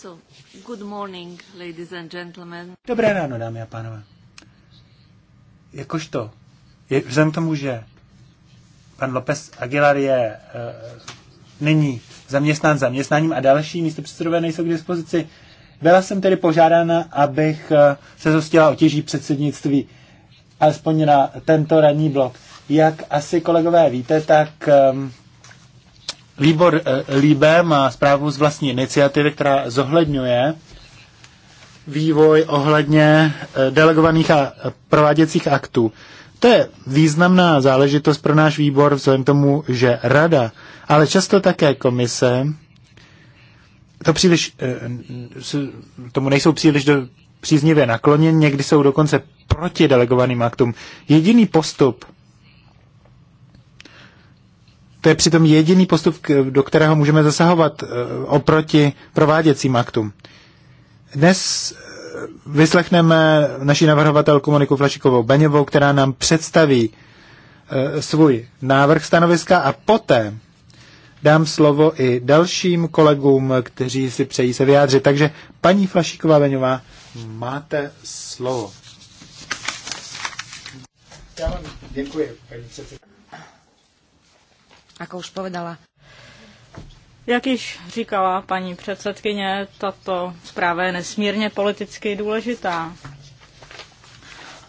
So, good morning, ladies and gentlemen. Dobré ráno, dámy a pánové. Jakožto, je, vzhledem k tomu, že pan López Aguilar je, uh, není zaměstnán zaměstnáním a další předsedové nejsou k dispozici, byla jsem tedy požádána, abych eh, se zostila těží předsednictví, alespoň na tento ranní blok. Jak asi kolegové víte, tak um, Výbor eh, Líbe má zprávu z vlastní iniciativy, která zohledňuje vývoj ohledně eh, delegovaných a prováděcích aktů. To je významná záležitost pro náš výbor vzhledem tomu, že rada, ale často také komise, to příliš, eh, tomu nejsou příliš do, příznivě nakloněni, někdy jsou dokonce proti delegovaným aktům. Jediný postup, to je přitom jediný postup, do kterého můžeme zasahovat eh, oproti prováděcím aktům. Dnes eh, vyslechneme naši navrhovatelku Moniku Flašikovou Beněvou, která nám představí eh, svůj návrh stanoviska a poté dám slovo i dalším kolegům, kteří si přejí se vyjádřit. Takže paní Flašíková Beňová, máte slovo. Já vám děkuji, paní předsedkyně. Jak už povedala. Jak již říkala paní předsedkyně, tato zpráva je nesmírně politicky důležitá.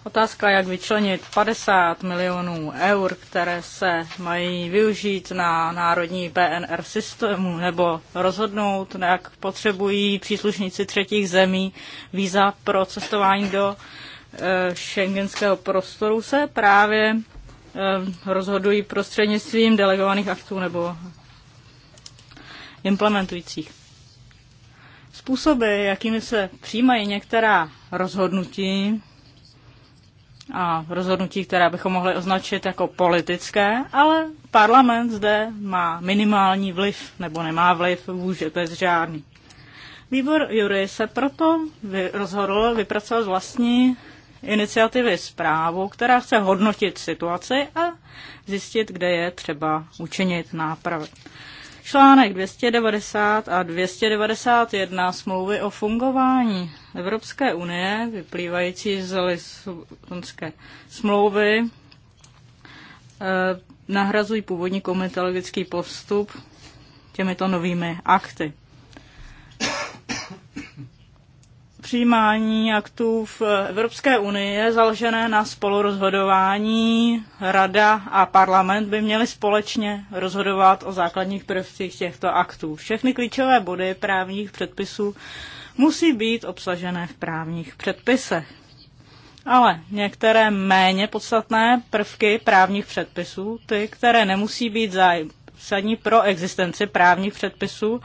Otázka, jak vyčlenit 50 milionů eur, které se mají využít na národní PNR systému, nebo rozhodnout, jak potřebují příslušníci třetích zemí víza pro cestování do e, eh, šengenského prostoru, se právě Eh, rozhodují prostřednictvím delegovaných aktů nebo implementujících. Způsoby, jakými se přijímají některá rozhodnutí, a rozhodnutí, které bychom mohli označit jako politické, ale parlament zde má minimální vliv, nebo nemá vliv bez žádný. Výbor Jury se proto vy, rozhodl vypracovat vlastní iniciativy zprávu, která chce hodnotit situaci a zjistit, kde je třeba učinit nápravy. Článek 290 a 291 smlouvy o fungování Evropské unie, vyplývající z Lisabonské smlouvy, eh, nahrazují původní komitologický postup těmito novými akty. přijímání aktů v Evropské unii je založené na spolurozhodování. Rada a parlament by měly společně rozhodovat o základních prvcích těchto aktů. Všechny klíčové body právních předpisů musí být obsažené v právních předpisech. Ale některé méně podstatné prvky právních předpisů, ty, které nemusí být zásadní pro existenci právních předpisů,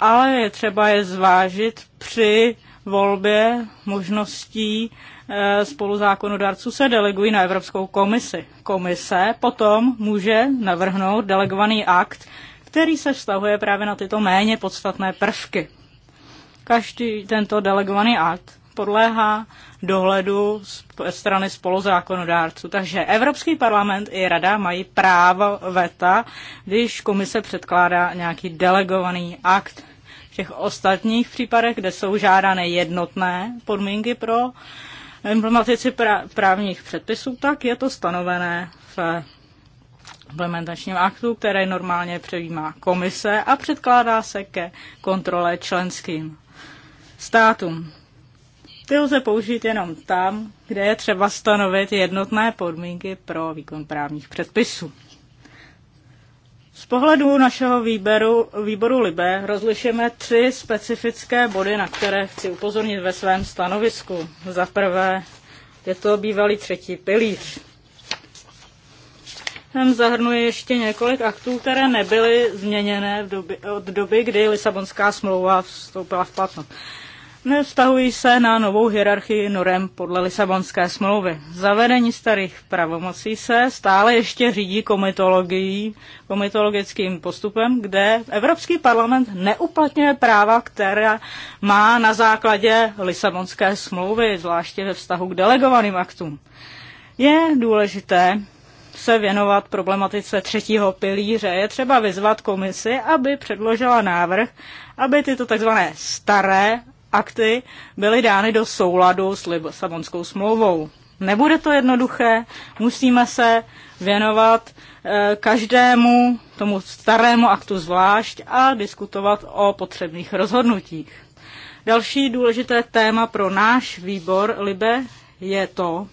ale je třeba je zvážit při volbě možností eh, spoluzákonodárců se delegují na Evropskou komisi. Komise potom může navrhnout delegovaný akt, který se vztahuje právě na tyto méně podstatné prvky. Každý tento delegovaný akt podléhá dohledu z strany spoluzákonodárců. Takže Evropský parlament i Rada mají právo veta, když komise předkládá nějaký delegovaný akt těch ostatních případech, kde jsou žádané jednotné podmínky pro implementaci právních předpisů, tak je to stanovené v implementačním aktu, který normálně přejímá komise a předkládá se ke kontrole členským státům. Ty lze použít jenom tam, kde je třeba stanovit jednotné podmínky pro výkon právních předpisů pohledu našeho výboru výboru Libe rozlišujeme tři specifické body, na které chci upozornit ve svém stanovisku. Za prvé je to bývalý třetí pilíř. Tam zahrnuje ještě několik aktů, které nebyly změněné v doby, od doby, kdy Lisabonská smlouva vstoupila v platnost nevztahují se na novou hierarchii norem podle Lisabonské smlouvy. Zavedení starých pravomocí se stále ještě řídí komitologií, komitologickým postupem, kde Evropský parlament neuplatňuje práva, která má na základě Lisabonské smlouvy, zvláště ve vztahu k delegovaným aktům. Je důležité se věnovat problematice třetího pilíře, je třeba vyzvat komisi, aby předložila návrh, aby tyto tzv. staré akty byly dány do souladu s Lisabonskou smlouvou. Nebude to jednoduché, musíme se věnovat eh, každému tomu starému aktu zvlášť a diskutovat o potřebných rozhodnutích. Další důležité téma pro náš výbor Libe je to,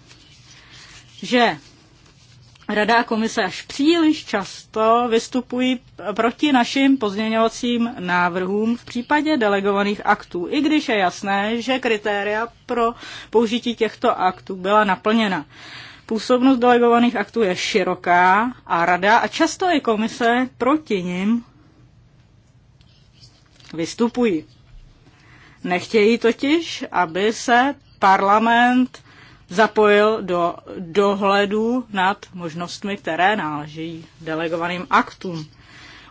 že Rada a komise až příliš často vystupují proti našim pozměňovacím návrhům v případě delegovaných aktů, i když je jasné, že kritéria pro použití těchto aktů byla naplněna. Působnost delegovaných aktů je široká a rada a často i komise proti nim vystupují. Nechtějí totiž, aby se parlament zapojil do dohledu nad možnostmi, které náleží delegovaným aktům.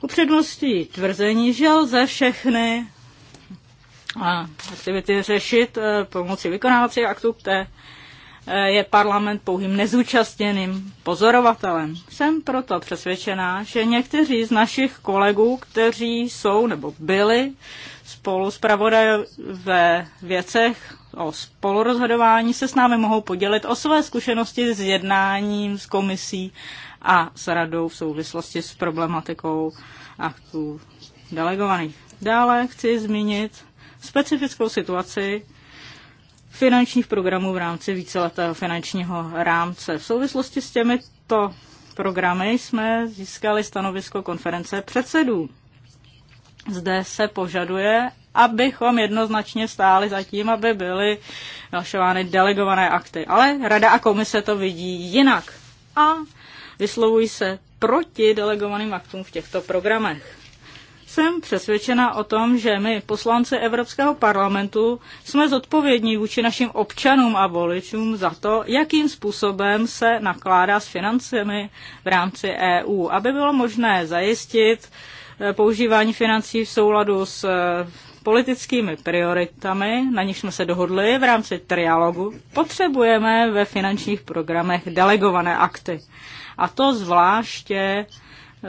Upředností tvrzení, že lze všechny aktivity řešit eh, pomocí vykonávacích aktů, které eh, je parlament pouhým nezúčastněným pozorovatelem. Jsem proto přesvědčená, že někteří z našich kolegů, kteří jsou nebo byli spolu zpravodaj ve věcech o spolurozhodování se s námi mohou podělit o své zkušenosti s jednáním s komisí a s radou v souvislosti s problematikou aktů delegovaných. Dále chci zmínit specifickou situaci finančních programů v rámci víceletého finančního rámce. V souvislosti s těmito programy jsme získali stanovisko konference předsedů. Zde se požaduje, abychom jednoznačně stáli za tím, aby byly hlasovány delegované akty. Ale rada a komise to vidí jinak a vyslovují se proti delegovaným aktům v těchto programech. Jsem přesvědčena o tom, že my, poslanci Evropského parlamentu, jsme zodpovědní vůči našim občanům a voličům za to, jakým způsobem se nakládá s financemi v rámci EU, aby bylo možné zajistit eh, používání financí v souladu s eh, politickými prioritami, na nich jsme se dohodli v rámci trialogu, potřebujeme ve finančních programech delegované akty. A to zvláště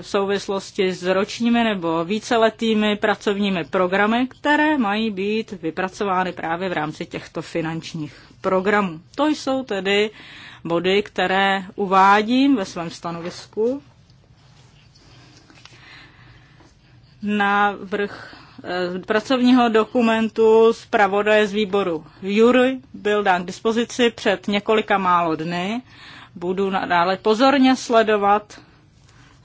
v souvislosti s ročními nebo víceletými pracovními programy, které mají být vypracovány právě v rámci těchto finančních programů. To jsou tedy body, které uvádím ve svém stanovisku. Návrh Eh, pracovního dokumentu z pravodaje z výboru Jury byl dán k dispozici před několika málo dny. Budu nadále pozorně sledovat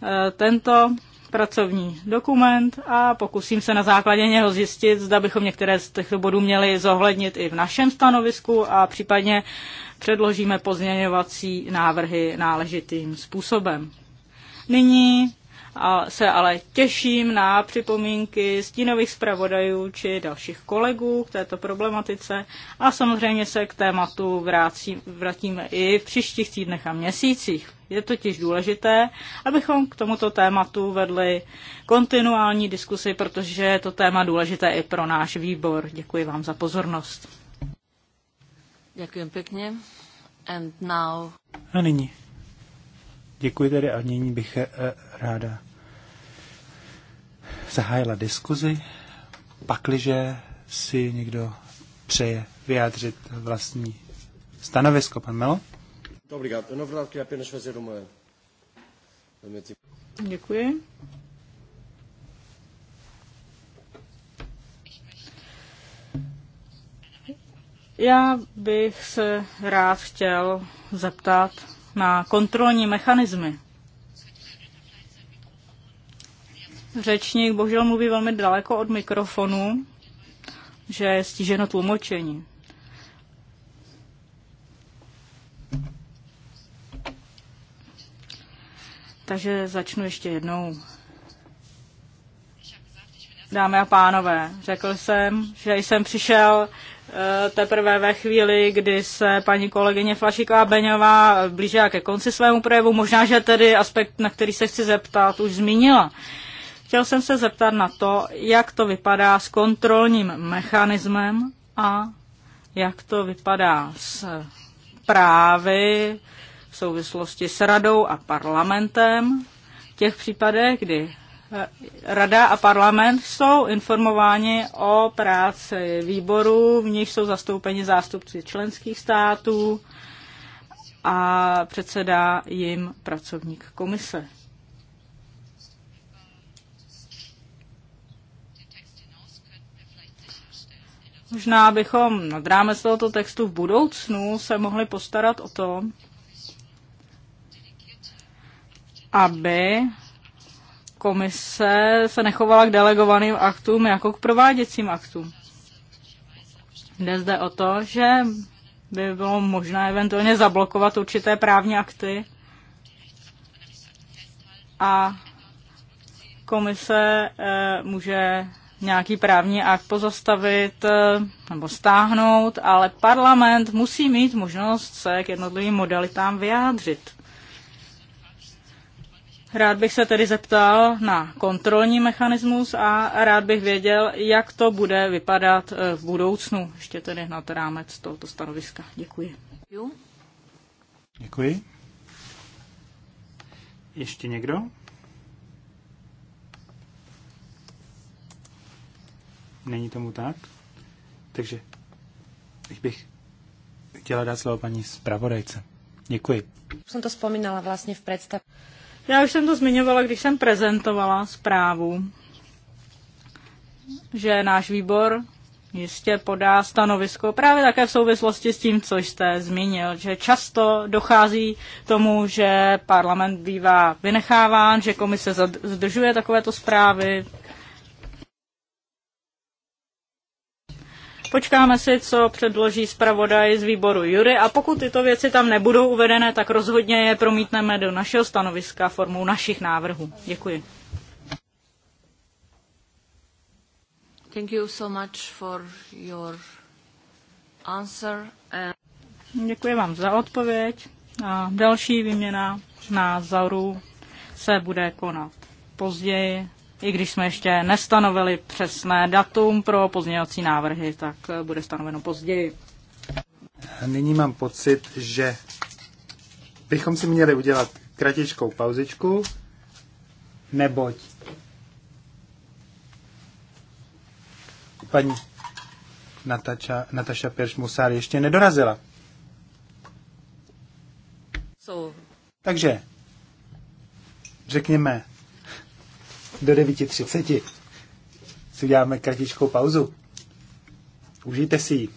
eh, tento pracovní dokument a pokusím se na základě něho zjistit, zda bychom některé z těchto bodů měli zohlednit i v našem stanovisku a případně předložíme pozměňovací návrhy náležitým způsobem. Nyní a se ale těším na připomínky stínových zpravodajů či dalších kolegů k této problematice a samozřejmě se k tématu vrátím, vrátíme i v příštích týdnech a měsících. Je totiž důležité, abychom k tomuto tématu vedli kontinuální diskusi, protože je to téma důležité i pro náš výbor. Děkuji vám za pozornost. Děkuji pěkně. And now... A nyní. Děkuji tedy a nyní bych eh, eh, ráda zahájila diskuzi, pakliže si někdo přeje vyjádřit vlastní stanovisko. Pan Melo? Děkuji. Já bych se rád chtěl zeptat na kontrolní mechanismy. řečník bohužel mluví velmi daleko od mikrofonu, že je stíženo tlumočení. Takže začnu ještě jednou. Dámy a pánové, řekl jsem, že jsem přišel eh, teprve ve chvíli, kdy se paní kolegyně Flašiková Beňová blížila ke konci svému projevu. Možná, že tedy aspekt, na který se chci zeptat, už zmínila. Chtěl jsem se zeptat na to, jak to vypadá s kontrolním mechanismem a jak to vypadá s právy v souvislosti s radou a parlamentem v těch případech, kdy eh, Rada a parlament jsou informováni o práci výboru, v nich jsou zastoupeni zástupci členských států a předsedá jim pracovník komise. Možná bychom nad rámec tohoto textu v budoucnu se mohli postarat o to, aby komise se nechovala k delegovaným aktům jako k prováděcím aktům. Jde zde o to, že by bylo možné eventuálně zablokovat určité právní akty a komise e, může nějaký právní akt pozastavit eh, nebo stáhnout, ale parlament musí mít možnost se k jednotlivým modalitám vyjádřit. Rád bych se tedy zeptal na kontrolní mechanismus a rád bych věděl, jak to bude vypadat eh, v budoucnu, ještě tedy na rámec tohoto stanoviska. Děkuji. Děkuji. Ještě někdo? Není tomu tak? Takže teď bych chtěla dát slovo paní zpravodajce. Děkuji. Jsem to vzpomínala vlastně v představě. Já už jsem to zmiňovala, když jsem prezentovala zprávu, že náš výbor jistě podá stanovisko právě také v souvislosti s tím, co jste zmínil, že často dochází tomu, že parlament bývá vynecháván, že komise zdržuje takovéto zprávy, Počkáme si, co předloží zpravodaj z výboru Jury a pokud tyto věci tam nebudou uvedené, tak rozhodně je promítneme do našeho stanoviska formou našich návrhů. Děkuji. Thank you so much for your answer. And... Děkuji vám za odpověď a další výměna názorů se bude konat později i když jsme ještě nestanovili přesné datum pro pozměňovací návrhy, tak eh, bude stanoveno později. A nyní mám pocit, že bychom si měli udělat kratičkou pauzičku, neboť paní Nataša Nataša Pirš-Musár ještě nedorazila. So. Takže řekněme do 9.30 si uděláme kratičkou pauzu. Užijte si ji.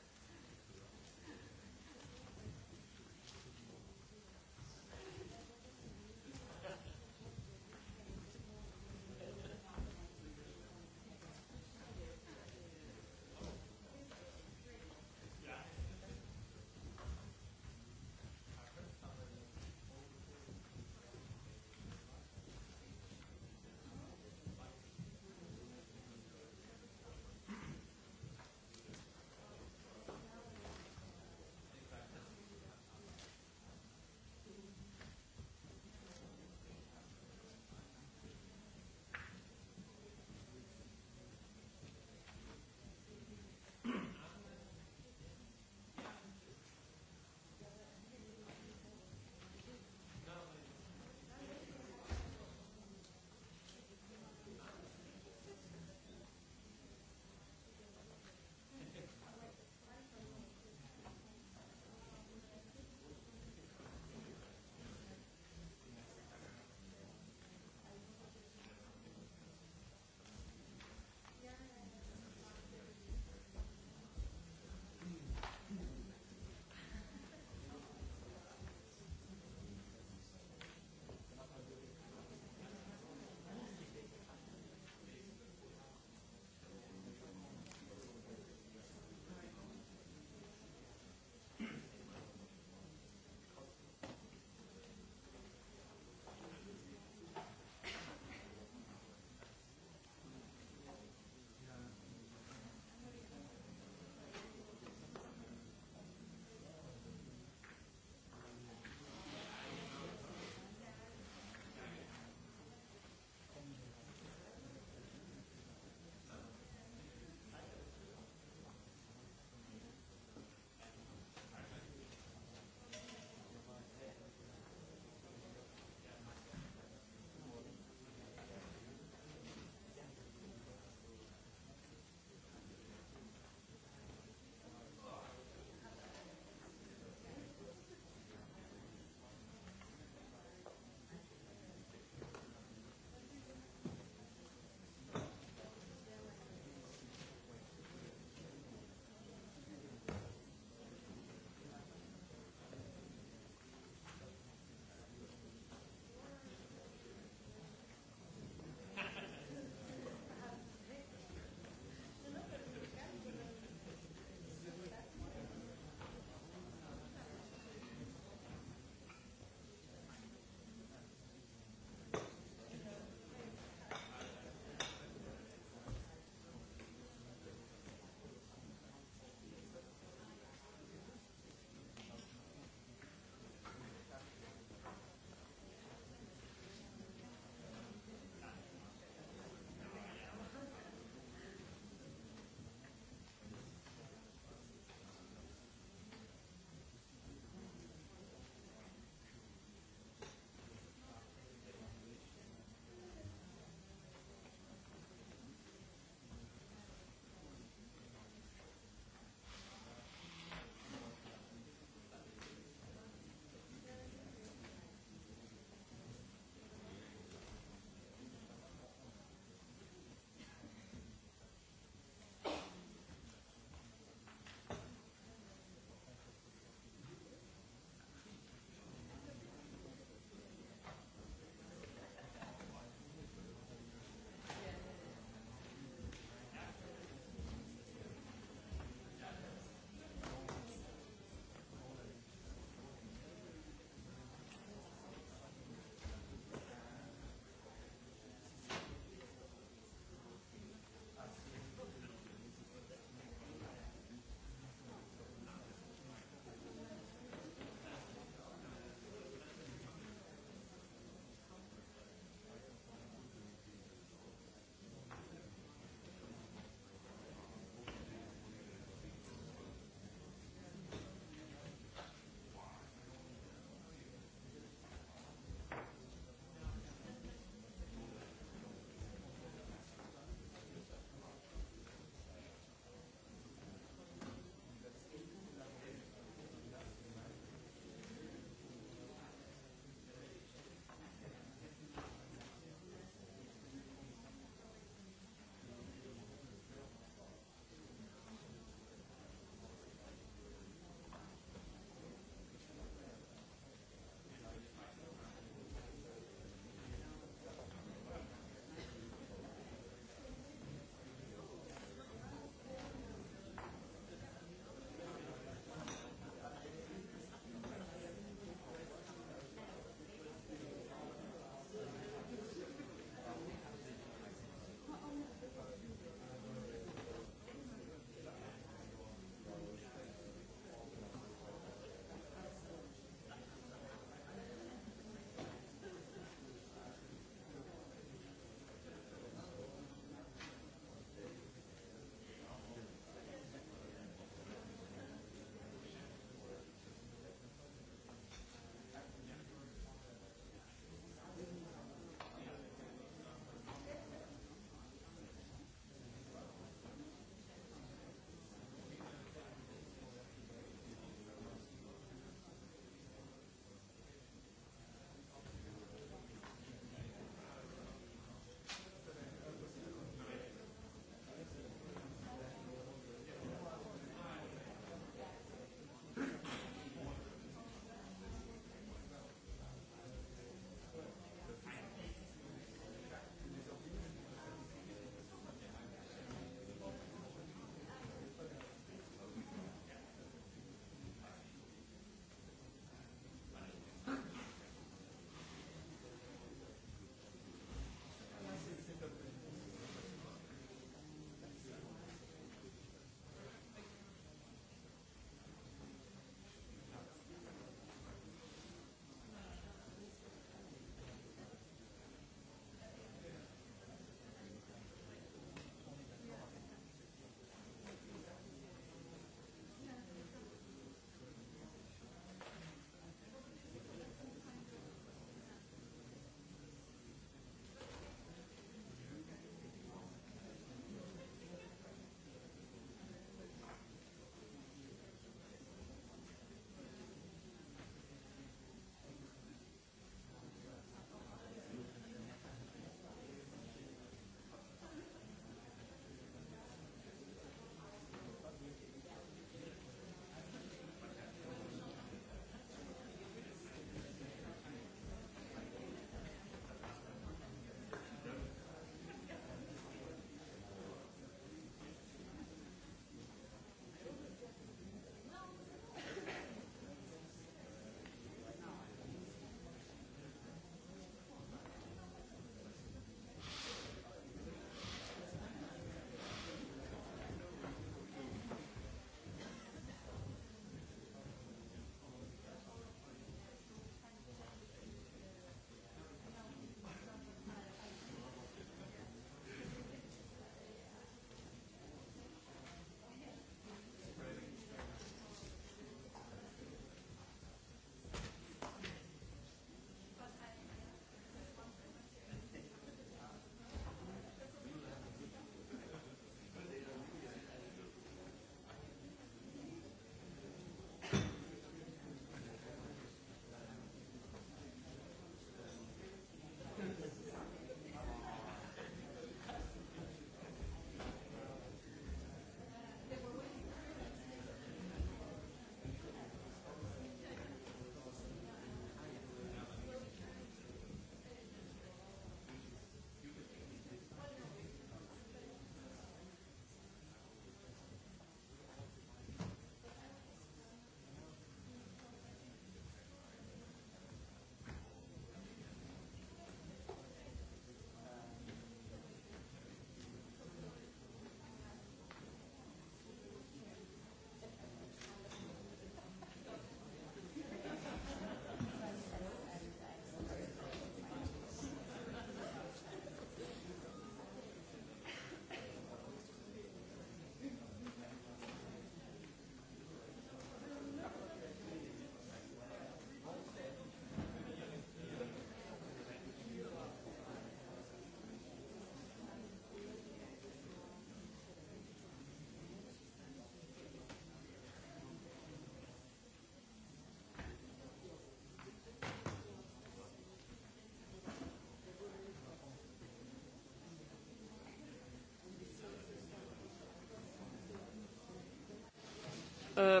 Eh,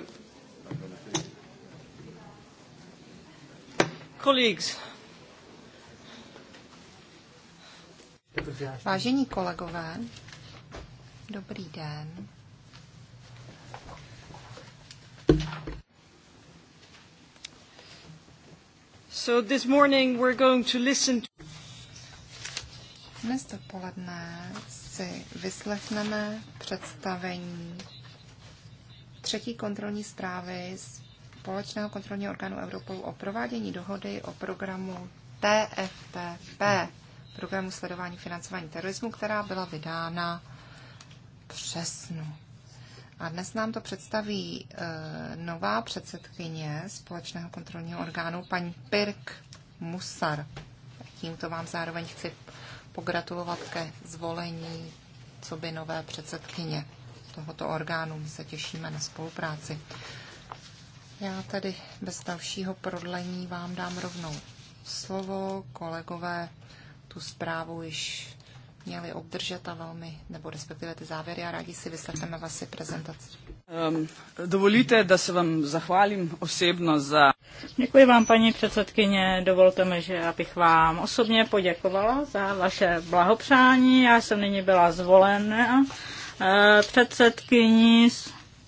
colleagues. Vážení kolegové, dobrý den. So this morning we're going to listen to... Dnes dopoledne si vyslechneme představení třetí kontrolní zprávy společného kontrolního orgánu Europolu o provádění dohody o programu TFTP, programu sledování financování terorismu, která byla vydána přesnu. A dnes nám to představí e, nová předsedkyně společného kontrolního orgánu, paní Pirk Musar. Tímto vám zároveň chci pogratulovat ke zvolení co by nové předsedkyně tohoto orgánu. My se těšíme na spolupráci. Já tedy bez dalšího prodlení vám dám rovnou slovo. Kolegové tu zprávu již měli obdržet a velmi, nebo respektive ty závěry a rádi si vysvětleme vaši prezentaci. Um, dovolíte, da se vám zachválím osobně za... Děkuji vám, paní předsedkyně. Dovolte mi, že abych vám osobně poděkovala za vaše blahopřání. Já jsem nyní byla zvolena předsedkyní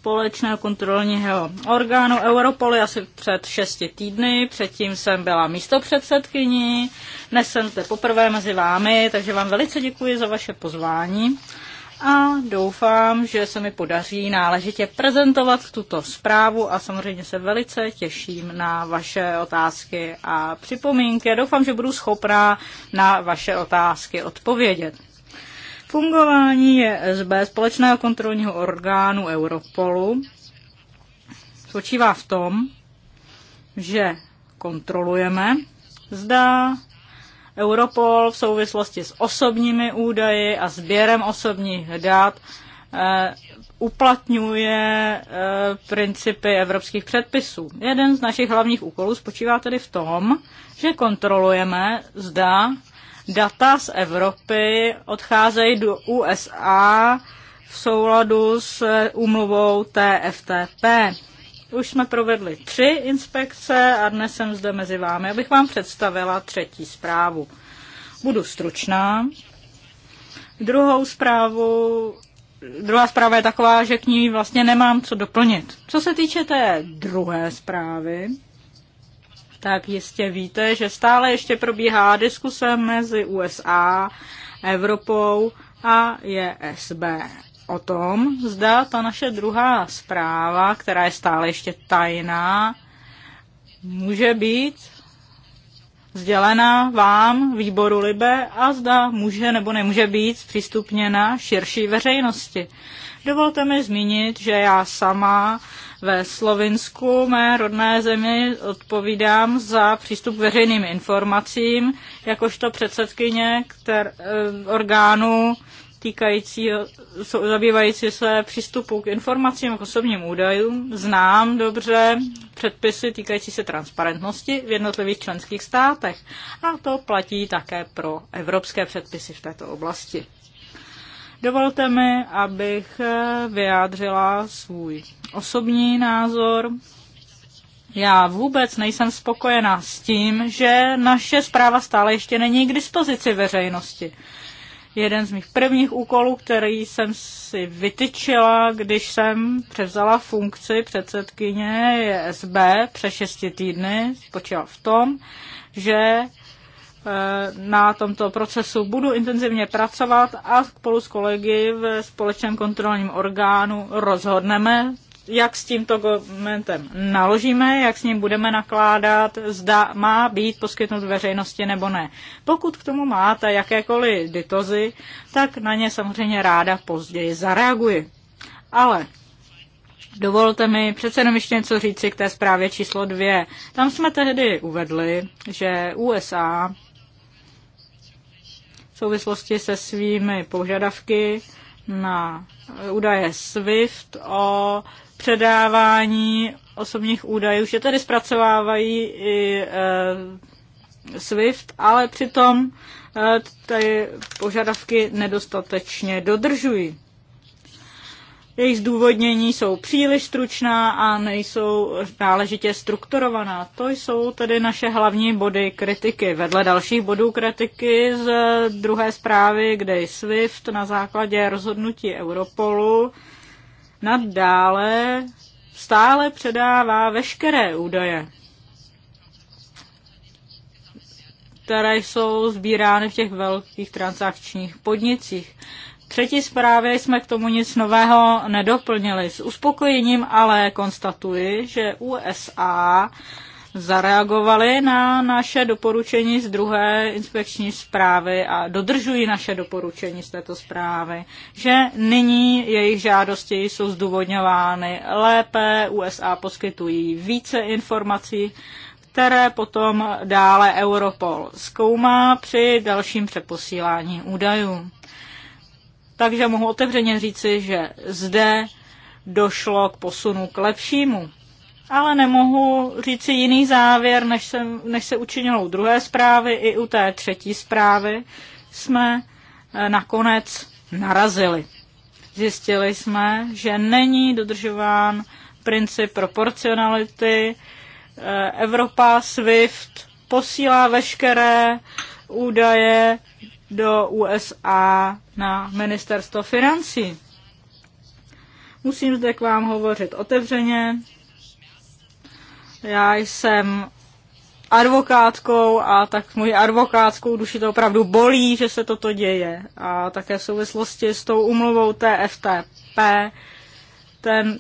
společného kontrolního orgánu Europoly asi před šesti týdny. Předtím jsem byla místopředsedkyní. Dnes jsem zde poprvé mezi vámi, takže vám velice děkuji za vaše pozvání a doufám, že se mi podaří náležitě prezentovat tuto zprávu a samozřejmě se velice těším na vaše otázky a připomínky. Doufám, že budu schopná na vaše otázky odpovědět. Fungování ESB společného kontrolního orgánu Europolu spočívá v tom, že kontrolujeme, zda Europol v souvislosti s osobními údaji a sběrem osobních dat e, uplatňuje e, principy evropských předpisů. Jeden z našich hlavních úkolů spočívá tedy v tom, že kontrolujeme, zda data z Evropy odcházejí do USA v souladu s úmluvou TFTP. Už jsme provedli tři inspekce a dnes jsem zde mezi vámi, abych vám představila třetí zprávu. Budu stručná. Druhou zprávu, druhá zpráva je taková, že k ní vlastně nemám co doplnit. Co se týče té druhé zprávy, tak jistě víte, že stále ještě probíhá diskuse mezi USA, Evropou a JSB o tom, zda ta naše druhá zpráva, která je stále ještě tajná, může být sdělena vám, výboru Libe, a zda může nebo nemůže být přístupněna širší veřejnosti. Dovolte mi zmínit, že já sama ve Slovinsku, mé rodné zemi, odpovídám za přístup k veřejným informacím, jakožto předsedkyně kter, eh, orgánu týkající, zabývající se přístupu k informacím k osobním údajům. Znám dobře předpisy týkající se transparentnosti v jednotlivých členských státech a to platí také pro evropské předpisy v této oblasti. Dovolte mi, abych eh, vyjádřila svůj osobní názor. Já vůbec nejsem spokojená s tím, že naše zpráva stále ještě není k dispozici veřejnosti. Jeden z mých prvních úkolů, který jsem si vytyčila, když jsem převzala funkci předsedkyně ESB přes šesti týdny, spočíval v tom, že Eh, na tomto procesu budu intenzivně pracovat a spolu s kolegy v společném kontrolním orgánu rozhodneme, jak s tímto dokumentem naložíme, jak s ním budeme nakládat, zda má být poskytnut veřejnosti nebo ne. Pokud k tomu máte jakékoliv ditozy, tak na ně samozřejmě ráda později zareaguji. Ale dovolte mi přece jenom ještě něco říci k té zprávě číslo dvě. Tam jsme tehdy uvedli, že USA v souvislosti se svými požadavky na údaje SWIFT o předávání osobních údajů, že tedy zpracovávají i e, SWIFT, ale přitom e, ty požadavky nedostatečně dodržují. Jejich zdůvodnění jsou příliš stručná a nejsou náležitě strukturovaná. To jsou tedy naše hlavní body kritiky. Vedle dalších bodů kritiky z druhé zprávy, kde je SWIFT na základě rozhodnutí Europolu nadále stále předává veškeré údaje, které jsou sbírány v těch velkých transakčních podnicích třetí zprávě jsme k tomu nic nového nedoplnili. S uspokojením ale konstatuji, že USA zareagovali na naše doporučení z druhé inspekční zprávy a dodržují naše doporučení z této zprávy, že nyní jejich žádosti jsou zdůvodňovány lépe, USA poskytují více informací, které potom dále Europol zkoumá při dalším přeposílání údajů. Takže mohu otevřeně říci, že zde došlo k posunu k lepšímu. Ale nemohu říci jiný závěr, než se, než se učinilo u druhé zprávy. I u té třetí zprávy jsme eh, nakonec narazili. Zjistili jsme, že není dodržován princip proporcionality. Eh, Evropa SWIFT posílá veškeré údaje do USA na ministerstvo financí. Musím zde k vám hovořit otevřeně. Já jsem advokátkou a tak můj advokátskou duši to opravdu bolí, že se toto děje. A také v souvislosti s tou umluvou TFTP ten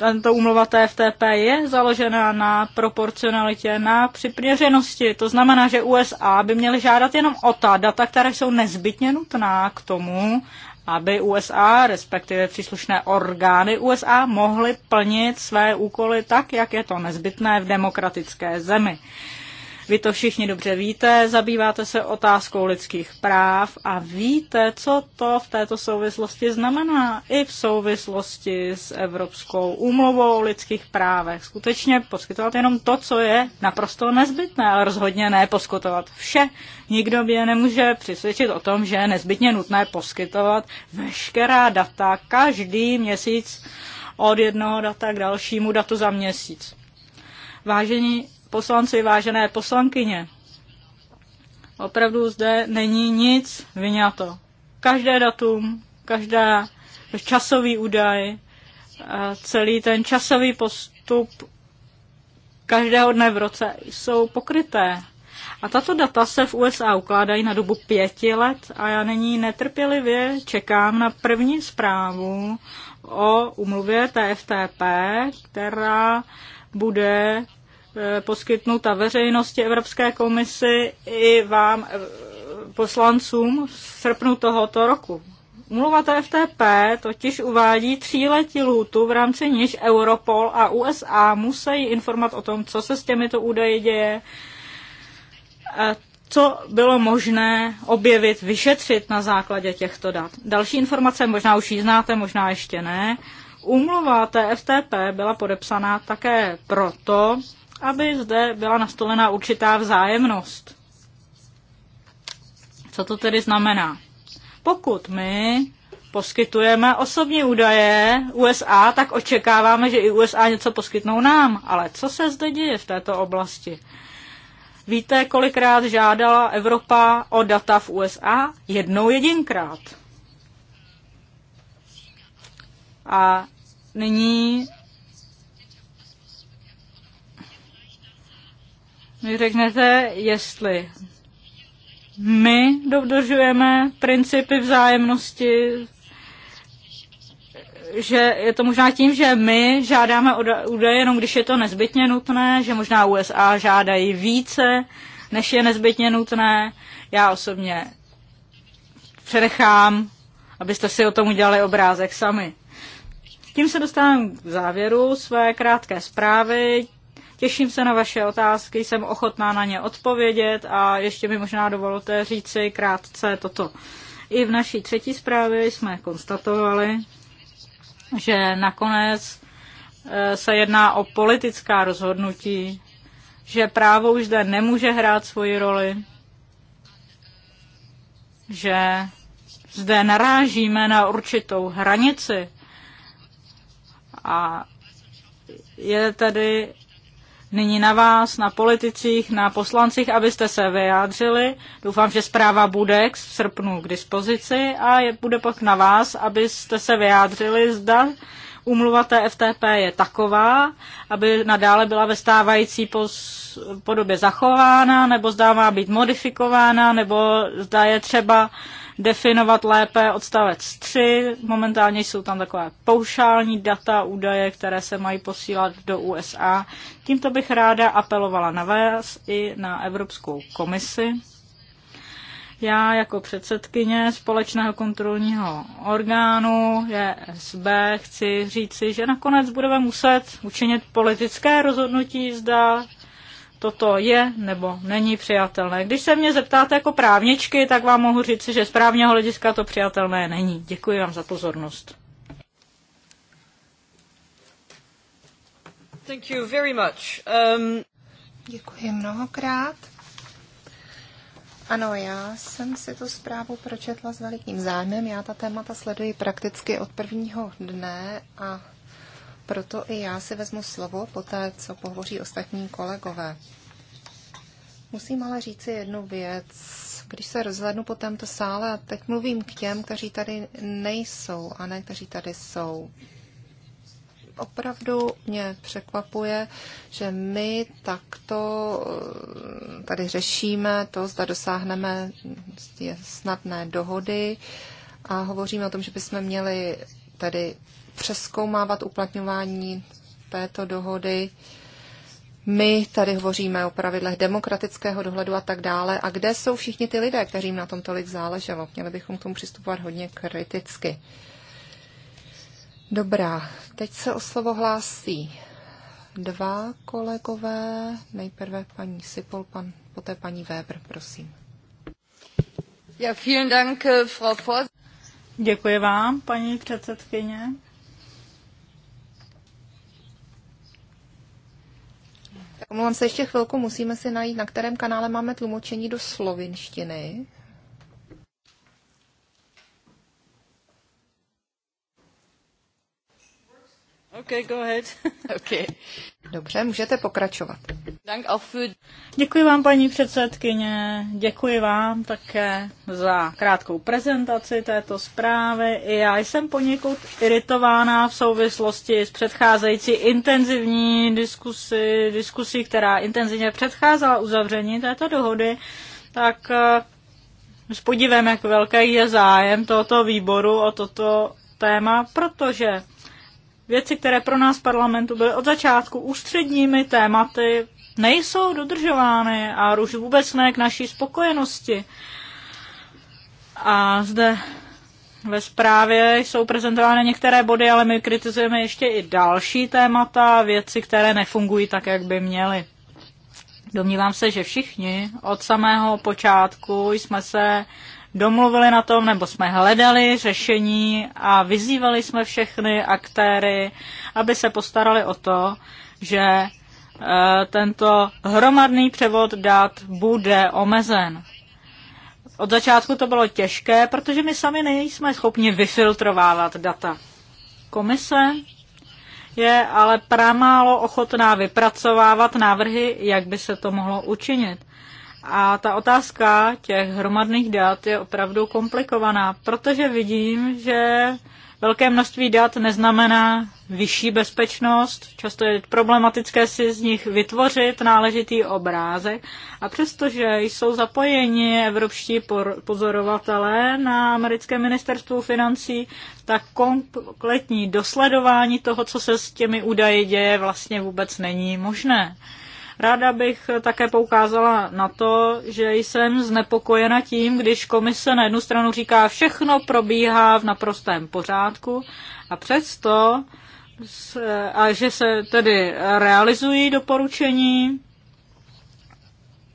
tento umluva TFTP je založena na proporcionalitě, na přiměřenosti. To znamená, že USA by měly žádat jenom o ta data, které jsou nezbytně nutná k tomu, aby USA, respektive příslušné orgány USA, mohly plnit své úkoly tak, jak je to nezbytné v demokratické zemi. Vy to všichni dobře víte, zabýváte se otázkou lidských práv a víte, co to v této souvislosti znamená i v souvislosti s Evropskou úmluvou o lidských právech. Skutečně poskytovat jenom to, co je naprosto nezbytné, ale rozhodně ne poskytovat vše. Nikdo je nemůže přesvědčit o tom, že je nezbytně nutné poskytovat veškerá data každý měsíc od jednoho data k dalšímu datu za měsíc. Vážení poslanci, vážené poslankyně, opravdu zde není nic vyňato. Každé datum, každá časový údaj, celý ten časový postup každého dne v roce jsou pokryté. A tato data se v USA ukládají na dobu pěti let a já nyní netrpělivě čekám na první zprávu o umluvě TFTP, která bude Eh, poskytnuta veřejnosti Evropské komisi i vám eh, poslancům v srpnu tohoto roku. Umluva TFTP totiž uvádí tříletí lůtu, v rámci níž Europol a USA musí informat o tom, co se s těmito údaji děje, co bylo možné objevit, vyšetřit na základě těchto dat. Další informace možná už ji znáte, možná ještě ne. Úmluva TFTP byla podepsaná také proto, aby zde byla nastolena určitá vzájemnost. Co to tedy znamená? Pokud my poskytujeme osobní údaje USA, tak očekáváme, že i USA něco poskytnou nám. Ale co se zde děje v této oblasti? Víte, kolikrát žádala Evropa o data v USA? Jednou jedinkrát. A nyní Vy řeknete, jestli my dodržujeme principy vzájemnosti, že je to možná tím, že my žádáme údaje jenom, když je to nezbytně nutné, že možná USA žádají více, než je nezbytně nutné. Já osobně přenechám, abyste si o tom udělali obrázek sami. Tím se dostávám k závěru své krátké zprávy. Těším se na vaše otázky, jsem ochotná na ně odpovědět a ještě mi možná dovolte říci krátce toto. I v naší třetí zprávě jsme konstatovali, že nakonec eh, se jedná o politická rozhodnutí, že právo už zde nemůže hrát svoji roli, že zde narážíme na určitou hranici a je tedy nyní na vás, na politicích, na poslancích, abyste se vyjádřili. Doufám, že zpráva bude k srpnu k dispozici a je, bude pak na vás, abyste se vyjádřili, zda umluva té FTP je taková, aby nadále byla ve stávající pos, podobě zachována, nebo zda má být modifikována, nebo zda je třeba definovat lépe odstavec 3. Momentálně jsou tam takové poušální data, údaje, které se mají posílat do USA. Tímto bych ráda apelovala na vás i na Evropskou komisi. Já jako předsedkyně společného kontrolního orgánu JSB chci říci, že nakonec budeme muset učinit politické rozhodnutí, zda toto je nebo není přijatelné. Když se mě zeptáte jako právničky, tak vám mohu říct, že z právního hlediska to přijatelné není. Děkuji vám za pozornost. Thank you very much. Um... Děkuji mnohokrát. Ano, já jsem si tu zprávu pročetla s velikým zájmem. Já ta témata sleduji prakticky od prvního dne a proto i já si vezmu slovo po té, co pohovoří ostatní kolegové. Musím ale říci jednu věc. Když se rozhlednu po tomto sále, a teď mluvím k těm, kteří tady nejsou a ne kteří tady jsou. Opravdu mě překvapuje, že my takto eh, tady řešíme to, zda dosáhneme snadné dohody a hovoříme o tom, že bychom měli tady přeskoumávat uplatňování této dohody. My tady hovoříme o pravidlech demokratického dohledu a tak dále. A kde jsou všichni ty lidé, kterým na tom tolik záleželo? Měli bychom k tomu přistupovat hodně kriticky. Dobrá, teď se o slovo hlásí dva kolegové. Nejprve paní Sipol, pan, poté paní Weber, prosím. Ja, vielen Dank, äh, Frau Děkuji vám, paní předsedkyně. Omlouvám se ještě chvilku, musíme si najít, na kterém kanále máme tlumočení do slovinštiny. Okay, go ahead. okay. Dobře, můžete pokračovat. Děkuji vám, paní předsedkyně, děkuji vám také za krátkou prezentaci této zprávy. I já jsem poněkud iritována v souvislosti s předcházející intenzivní diskusi, diskusí, která intenzivně předcházela uzavření této dohody, tak eh, s podívem, jak velký je zájem tohoto výboru o toto téma, protože věci, které pro nás v parlamentu byly od začátku ústředními tématy, nejsou dodržovány a už vůbec ne k naší spokojenosti. A zde ve zprávě jsou prezentovány některé body, ale my kritizujeme ještě i další témata, věci, které nefungují tak, jak by měly. Domnívám se, že všichni od samého počátku jsme se domluvili na tom, nebo jsme hledali řešení a vyzývali jsme všechny aktéry, aby se postarali o to, že eh, tento hromadný převod dat bude omezen. Od začátku to bylo těžké, protože my sami nejsme schopni vyfiltrovávat data. Komise je ale pramálo ochotná vypracovávat návrhy, jak by se to mohlo učinit. A ta otázka těch hromadných dat je opravdu komplikovaná, protože vidím, že velké množství dat neznamená vyšší bezpečnost, často je problematické si z nich vytvořit náležitý obrázek a přestože jsou zapojeni evropští pozorovatelé na americké ministerstvu financí, tak kompletní dosledování toho, co se s těmi údaji děje, vlastně vůbec není možné. Ráda bych také poukázala na to, že jsem znepokojena tím, když komise na jednu stranu říká, všechno probíhá v naprostém pořádku a přesto a že se tedy realizují doporučení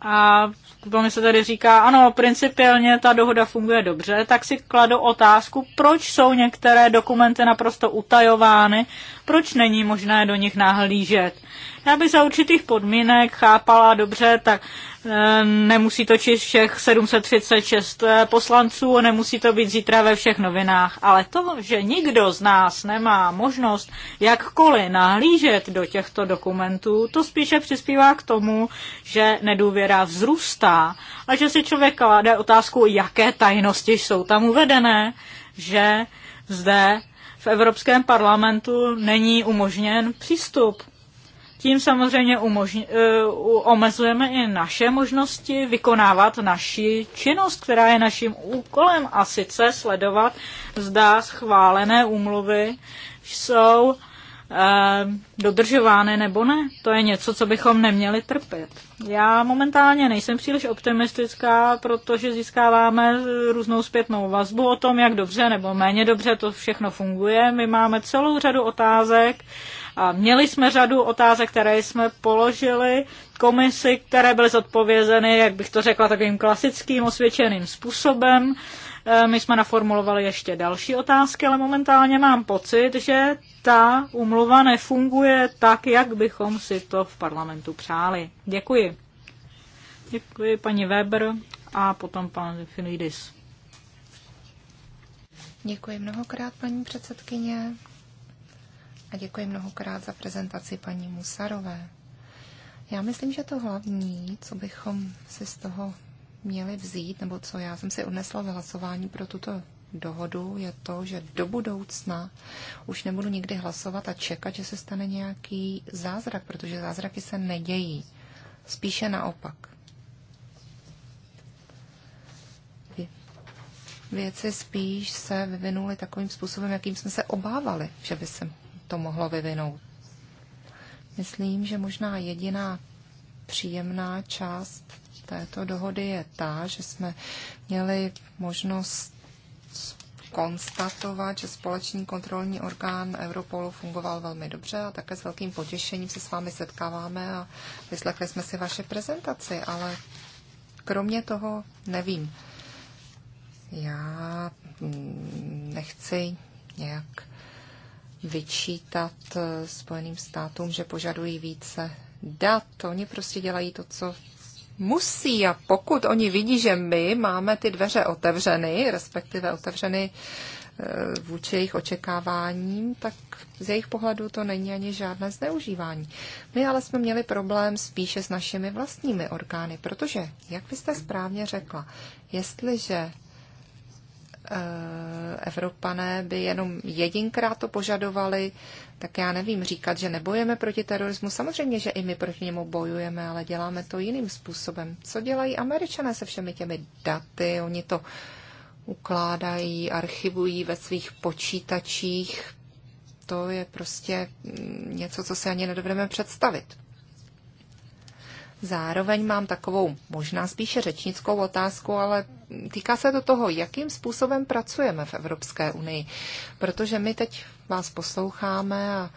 a komise tady říká, ano, principiálně ta dohoda funguje dobře, tak si kladu otázku, proč jsou některé dokumenty naprosto utajovány, proč není možné do nich nahlížet. Já bych za určitých podmínek chápala dobře, tak Eh, nemusí to číst všech 736 eh, poslanců, nemusí to být zítra ve všech novinách, ale to, že nikdo z nás nemá možnost jakkoliv nahlížet do těchto dokumentů, to spíše přispívá k tomu, že nedůvěra vzrůstá a že si člověk klade otázku, jaké tajnosti jsou tam uvedené, že zde v Evropském parlamentu není umožněn přístup tím samozřejmě umožň, eh, uh, omezujeme i naše možnosti vykonávat naši činnost, která je naším úkolem, a sice sledovat, zda schválené úmluvy jsou uh, dodržovány nebo ne. To je něco, co bychom neměli trpět. Já momentálně nejsem příliš optimistická, protože získáváme různou zpětnou vazbu o tom, jak dobře nebo méně dobře to všechno funguje. My máme celou řadu otázek, uh, a měli jsme řadu otázek, které jsme položili komisi, které byly zodpovězeny, jak bych to řekla, takovým klasickým osvědčeným způsobem. E, my jsme naformulovali ještě další otázky, ale momentálně mám pocit, že ta umluva nefunguje tak, jak bychom si to v parlamentu přáli. Děkuji. Děkuji paní Weber a potom pan Finidis. Děkuji mnohokrát, paní předsedkyně a děkuji mnohokrát za prezentaci paní Musarové. Já myslím, že to hlavní, co bychom si z toho měli vzít, nebo co já jsem si odnesla v hlasování pro tuto dohodu, je to, že do budoucna už nebudu nikdy hlasovat a čekat, že se stane nějaký zázrak, protože zázraky se nedějí. Spíše naopak. Věci spíš se vyvinuly takovým způsobem, jakým jsme se obávali, že by se to mohlo vyvinout. Myslím, že možná jediná příjemná část této dohody je ta, že jsme měli možnost konstatovat, že společný kontrolní orgán Europolu fungoval velmi dobře a také s velkým potěšením se s vámi setkáváme a vyslechli jsme si vaše prezentaci, ale kromě toho nevím. Já mm, nechci nějak vyčítat eh, Spojeným státům, že požadují více dat. Oni prostě dělají to, co musí a pokud oni vidí, že my máme ty dveře otevřeny, respektive otevřeny eh, vůči jejich očekáváním, tak z jejich pohledu to není ani žádné zneužívání. My ale jsme měli problém spíše s našimi vlastními orgány, protože, jak byste správně řekla, jestliže Eh, Evropané by jenom jedinkrát to požadovali, tak já nevím říkat, že nebojeme proti terorismu. Samozřejmě, že i my proti němu bojujeme, ale děláme to jiným způsobem. Co dělají američané se všemi těmi daty? Oni to ukládají, archivují ve svých počítačích. To je prostě něco, co si ani nedovedeme představit. Zároveň mám takovou možná spíše řečnickou otázku, ale týká se to toho, jakým způsobem pracujeme v Evropské unii. Protože my teď vás posloucháme a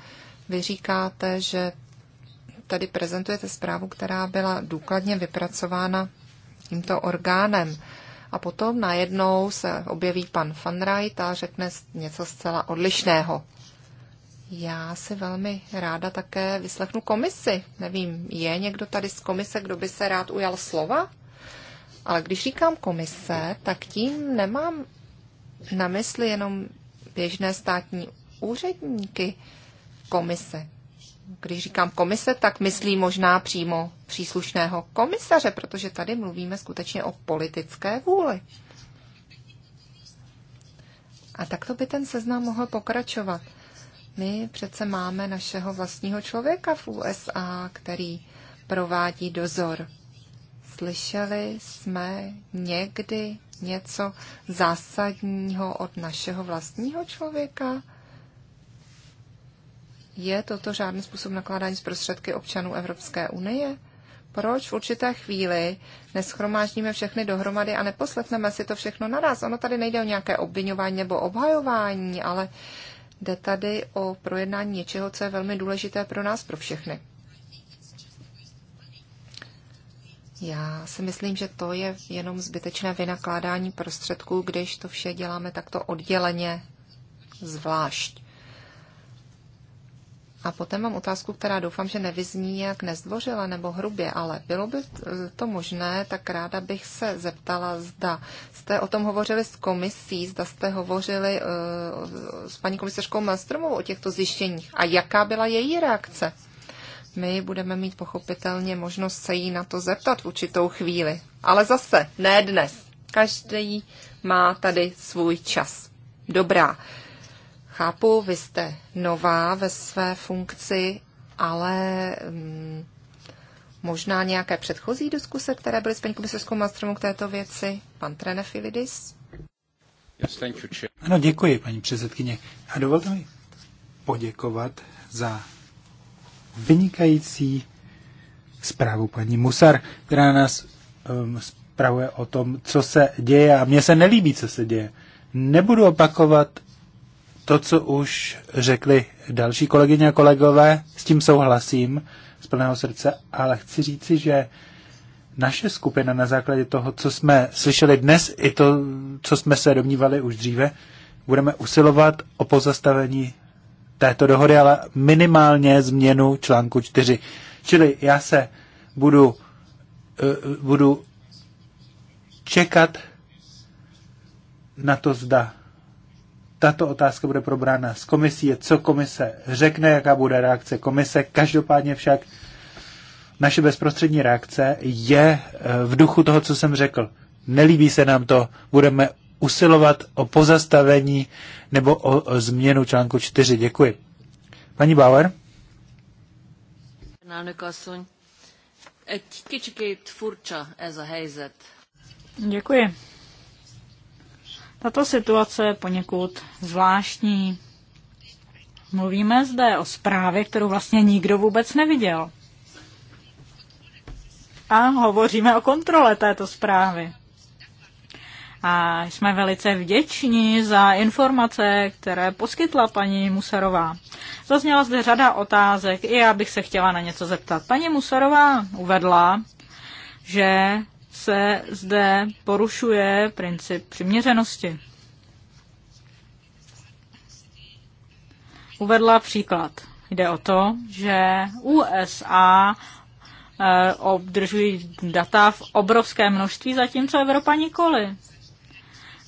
vy říkáte, že tady prezentujete zprávu, která byla důkladně vypracována tímto orgánem. A potom najednou se objeví pan Rijt a řekne něco zcela odlišného. Já si velmi ráda také vyslechnu komisi. Nevím, je někdo tady z komise, kdo by se rád ujal slova? Ale když říkám komise, tak tím nemám na mysli jenom běžné státní úředníky komise. Když říkám komise, tak myslí možná přímo příslušného komisaře, protože tady mluvíme skutečně o politické vůli. A takto by ten seznam mohl pokračovat. My přece máme našeho vlastního člověka v USA, který provádí dozor slyšeli jsme někdy něco zásadního od našeho vlastního člověka? Je toto žádný způsob nakládání s prostředky občanů Evropské unie? Proč v určité chvíli neschromáždíme všechny dohromady a neposletneme si to všechno naraz? Ono tady nejde o nějaké obvinování nebo obhajování, ale jde tady o projednání něčeho, co je velmi důležité pro nás, pro všechny. Já si myslím, že to je jenom zbytečné vynakládání prostředků, když to vše děláme takto odděleně, zvlášť. A potom mám otázku, která doufám, že nevyzní jak nezdvořile nebo hrubě, ale bylo by to možné, tak ráda bych se zeptala, zda jste o tom hovořili s komisí, zda jste hovořili uh, s paní komisařkou Malstromovou o těchto zjištěních a jaká byla její reakce? my budeme mít pochopitelně možnost se jí na to zeptat v určitou chvíli. Ale zase, ne dnes. Každý má tady svůj čas. Dobrá. Chápu, vy jste nová ve své funkci, ale mm, možná nějaké předchozí diskuse, které byly s paní komisarskou Mastromou k této věci? Pan Trenefilidis? Yes, ano, děkuji, paní předsedkyně. A dovolte mi poděkovat za vynikající zprávu paní Musar, která nás um, zpravuje o tom, co se děje a mně se nelíbí, co se děje. Nebudu opakovat to, co už řekli další kolegyně a kolegové, s tím souhlasím z plného srdce, ale chci říci, že naše skupina na základě toho, co jsme slyšeli dnes i to, co jsme se domnívali už dříve, budeme usilovat o pozastavení této dohody, ale minimálně změnu článku 4. Čili já se budu, eh, budu čekat na to, zda tato otázka bude probrána s komisí, co komise řekne, jaká bude reakce komise. Každopádně však naše bezprostřední reakce je eh, v duchu toho, co jsem řekl. Nelíbí se nám to, budeme usilovat o pozastavení nebo o, o změnu článku 4. Děkuji. Paní Bauer? Děkuji. Tato situace je poněkud zvláštní. Mluvíme zde o zprávě, kterou vlastně nikdo vůbec neviděl. A hovoříme o kontrole této zprávy a jsme velice vděční za informace, které poskytla paní Musarová. Zazněla zde řada otázek, i já bych se chtěla na něco zeptat. Paní Musarová uvedla, že se zde porušuje princip přiměřenosti. Uvedla příklad. Jde o to, že USA eh, obdržují data v obrovské množství, zatímco Evropa nikoli.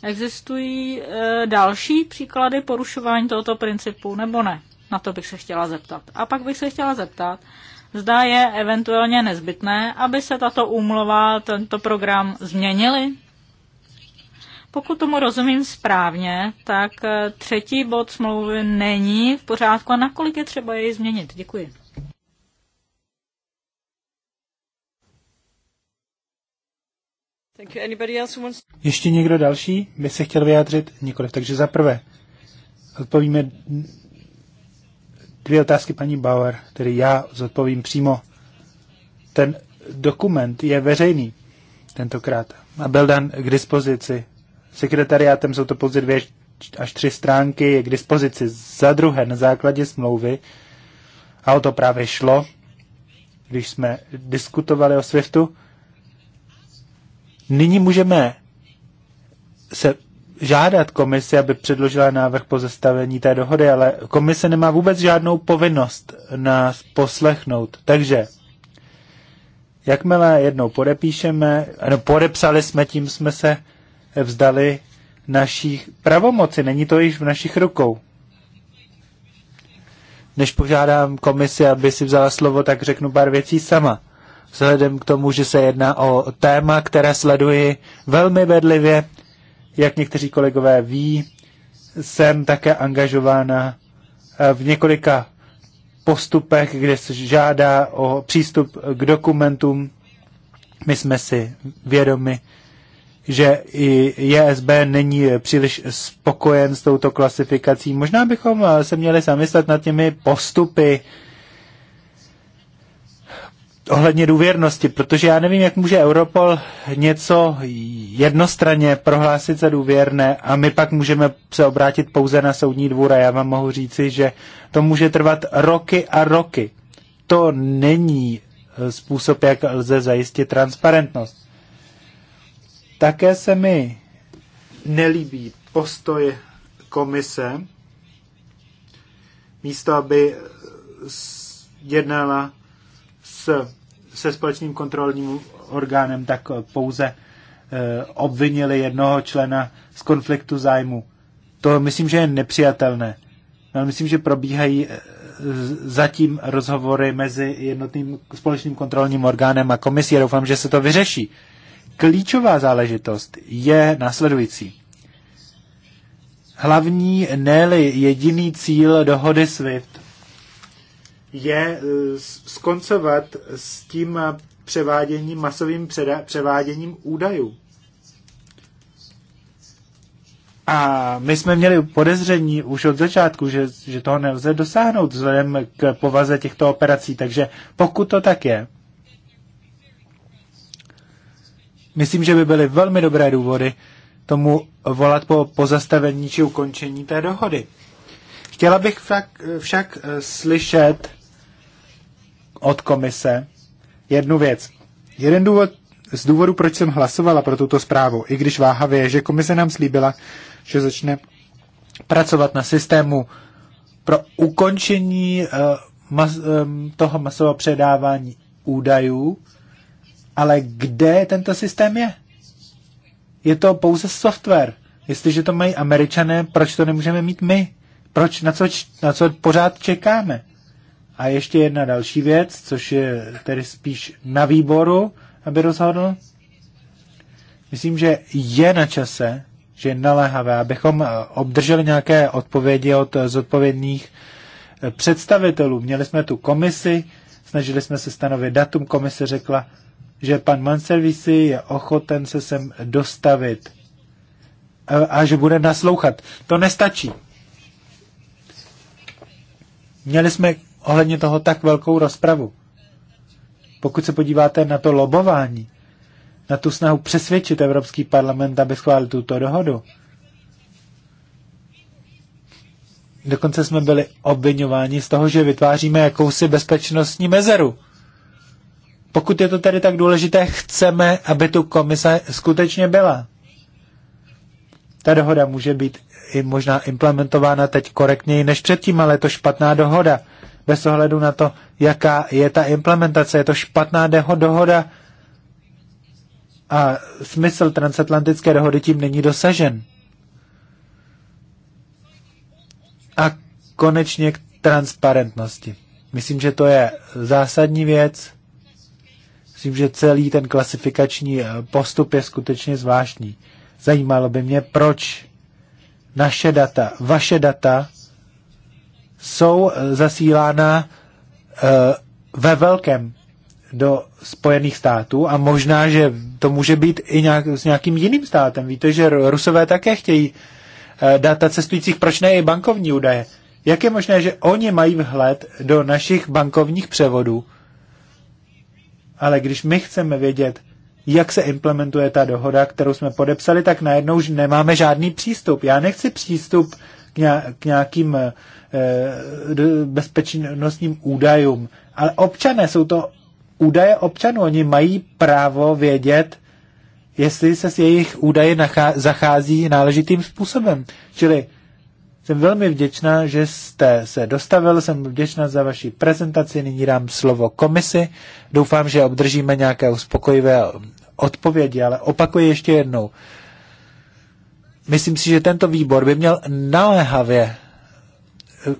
Existují e, další příklady porušování tohoto principu nebo ne? Na to bych se chtěla zeptat. A pak bych se chtěla zeptat, zda je eventuálně nezbytné, aby se tato úmluva, tento program změnili? Pokud tomu rozumím správně, tak e, třetí bod smlouvy není v pořádku a nakolik je třeba jej změnit? Děkuji. Ještě někdo další by se chtěl vyjádřit? Nikoliv. Takže za prvé odpovíme dvě otázky paní Bauer, který já zodpovím přímo. Ten dokument je veřejný tentokrát a byl dan k dispozici sekretariátem, jsou to pouze dvě až tři stránky, je k dispozici za druhé na základě smlouvy a o to právě šlo, když jsme diskutovali o SWIFTu, Nyní můžeme se žádat komisi, aby předložila návrh pozastavení té dohody, ale komise nemá vůbec žádnou povinnost nás poslechnout. Takže jakmile jednou podepíšeme, ano, podepsali jsme, tím jsme se vzdali našich pravomoci, není to již v našich rukou. Než požádám komisi, aby si vzala slovo, tak řeknu pár věcí sama vzhledem k tomu, že se jedná o téma, které sleduji velmi vedlivě, Jak někteří kolegové ví, jsem také angažována eh, v několika postupech, kde se žádá o přístup k dokumentům. My jsme si vědomi, že i JSB není příliš spokojen s touto klasifikací. Možná bychom se měli zamyslet nad těmi postupy, ohledně důvěrnosti, protože já nevím, jak může Europol něco jednostranně prohlásit za důvěrné a my pak můžeme se obrátit pouze na soudní dvůr a já vám mohu říci, že to může trvat roky a roky. To není způsob, jak lze zajistit transparentnost. Také se mi nelíbí postoj komise, místo aby jednala s se společným kontrolním orgánem, tak pouze eh, obvinili jednoho člena z konfliktu zájmu. To myslím, že je nepřijatelné. No, ale myslím, že probíhají eh, zatím rozhovory mezi jednotným společným kontrolním orgánem a komisí. doufám, že se to vyřeší. Klíčová záležitost je následující. Hlavní, ne jediný cíl dohody SWIFT je eh, skoncovat s tím eh, převáděním, masovým převáděním údajů. A my jsme měli podezření už od začátku, že, že toho nelze dosáhnout vzhledem k povaze těchto operací. Takže pokud to tak je, myslím, že by byly velmi dobré důvody tomu volat po pozastavení či ukončení té dohody. Chtěla bych však, však eh, slyšet od komise jednu věc. Jeden důvod, z důvodu, proč jsem hlasovala pro tuto zprávu, i když váhavě, je, že komise nám slíbila, že začne pracovat na systému pro ukončení uh, mas, um, toho masového předávání údajů, ale kde tento systém je? Je to pouze software. Jestliže to mají američané, proč to nemůžeme mít my? Proč, na co, na co pořád čekáme? A ještě jedna další věc, což je tedy spíš na výboru, aby rozhodl. Myslím, že je na čase, že je naléhavé, abychom eh, obdrželi nějaké odpovědi od zodpovědných eh, představitelů. Měli jsme tu komisi, snažili jsme se stanovit datum, komise řekla, že pan Manservisi je ochoten se sem dostavit eh, a že bude naslouchat. To nestačí. Měli jsme ohledně toho tak velkou rozpravu. Pokud se podíváte na to lobování, na tu snahu přesvědčit Evropský parlament, aby schválil tuto dohodu, Dokonce jsme byli obvinováni z toho, že vytváříme jakousi bezpečnostní mezeru. Pokud je to tedy tak důležité, chceme, aby tu komise skutečně byla. Ta dohoda může být i možná implementována teď korektněji než předtím, ale je to špatná dohoda bez ohledu na to, jaká je ta implementace. Je to špatná dohoda a smysl transatlantické dohody tím není dosažen. A konečně k transparentnosti. Myslím, že to je zásadní věc. Myslím, že celý ten klasifikační eh, postup je skutečně zvláštní. Zajímalo by mě, proč naše data, vaše data jsou eh, zasílána eh, ve velkém do Spojených států a možná, že to může být i nějak, s nějakým jiným státem. Víte, že Rusové také chtějí eh, data cestujících, proč ne i bankovní údaje. Jak je možné, že oni mají vhled do našich bankovních převodů? Ale když my chceme vědět, jak se implementuje ta dohoda, kterou jsme podepsali, tak najednou už nemáme žádný přístup. Já nechci přístup k nějakým eh, bezpečnostním údajům. Ale občané jsou to údaje občanů. Oni mají právo vědět, jestli se s jejich údaje zachází náležitým způsobem. Čili jsem velmi vděčná, že jste se dostavil, jsem vděčná za vaši prezentaci, nyní dám slovo komisi. Doufám, že obdržíme nějaké uspokojivé odpovědi, ale opakuji ještě jednou. Myslím si, že tento výbor by měl naléhavě eh,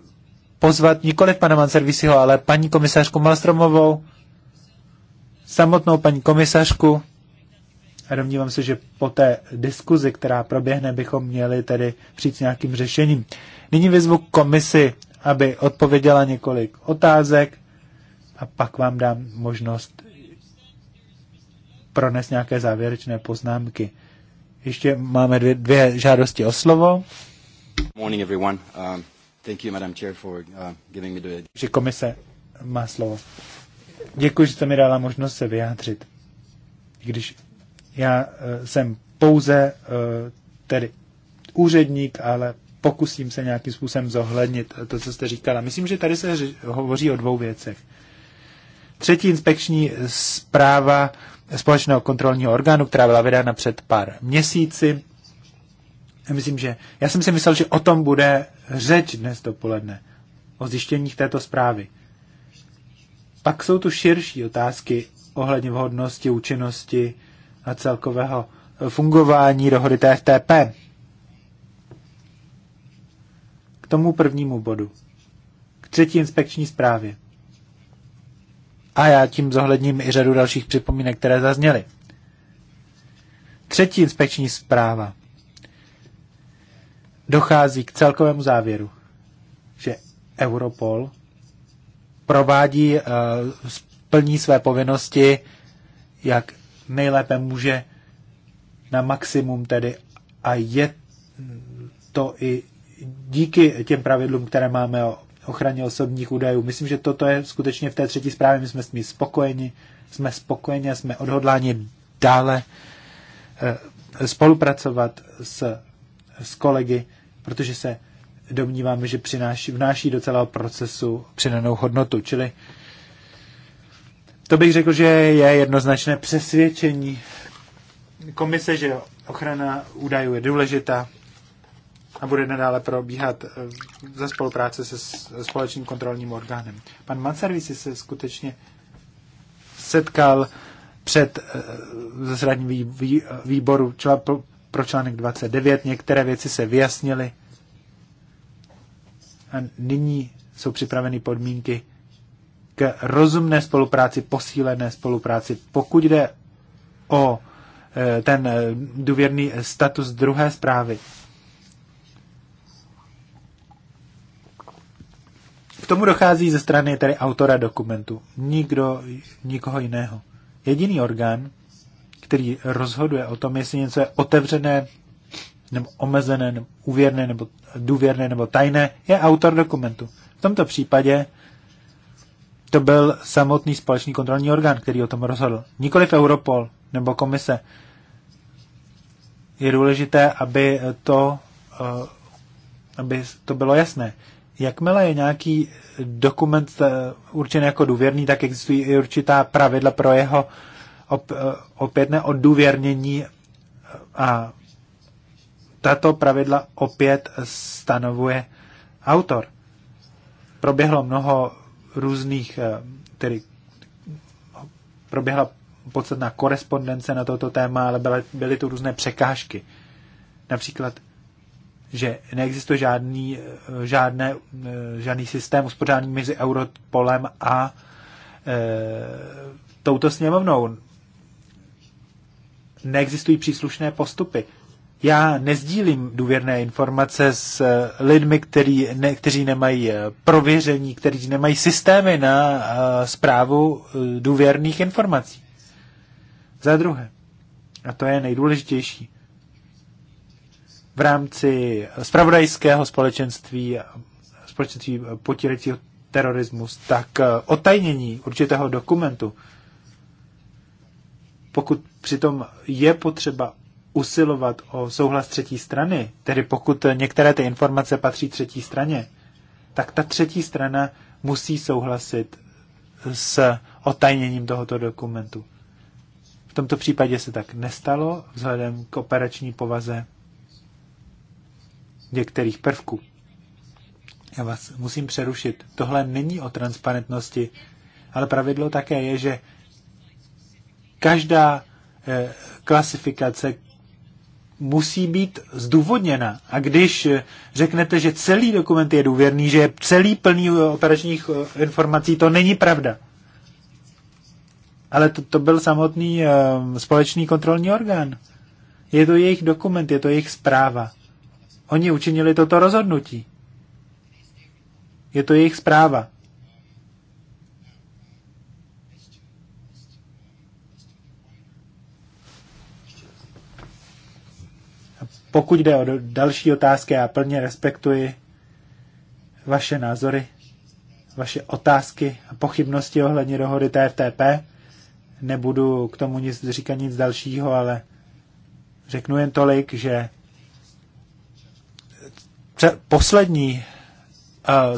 pozvat nikoliv pana Manservisiho, ale paní komisařku Malstromovou, samotnou paní komisařku. A domnívám se, že po té diskuzi, která proběhne, bychom měli tedy přijít s nějakým řešením. Nyní vyzvu komisi, aby odpověděla několik otázek a pak vám dám možnost pronést nějaké závěrečné poznámky. Ještě máme dvě, dvě žádosti o slovo. Morning everyone. Um, thank you, Madam Chair, for uh, giving me the... Že komise má slovo. Děkuji, že jste mi dala možnost se vyjádřit. Když já uh, jsem pouze uh, tedy úředník, ale pokusím se nějakým způsobem zohlednit uh, to, co jste říkala. Myslím, že tady se hovoří o dvou věcech. Třetí inspekční uh, zpráva společného kontrolního orgánu, která byla vydána před pár měsíci. Já myslím, že já jsem si myslel, že o tom bude řeč dnes dopoledne, o zjištěních této zprávy. Pak jsou tu širší otázky ohledně vhodnosti, účinnosti a celkového fungování dohody TFTP. K tomu prvnímu bodu. K třetí inspekční zprávě. A já tím zohledním i řadu dalších připomínek, které zazněly. Třetí inspekční zpráva. Dochází k celkovému závěru, že Europol provádí, eh, splní své povinnosti, jak nejlépe může na maximum tedy a je to i díky těm pravidlům, které máme o ochraně osobních údajů. Myslím, že toto je skutečně v té třetí zprávě. My jsme s ní spokojeni, jsme spokojeni a jsme odhodláni dále eh, spolupracovat s, s kolegy, protože se domníváme, že přináší, vnáší do celého procesu přidanou hodnotu. Čili to bych řekl, že je jednoznačné přesvědčení komise, že ochrana údajů je důležitá a bude nadále probíhat eh, za spolupráce se eh, společným kontrolním orgánem. Pan Manservisi se skutečně setkal před eh, zasedáním výboru pro článek 29. Některé věci se vyjasnily a nyní jsou připraveny podmínky k rozumné spolupráci, posílené spolupráci. Pokud jde o ten důvěrný status druhé zprávy, tomu dochází ze strany tedy autora dokumentu. Nikdo, nikoho jiného. Jediný orgán, který rozhoduje o tom, jestli něco je otevřené, nebo omezené, nebo uvěrné, nebo důvěrné, nebo tajné, je autor dokumentu. V tomto případě to byl samotný společný kontrolní orgán, který o tom rozhodl. Nikoliv Europol nebo komise. Je důležité, aby to, eh, aby to bylo jasné. Jakmile je nějaký dokument eh, určen jako důvěrný, tak existují i určitá pravidla pro jeho eh, opětné odůvěrnění a tato pravidla opět stanovuje autor. Proběhlo mnoho různých, eh, tedy proběhla podstatná korespondence na toto téma, ale byly, byly tu různé překážky. Například že neexistuje žádný, žádné, žádný systém uspořádání mezi Europolem a e, touto sněmovnou. Neexistují příslušné postupy. Já nezdílím důvěrné informace s e, lidmi, který ne, kteří nemají e, prověření, kteří nemají systémy na uh, e, zprávu důvěrných informací. Za druhé, a to je nejdůležitější, v rámci spravodajského společenství, společenství potírajícího terorismus, tak eh, otajnění určitého dokumentu, pokud přitom je potřeba usilovat o souhlas třetí strany, tedy pokud některé ty informace patří třetí straně, tak ta třetí strana musí souhlasit s otajněním tohoto dokumentu. V tomto případě se tak nestalo vzhledem k operační povaze některých prvků. Já vás musím přerušit. Tohle není o transparentnosti, ale pravidlo také je, že každá eh, klasifikace musí být zdůvodněna. A když eh, řeknete, že celý dokument je důvěrný, že je celý plný operačních eh, informací, to není pravda. Ale to, to byl samotný společný kontrolní orgán. Je to jejich dokument, je to jejich zpráva. Oni učinili toto rozhodnutí. Je to jejich zpráva. Pokud jde o další otázky, já plně respektuji vaše názory, vaše otázky a pochybnosti ohledně dohody TFTP. Nebudu k tomu nic říkat nic dalšího, ale řeknu jen tolik, že poslední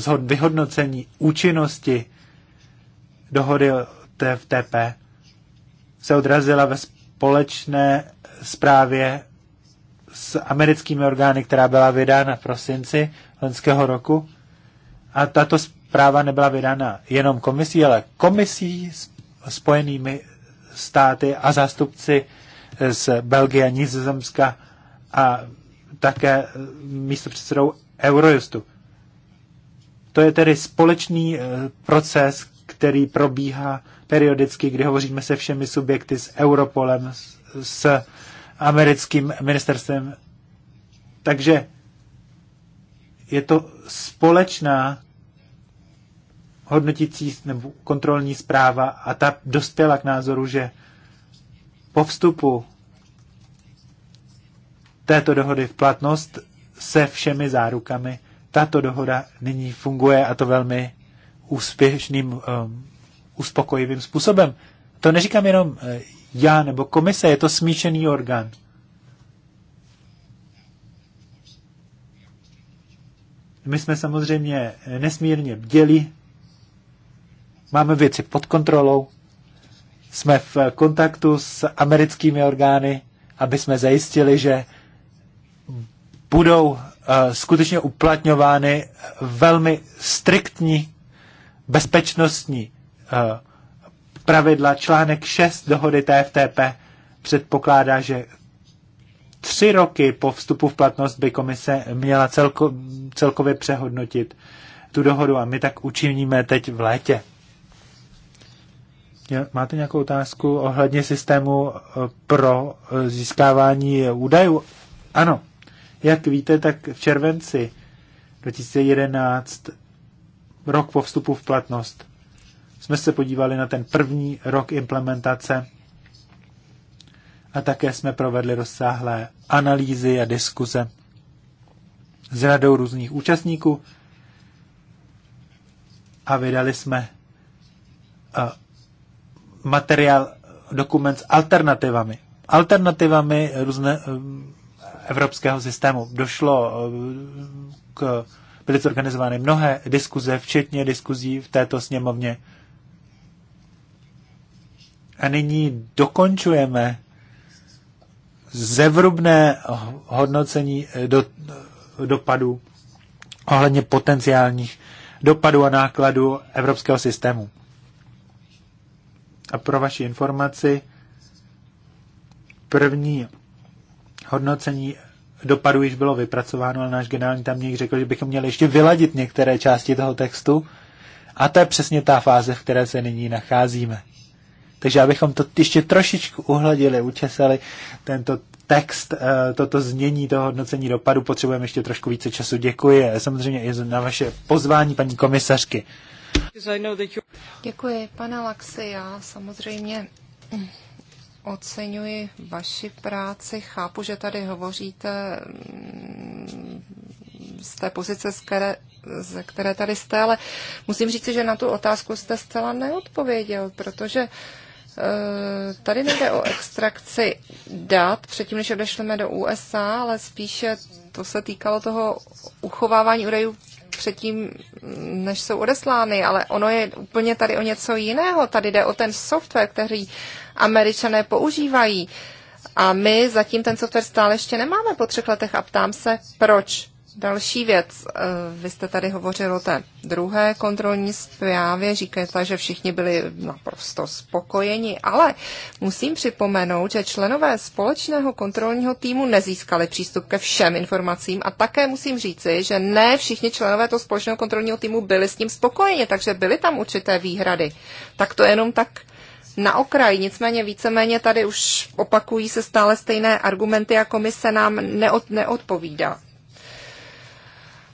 uh, vyhodnocení účinnosti dohody o TFTP se odrazila ve společné zprávě s americkými orgány, která byla vydána v prosinci loňského roku. A tato zpráva nebyla vydána jenom komisí, ale komisí s spojenými státy a zástupci eh, z Belgie, Nizozemska a také eh, předsedou Eurojustu. To je tedy společný eh, proces, který probíhá periodicky, kdy hovoříme se všemi subjekty, s Europolem, s americkým ministerstvem. Takže je to společná hodnotící nebo kontrolní zpráva a ta dospěla k názoru, že po vstupu této dohody v platnost se všemi zárukami. Tato dohoda nyní funguje a to velmi úspěšným, um, uspokojivým způsobem. To neříkám jenom eh, já nebo komise, je to smíšený orgán. My jsme samozřejmě nesmírně bděli, máme věci pod kontrolou, jsme v kontaktu s americkými orgány, aby jsme zajistili, že budou eh, skutečně uplatňovány velmi striktní bezpečnostní eh, pravidla. Článek 6 dohody TFTP předpokládá, že tři roky po vstupu v platnost by komise měla celko, celkově přehodnotit tu dohodu a my tak učiníme teď v létě. Máte nějakou otázku ohledně systému eh, pro získávání údajů? Ano. Jak víte, tak v červenci 2011, rok po vstupu v platnost, jsme se podívali na ten první rok implementace a také jsme provedli rozsáhlé analýzy a diskuze s radou různých účastníků a vydali jsme eh, materiál, dokument s alternativami. Alternativami různé, eh, evropského systému. Došlo eh, k, byly zorganizovány mnohé diskuze, včetně diskuzí v této sněmovně. A nyní dokončujeme zevrubné hodnocení eh, do, eh, dopadů ohledně potenciálních dopadů a nákladů evropského systému. A pro vaši informaci, první Hodnocení dopadu již bylo vypracováno, ale náš generální tamník řekl, že bychom měli ještě vyladit některé části toho textu. A to je přesně ta fáze, v které se nyní nacházíme. Takže abychom to ještě trošičku uhladili, učesali tento text, eh, toto znění toho hodnocení dopadu, potřebujeme ještě trošku více času. Děkuji eh, samozřejmě i na vaše pozvání, paní komisařky. Děkuji, pane Laxi, já samozřejmě oceňuji vaši práci. Chápu, že tady hovoříte mm, z té pozice, z které, ze které tady jste, ale musím říct, že na tu otázku jste zcela neodpověděl, protože e, tady nejde o extrakci dat předtím, než odešleme do USA, ale spíše to se týkalo toho uchovávání údajů předtím, než jsou odeslány, ale ono je úplně tady o něco jiného. Tady jde o ten software, který američané používají. A my zatím ten software stále ještě nemáme po třech letech a ptám se, proč. Další věc, eh, vy jste tady hovořil o té druhé kontrolní zprávě, říkáte, že všichni byli naprosto spokojeni, ale musím připomenout, že členové společného kontrolního týmu nezískali přístup ke všem informacím a také musím říci, že ne všichni členové toho společného kontrolního týmu byli s tím spokojeni, takže byly tam určité výhrady. Tak to jenom tak na okraj. Nicméně víceméně tady už opakují se stále stejné argumenty a komise nám neod, neodpovídá.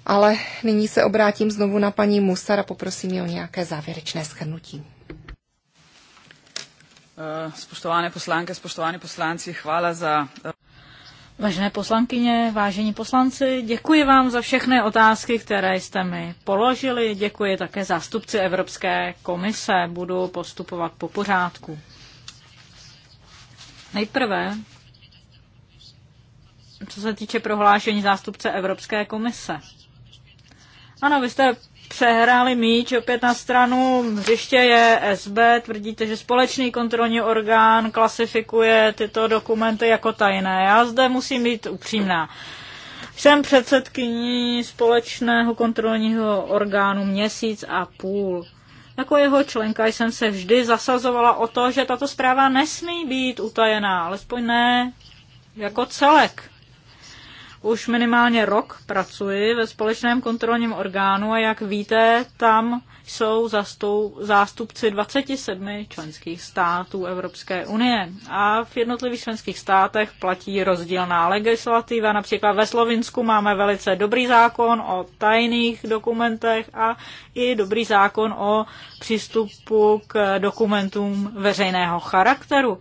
Ale nyní se obrátím znovu na paní Musar a poprosím ji o nějaké závěrečné schrnutí. Eh, Spoštovane poslanke, spoštovani poslanci, chvála za... Eh, Vážené poslankyně, vážení poslanci, děkuji vám za všechny otázky, které jste mi položili. Děkuji také zástupci Evropské komise. Budu postupovat po pořádku. Nejprve, co se týče prohlášení zástupce Evropské komise. Ano, vy jste přehráli míč opět na stranu. Hřiště je SB, tvrdíte, že společný kontrolní orgán klasifikuje tyto dokumenty jako tajné. Já zde musím být upřímná. Jsem předsedkyní společného kontrolního orgánu měsíc a půl. Jako jeho členka jsem se vždy zasazovala o to, že tato zpráva nesmí být utajená, alespoň ne jako celek. Už minimálně rok pracuji ve společném kontrolním orgánu a jak víte, tam jsou zástupci 27 členských států Evropské unie. A v jednotlivých členských státech platí rozdílná legislativa. Například ve Slovinsku máme velice dobrý zákon o tajných dokumentech a i dobrý zákon o přístupu k dokumentům veřejného charakteru.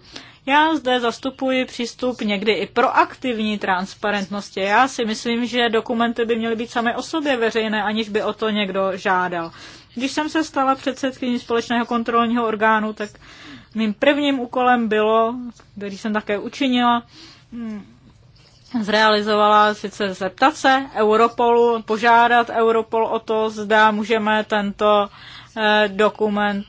Já zde zastupuji přístup někdy i proaktivní transparentnosti. Já si myslím, že dokumenty by měly být samé o sobě veřejné, aniž by o to někdo žádal. Když jsem se stala předsedkyní společného kontrolního orgánu, tak mým prvním úkolem bylo, který jsem také učinila, hm, zrealizovala sice zeptat se Europolu, požádat Europol o to, zda můžeme tento eh, dokument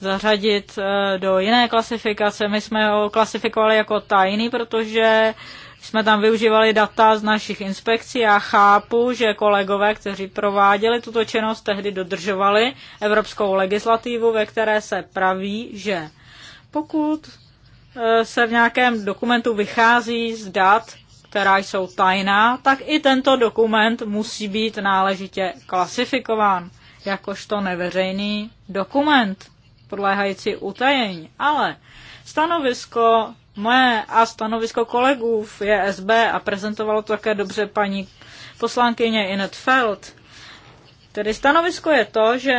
zařadit eh, do jiné klasifikace. My jsme ho klasifikovali jako tajný, protože jsme tam využívali data z našich inspekcí. Já chápu, že kolegové, kteří prováděli tuto činnost, tehdy dodržovali evropskou legislativu, ve které se praví, že pokud eh, se v nějakém dokumentu vychází z dat, která jsou tajná, tak i tento dokument musí být náležitě klasifikován jakožto neveřejný dokument podléhající utajení. Ale stanovisko moje a stanovisko kolegů v JSB e a prezentovalo to také dobře paní poslankyně Inet Feld. Tedy stanovisko je to, že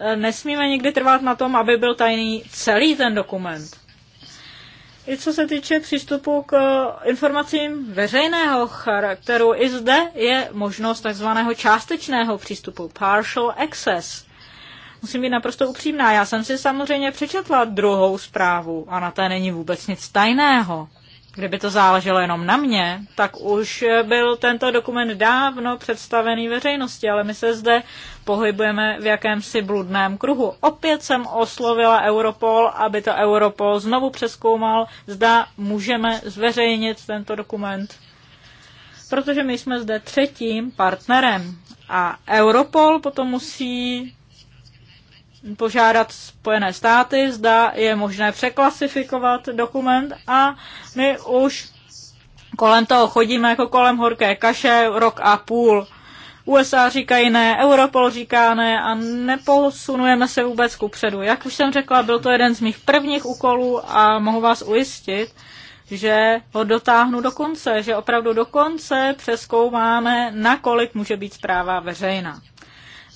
e, nesmíme nikdy trvat na tom, aby byl tajný celý ten dokument. I co se týče přístupu k informacím veřejného charakteru, i zde je možnost takzvaného částečného přístupu, partial access musím být naprosto upřímná. Já jsem si samozřejmě přečetla druhou zprávu a na té není vůbec nic tajného. Kdyby to záleželo jenom na mě, tak už byl tento dokument dávno představený veřejnosti, ale my se zde pohybujeme v jakémsi bludném kruhu. Opět jsem oslovila Europol, aby to Europol znovu přeskoumal, zda můžeme zveřejnit tento dokument. Protože my jsme zde třetím partnerem a Europol potom musí požádat Spojené státy, zda je možné překlasifikovat dokument a my už kolem toho chodíme jako kolem horké kaše rok a půl. USA říkají ne, Europol říká ne a neposunujeme se vůbec ku předu. Jak už jsem řekla, byl to jeden z mých prvních úkolů a mohu vás ujistit, že ho dotáhnu do konce, že opravdu do konce přeskoumáme, nakolik může být zpráva veřejná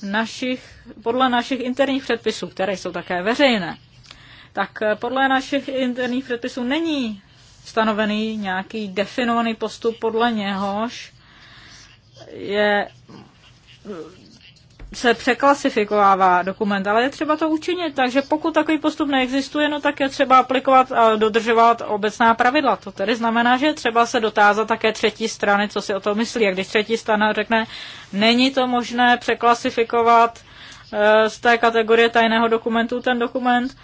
našich, podle našich interních předpisů, které jsou také veřejné, tak eh, podle našich interních předpisů není stanovený nějaký definovaný postup, podle něhož je se překlasifikovává dokument, ale je třeba to učinit, takže pokud takový postup neexistuje, no tak je třeba aplikovat a dodržovat obecná pravidla. To tedy znamená, že je třeba se dotázat také třetí strany, co si o to myslí. A když třetí strana řekne, není to možné překlasifikovat eh, z té kategorie tajného dokumentu ten dokument,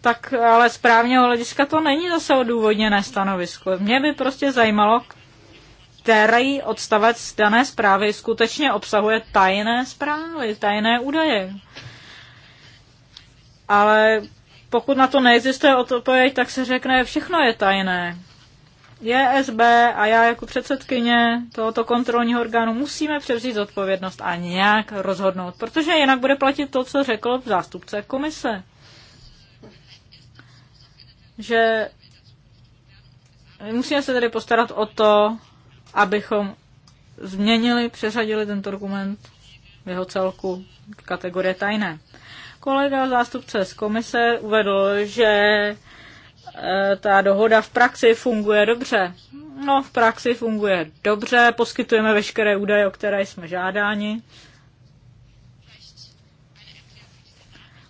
tak ale z právního hlediska to není zase odůvodněné stanovisko. Mě by prostě zajímalo, který odstavec dané zprávy skutečně obsahuje tajné zprávy, tajné údaje. Ale pokud na to neexistuje odpověď, tak se řekne, všechno je tajné. JSB a já jako předsedkyně tohoto kontrolního orgánu musíme převzít odpovědnost a nějak rozhodnout, protože jinak bude platit to, co řekl zástupce komise. Že musíme se tedy postarat o to, abychom změnili, přeřadili tento dokument v jeho celku kategorie tajné. Kolega zástupce z komise uvedl, že eh, ta dohoda v praxi funguje dobře. No, v praxi funguje dobře, poskytujeme veškeré údaje, o které jsme žádáni.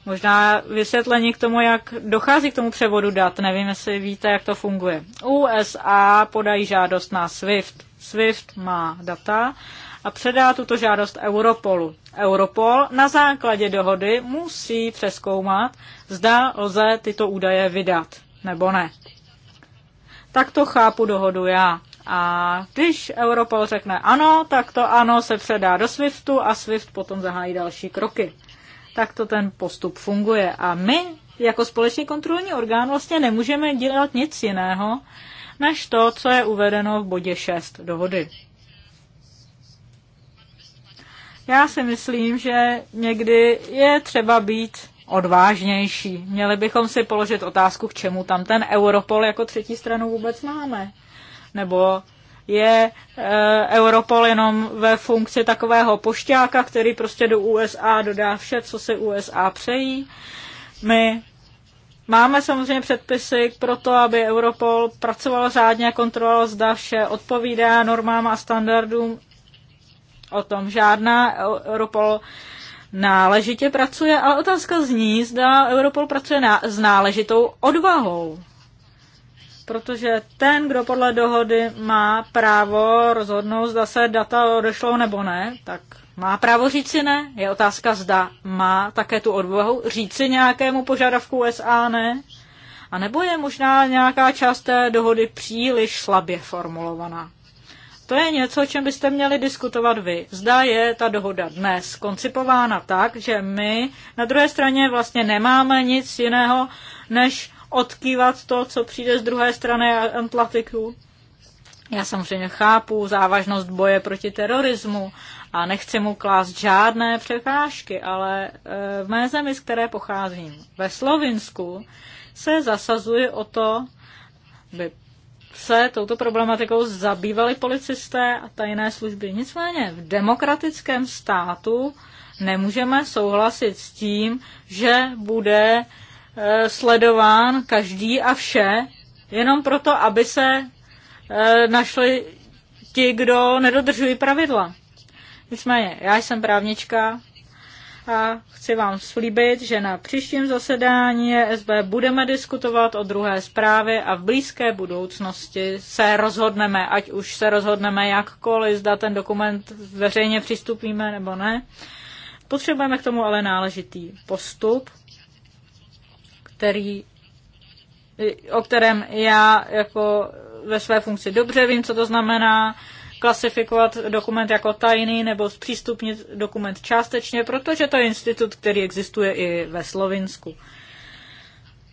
Možná vysvětlení k tomu, jak dochází k tomu převodu dat. Nevím, jestli víte, jak to funguje. USA podají žádost na SWIFT. SWIFT má data a předá tuto žádost Europolu. Europol na základě dohody musí přeskoumat, zda lze tyto údaje vydat nebo ne. Tak to chápu dohodu já. A když Europol řekne ano, tak to ano se předá do SWIFTu a SWIFT potom zahájí další kroky. Tak to ten postup funguje. A my jako společný kontrolní orgán vlastně nemůžeme dělat nic jiného, než to, co je uvedeno v bodě 6 dohody. Já si myslím, že někdy je třeba být odvážnější. Měli bychom si položit otázku, k čemu tam ten Europol jako třetí stranu vůbec máme. Nebo je e, Europol jenom ve funkci takového pošťáka, který prostě do USA dodá vše, co se USA přejí. My Máme samozřejmě předpisy pro to, aby Europol pracoval řádně a kontroloval, zda vše odpovídá normám a standardům. O tom žádná Europol náležitě pracuje, ale otázka zní, zda Europol pracuje na, s náležitou odvahou. Protože ten, kdo podle dohody má právo rozhodnout, zda se data odešlo nebo ne, tak má právo říci ne? Je otázka, zda má také tu odvahu říci nějakému požadavku USA ne? A nebo je možná nějaká část té dohody příliš slabě formulovaná? To je něco, o čem byste měli diskutovat vy. Zda je ta dohoda dnes koncipována tak, že my na druhé straně vlastně nemáme nic jiného, než odkývat to, co přijde z druhé strany Atlantiku. Já samozřejmě chápu závažnost boje proti terorismu, a nechci mu klást žádné překážky, ale e, v mé zemi, z které pocházím, ve Slovinsku, se zasazuje o to, aby se touto problematikou zabývali policisté a tajné služby. Nicméně v demokratickém státu nemůžeme souhlasit s tím, že bude e, sledován každý a vše, jenom proto, aby se e, našli ti, kdo nedodržují pravidla. Nicméně, já jsem právnička a chci vám slíbit, že na příštím zasedání SB budeme diskutovat o druhé zprávě a v blízké budoucnosti se rozhodneme, ať už se rozhodneme jakkoliv, zda ten dokument veřejně přistupíme nebo ne. Potřebujeme k tomu ale náležitý postup, který, o kterém já jako ve své funkci dobře vím, co to znamená, klasifikovat dokument jako tajný nebo zpřístupnit dokument částečně, protože to je institut, který existuje i ve Slovinsku.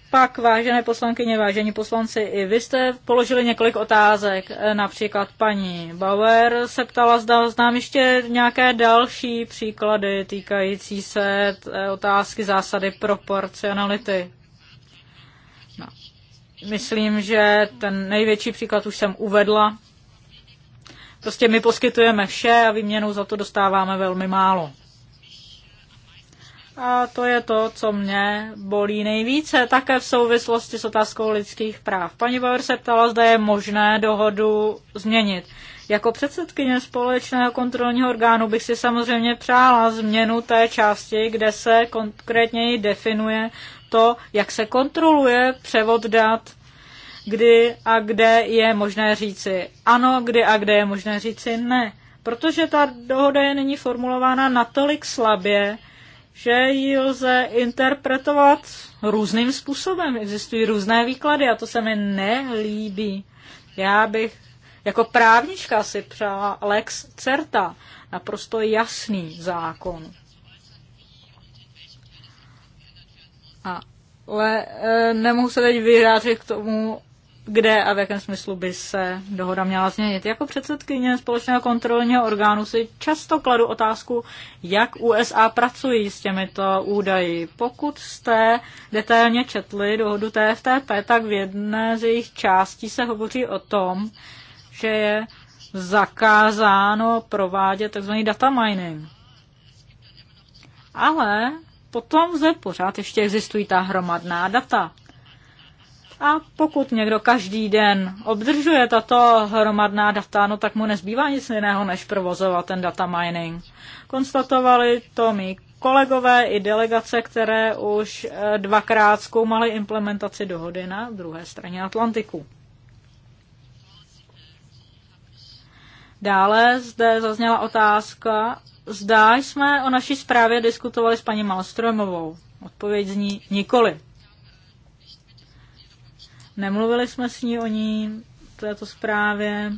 Pak, vážené poslankyně, vážení poslanci, i vy jste položili několik otázek. Například paní Bauer se ptala, zda znám ještě nějaké další příklady týkající se eh, otázky zásady proporcionality. No. Myslím, že ten největší příklad už jsem uvedla, Prostě my poskytujeme vše a výměnou za to dostáváme velmi málo. A to je to, co mě bolí nejvíce, také v souvislosti s otázkou lidských práv. Paní Bauer se ptala, zda je možné dohodu změnit. Jako předsedkyně společného kontrolního orgánu bych si samozřejmě přála změnu té části, kde se konkrétněji definuje to, jak se kontroluje převod dat kdy a kde je možné říci ano, kdy a kde je možné říci ne. Protože ta dohoda je nyní formulována natolik slabě, že ji lze interpretovat různým způsobem. Existují různé výklady a to se mi nelíbí. Já bych jako právnička si přála lex certa, naprosto jasný zákon. A ale e, nemohu se teď vyjádřit k tomu, kde a v jakém smyslu by se dohoda měla změnit. Jako předsedkyně společného kontrolního orgánu si často kladu otázku, jak USA pracují s těmito údaji. Pokud jste detailně četli dohodu TFTP, tak v jedné z jejich částí se hovoří o tom, že je zakázáno provádět tzv. data mining. Ale potom zde pořád ještě existují ta hromadná data. A pokud někdo každý den obdržuje tato hromadná data, no tak mu nezbývá nic jiného, než provozovat ten data mining. Konstatovali to mý kolegové i delegace, které už eh, dvakrát zkoumaly implementaci dohody na druhé straně Atlantiku. Dále zde zazněla otázka, zda jsme o naší zprávě diskutovali s paní Malstromovou. Odpověď zní nikoli. Nemluvili jsme s ní o ní, této zprávě.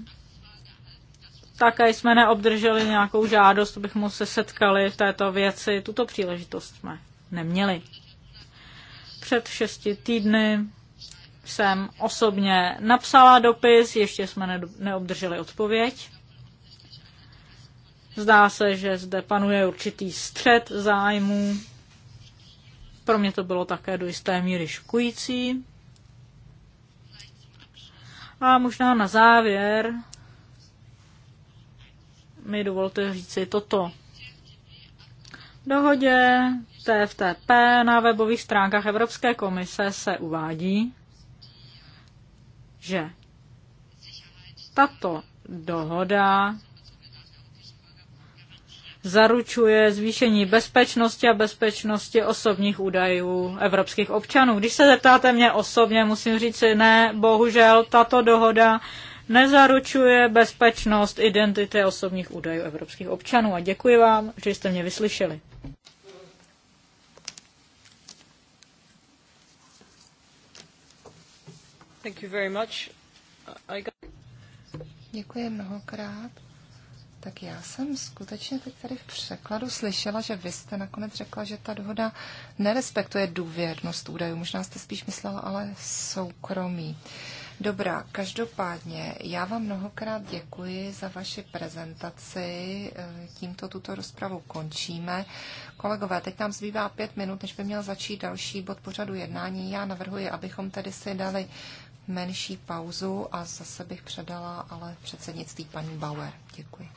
Také jsme neobdrželi nějakou žádost, abychom se setkali v této věci. Tuto příležitost jsme neměli. Před šesti týdny jsem osobně napsala dopis, ještě jsme neobdrželi odpověď. Zdá se, že zde panuje určitý střed zájmů. Pro mě to bylo také do jisté míry šokující. A možná na závěr mi dovolte říci toto. dohodě TFTP na webových stránkách Evropské komise se uvádí, že tato dohoda zaručuje zvýšení bezpečnosti a bezpečnosti osobních údajů evropských občanů. Když se zeptáte mě osobně, musím říct si ne, bohužel tato dohoda nezaručuje bezpečnost identity osobních údajů evropských občanů. A děkuji vám, že jste mě vyslyšeli. Děkuji mnohokrát tak já jsem skutečně teď tady v překladu slyšela, že vy jste nakonec řekla, že ta dohoda nerespektuje důvěrnost údajů. Možná jste spíš myslela, ale soukromí. Dobrá, každopádně já vám mnohokrát děkuji za vaši prezentaci. Eh, Tímto tuto rozpravu končíme. Kolegové, teď nám zbývá pět minut, než by měl začít další bod pořadu jednání. Já navrhuji, abychom tedy si dali menší pauzu a zase bych předala ale předsednictví paní Bauer. Děkuji.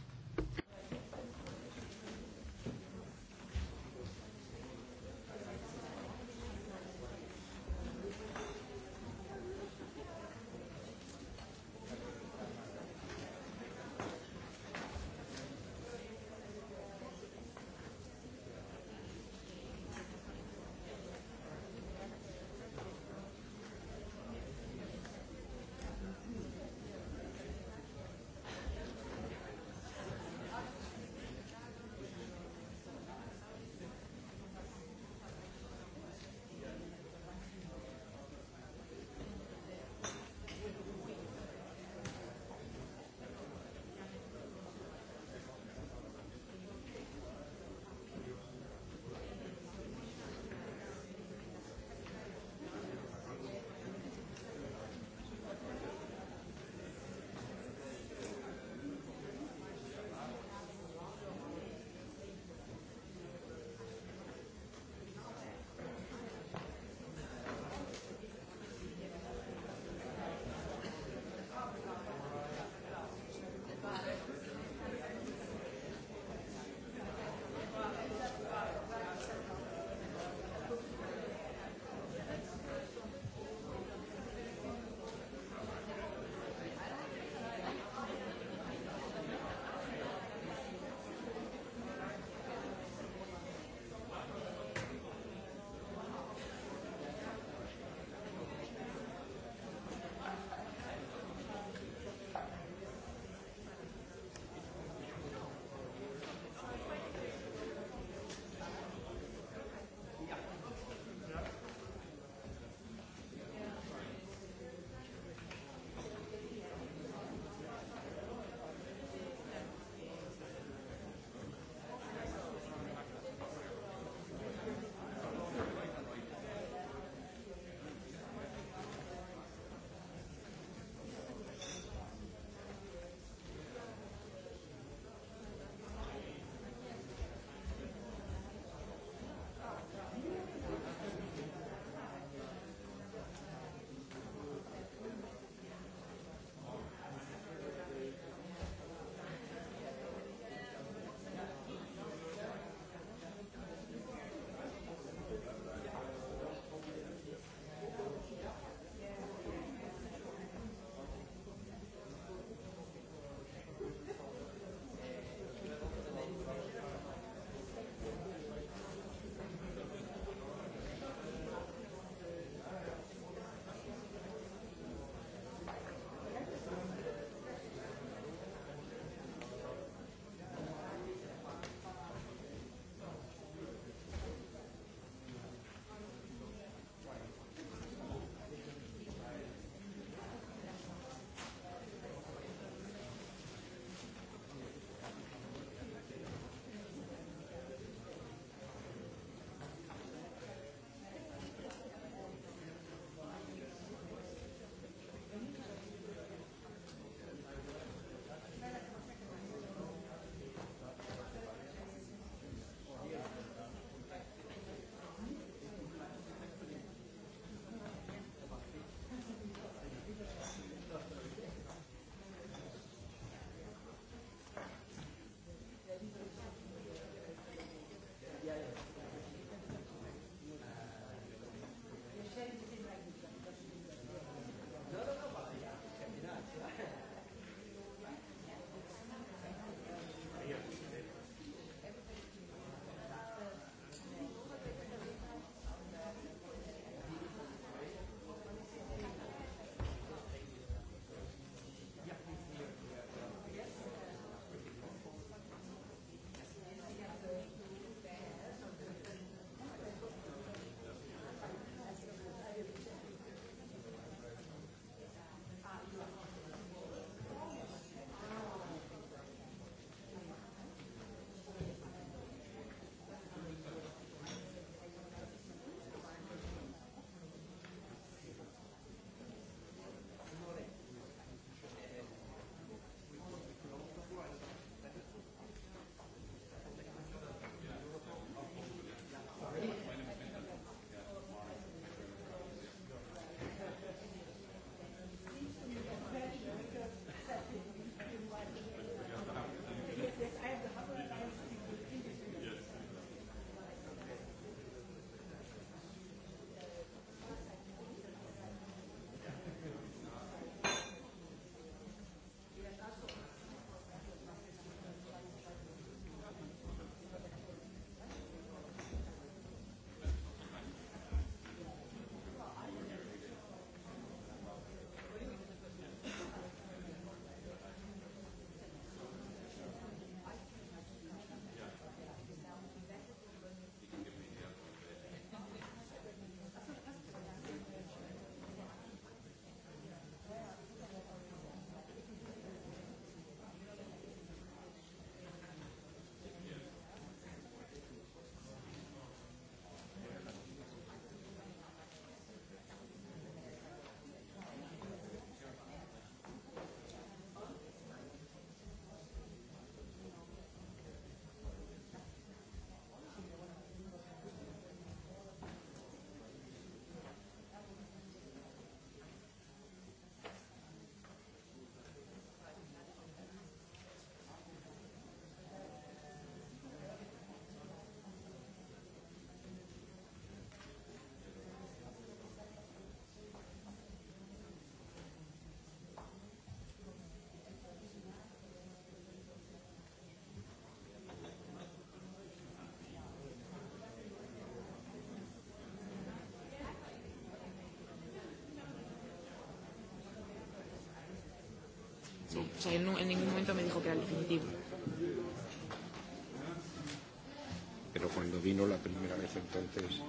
Sí, o sea, él no, en ningún momento me dijo que era el definitivo. Pero cuando vino la primera vez entonces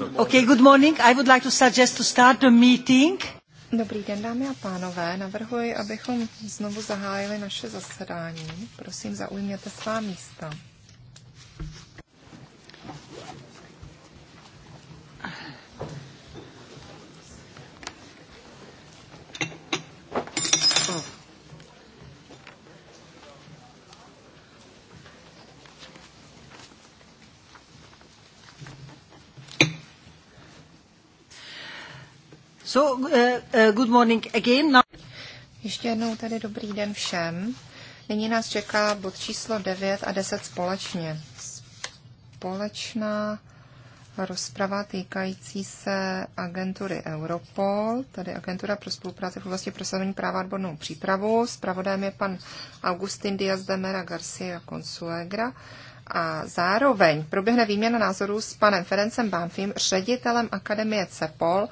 Okay, good morning. I would like to suggest to start the meeting. Dobrý den, dámy a pánové. Navrhuji, abychom znovu zahájili naše zasedání. Prosím, zaujměte svá místa. So, uh, uh, good morning again. Now... Ještě jednou tedy dobrý den všem. Nyní nás čeká bod číslo 9 a 10 společně. Společná rozprava týkající se agentury Europol, tedy Agentura pro spolupráci v oblasti prosazení práva a odbornou přípravu. Spravodajem je pan Augustin Díaz de Mera Garcia Consuegra a zároveň proběhne výměna názorů s panem Ferencem Banfim, ředitelem Akademie CEPOL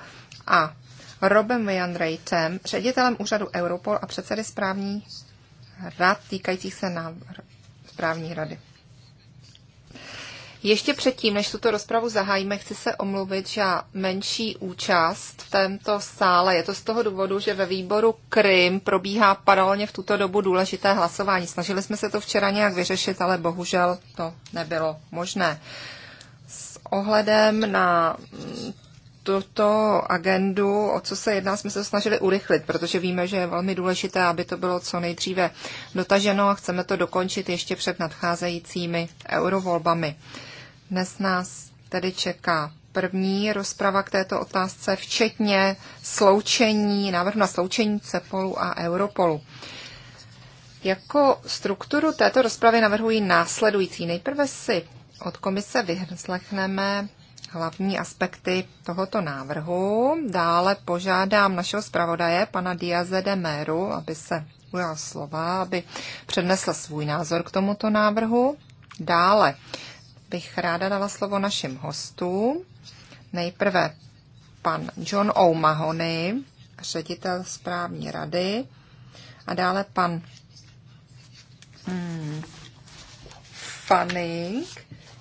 a Robem Vianrejtem, ředitelem úřadu Europol a předsedy správní rad týkajících se na správní rady. Ještě předtím, než tuto rozpravu zahájíme, chci se omluvit, že menší účast v tomto sále. Je to z toho důvodu, že ve výboru Krym probíhá paralelně v tuto dobu důležité hlasování. Snažili jsme se to včera nějak vyřešit, ale bohužel to nebylo možné. S ohledem na tuto agendu, o co se jedná, jsme se snažili urychlit, protože víme, že je velmi důležité, aby to bylo co nejdříve dotaženo a chceme to dokončit ještě před nadcházejícími eurovolbami. Dnes nás tedy čeká první rozprava k této otázce, včetně sloučení, návrh na sloučení CEPOLu a Europolu. Jako strukturu této rozpravy navrhuji následující. Nejprve si od komise vyhrzlechneme hlavní aspekty tohoto návrhu. Dále požádám našeho zpravodaje, pana Diaze de Méru, aby se ujal slova, aby přednesl svůj názor k tomuto návrhu. Dále bych ráda dala slovo našim hostům. Nejprve pan John O'Mahony, ředitel správní rady, a dále pan hmm, Fanning,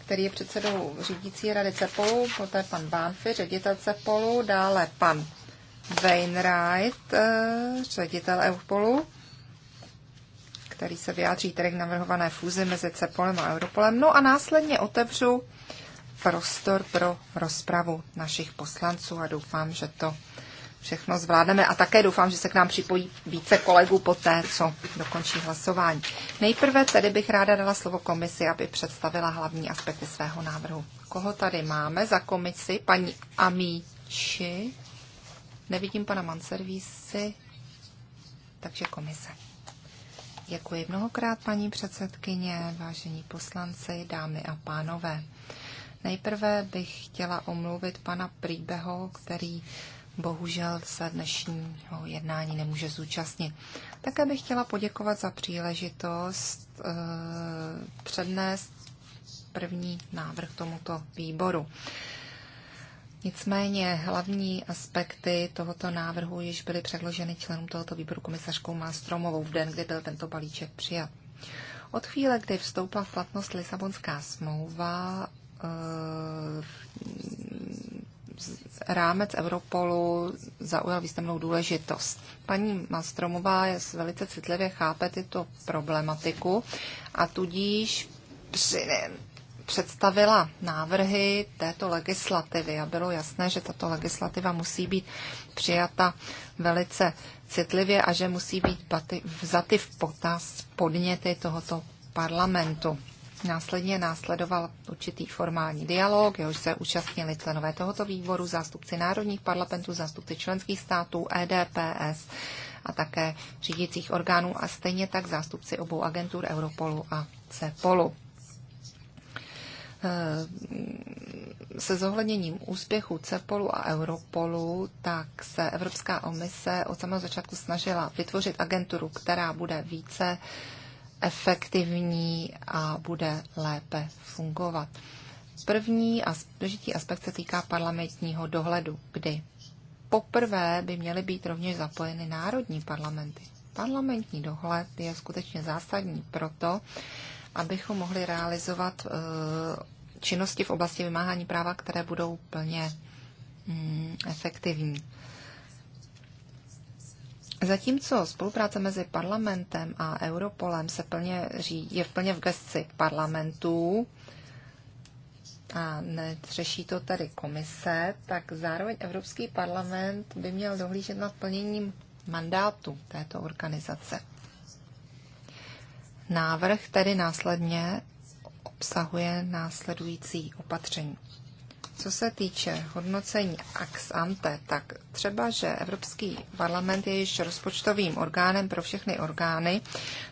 který je předsedou řídící rady CEPOLu, poté pan Banfi, ředitel CEPOLu, dále pan Wainwright, eh, ředitel EUPOLu, který se vyjádří tedy k navrhované fúzi mezi CEPOLem a Europolem. No a následně otevřu prostor pro rozpravu našich poslanců a doufám, že to všechno zvládneme a také doufám, že se k nám připojí více kolegů po té, co dokončí hlasování. Nejprve tedy bych ráda dala slovo komisi, aby představila hlavní aspekty svého návrhu. Koho tady máme za komisi? Paní Amíči. Nevidím pana Manservísi, takže komise. Děkuji mnohokrát, paní předsedkyně, vážení poslanci, dámy a pánové. Nejprve bych chtěla omluvit pana Príbeho, který bohužel se dnešního jednání nemůže zúčastnit. Také bych chtěla poděkovat za příležitost e, přednést první návrh tomuto výboru. Nicméně hlavní aspekty tohoto návrhu již byly předloženy členům tohoto výboru komisařkou Mástromovou v den, kdy byl tento balíček přijat. Od chvíle, kdy vstoupila v platnost Lisabonská smlouva, e, rámec Europolu zaujal významnou důležitost. Paní Mastromová velice citlivě chápe tyto problematiku a tudíž při, představila návrhy této legislativy a bylo jasné, že tato legislativa musí být přijata velice citlivě a že musí být vzaty v potaz podněty tohoto parlamentu. Následně následoval určitý formální dialog, jehož se účastnili členové tohoto výboru, zástupci národních parlamentů, zástupci členských států, EDPS a také řídících orgánů a stejně tak zástupci obou agentur Europolu a CEPOLu. E, se zohledněním úspěchu CEPOLu a Europolu, tak se Evropská komise od samého začátku snažila vytvořit agenturu, která bude více uh, efektivní a bude lépe fungovat. První a důležitý aspekt se týká parlamentního dohledu, kdy poprvé by měly být rovněž zapojeny národní parlamenty. Parlamentní dohled je skutečně zásadní proto, abychom mohli realizovat eh, činnosti v oblasti vymáhání práva, které budou plně mm, efektivní. Zatímco spolupráce mezi parlamentem a Europolem se plně řídí, je plně v gesci parlamentů a neřeší to tady komise, tak zároveň Evropský parlament by měl dohlížet nad plněním mandátu této organizace. Návrh tedy následně obsahuje následující opatření. Co se týče hodnocení ex ante, tak třeba, že Evropský parlament je již rozpočtovým orgánem pro všechny orgány,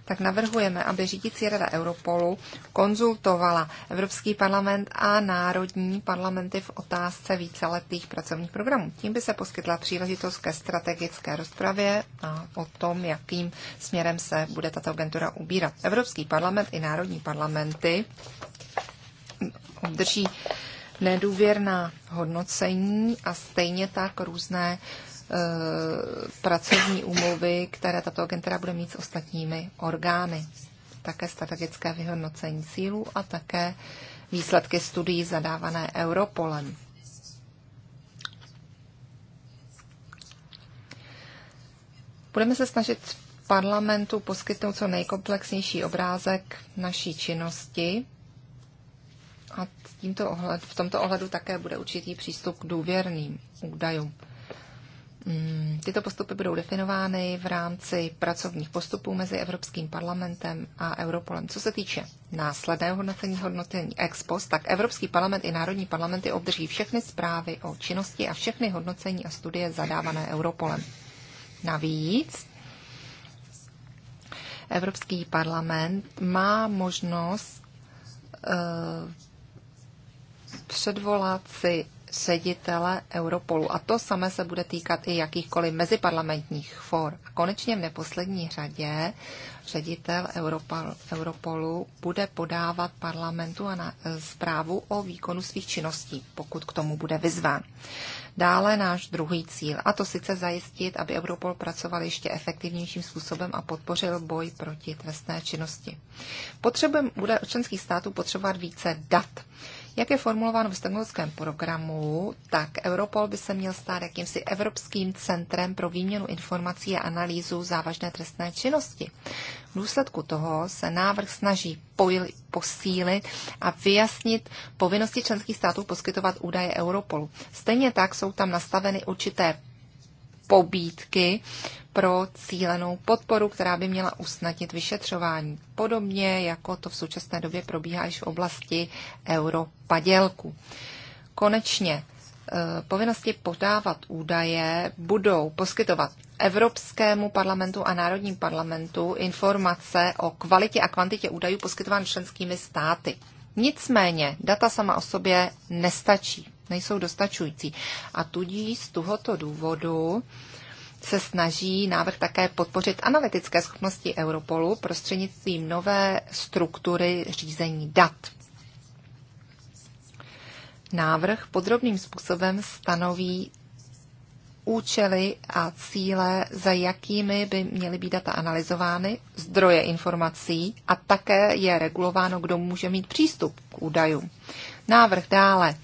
tak navrhujeme, aby řídící rada Europolu konzultovala Evropský parlament a národní parlamenty v otázce víceletých pracovních programů. Tím by se poskytla příležitost ke strategické rozpravě a o tom, jakým směrem se bude tato agentura ubírat. Evropský parlament i národní parlamenty obdrží nedůvěrná hodnocení a stejně tak různé e, pracovní úmluvy, které tato agentura bude mít s ostatními orgány. Také strategické vyhodnocení cílů a také výsledky studií zadávané Europolem. Budeme se snažit parlamentu poskytnout co nejkomplexnější obrázek naší činnosti a tímto ohled, v tomto ohledu také bude určitý přístup k důvěrným údajům. Mm, tyto postupy budou definovány v rámci pracovních postupů mezi Evropským parlamentem a Europolem. Co se týče následného hodnocení hodnocení ex post, tak Evropský parlament i národní parlamenty obdrží všechny zprávy o činnosti a všechny hodnocení a studie zadávané Europolem. Navíc Evropský parlament má možnost eh, předvolat si ředitele Europolu. A to samé se bude týkat i jakýchkoliv meziparlamentních for. A konečně v neposlední řadě ředitel Europol, Europolu bude podávat parlamentu a na, e, zprávu o výkonu svých činností, pokud k tomu bude vyzván. Dále náš druhý cíl, a to sice zajistit, aby Europol pracoval ještě efektivnějším způsobem a podpořil boj proti trestné činnosti. Potřebujeme, bude členských států potřebovat více dat. Jak je formulováno v stokholmském programu, tak Europol by se měl stát jakýmsi evropským centrem pro výměnu informací a analýzu závažné trestné činnosti. V důsledku toho se návrh snaží posílit a vyjasnit povinnosti členských států poskytovat údaje Europolu. Stejně tak jsou tam nastaveny určité pobídky pro cílenou podporu, která by měla usnadnit vyšetřování. Podobně jako to v současné době probíhá i v oblasti europadělku. Konečně eh, povinnosti podávat údaje budou poskytovat Evropskému parlamentu a Národním parlamentu informace o kvalitě a kvantitě údajů poskytován členskými státy. Nicméně data sama o sobě nestačí, nejsou dostačující. A tudíž z tohoto důvodu se snaží návrh také podpořit analytické schopnosti Europolu prostřednictvím nové struktury řízení dat. Návrh podrobným způsobem stanoví účely a cíle, za jakými by měly být data analyzovány, zdroje informací a také je regulováno, kdo může mít přístup k údajům. Návrh dále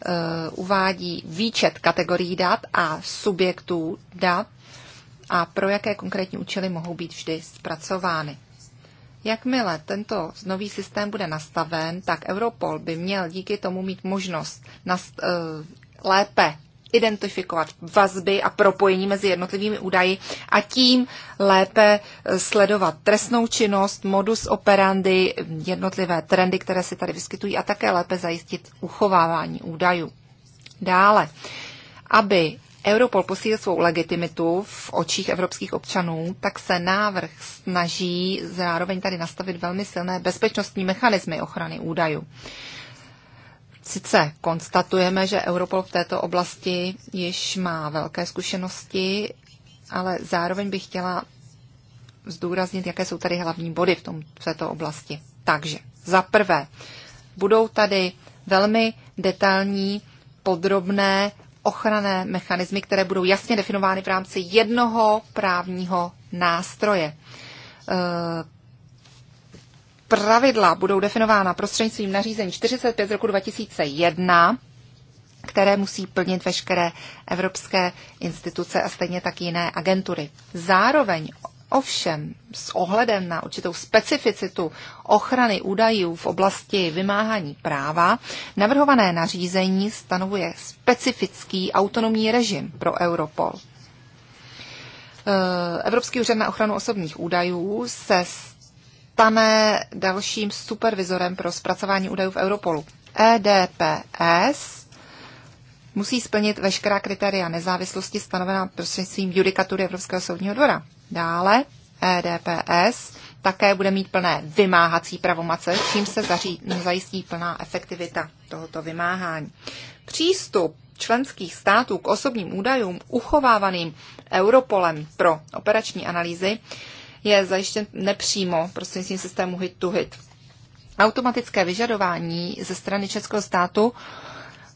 Eh, uvádí výčet kategorií dat a subjektů dat a pro jaké konkrétní účely mohou být vždy zpracovány. Jakmile tento nový systém bude nastaven, tak Europol by měl díky tomu mít možnost nast- eh, lépe identifikovat vazby a propojení mezi jednotlivými údaji a tím lépe sledovat trestnou činnost, modus operandi, jednotlivé trendy, které se tady vyskytují a také lépe zajistit uchovávání údajů. Dále, aby Europol posílil svou legitimitu v očích evropských občanů, tak se návrh snaží zároveň tady nastavit velmi silné bezpečnostní mechanismy ochrany údajů. Sice konstatujeme, že Europol v této oblasti již má velké zkušenosti, ale zároveň bych chtěla zdůraznit, jaké jsou tady hlavní body v, tom, v této oblasti. Takže za prvé, budou tady velmi detailní, podrobné ochranné mechanismy, které budou jasně definovány v rámci jednoho právního nástroje. E pravidla budou definována prostřednictvím nařízení 45 z roku 2001, které musí plnit veškeré evropské instituce a stejně tak jiné agentury. Zároveň Ovšem, s ohledem na určitou specificitu ochrany údajů v oblasti vymáhání práva, navrhované nařízení stanovuje specifický autonomní režim pro Europol. E, Evropský úřad na ochranu osobních údajů se stane dalším supervizorem pro zpracování údajů v Europolu. EDPS musí splnit veškerá kritéria nezávislosti stanovená prostřednictvím judikatury Evropského soudního dvora. Dále EDPS také bude mít plné vymáhací pravomace, čím se zaří, zajistí plná efektivita tohoto vymáhání. Přístup členských států k osobním údajům uchovávaným Europolem pro operační analýzy je zajištěn nepřímo prostřednictvím systému hit-to-hit. Automatické vyžadování ze strany Českého státu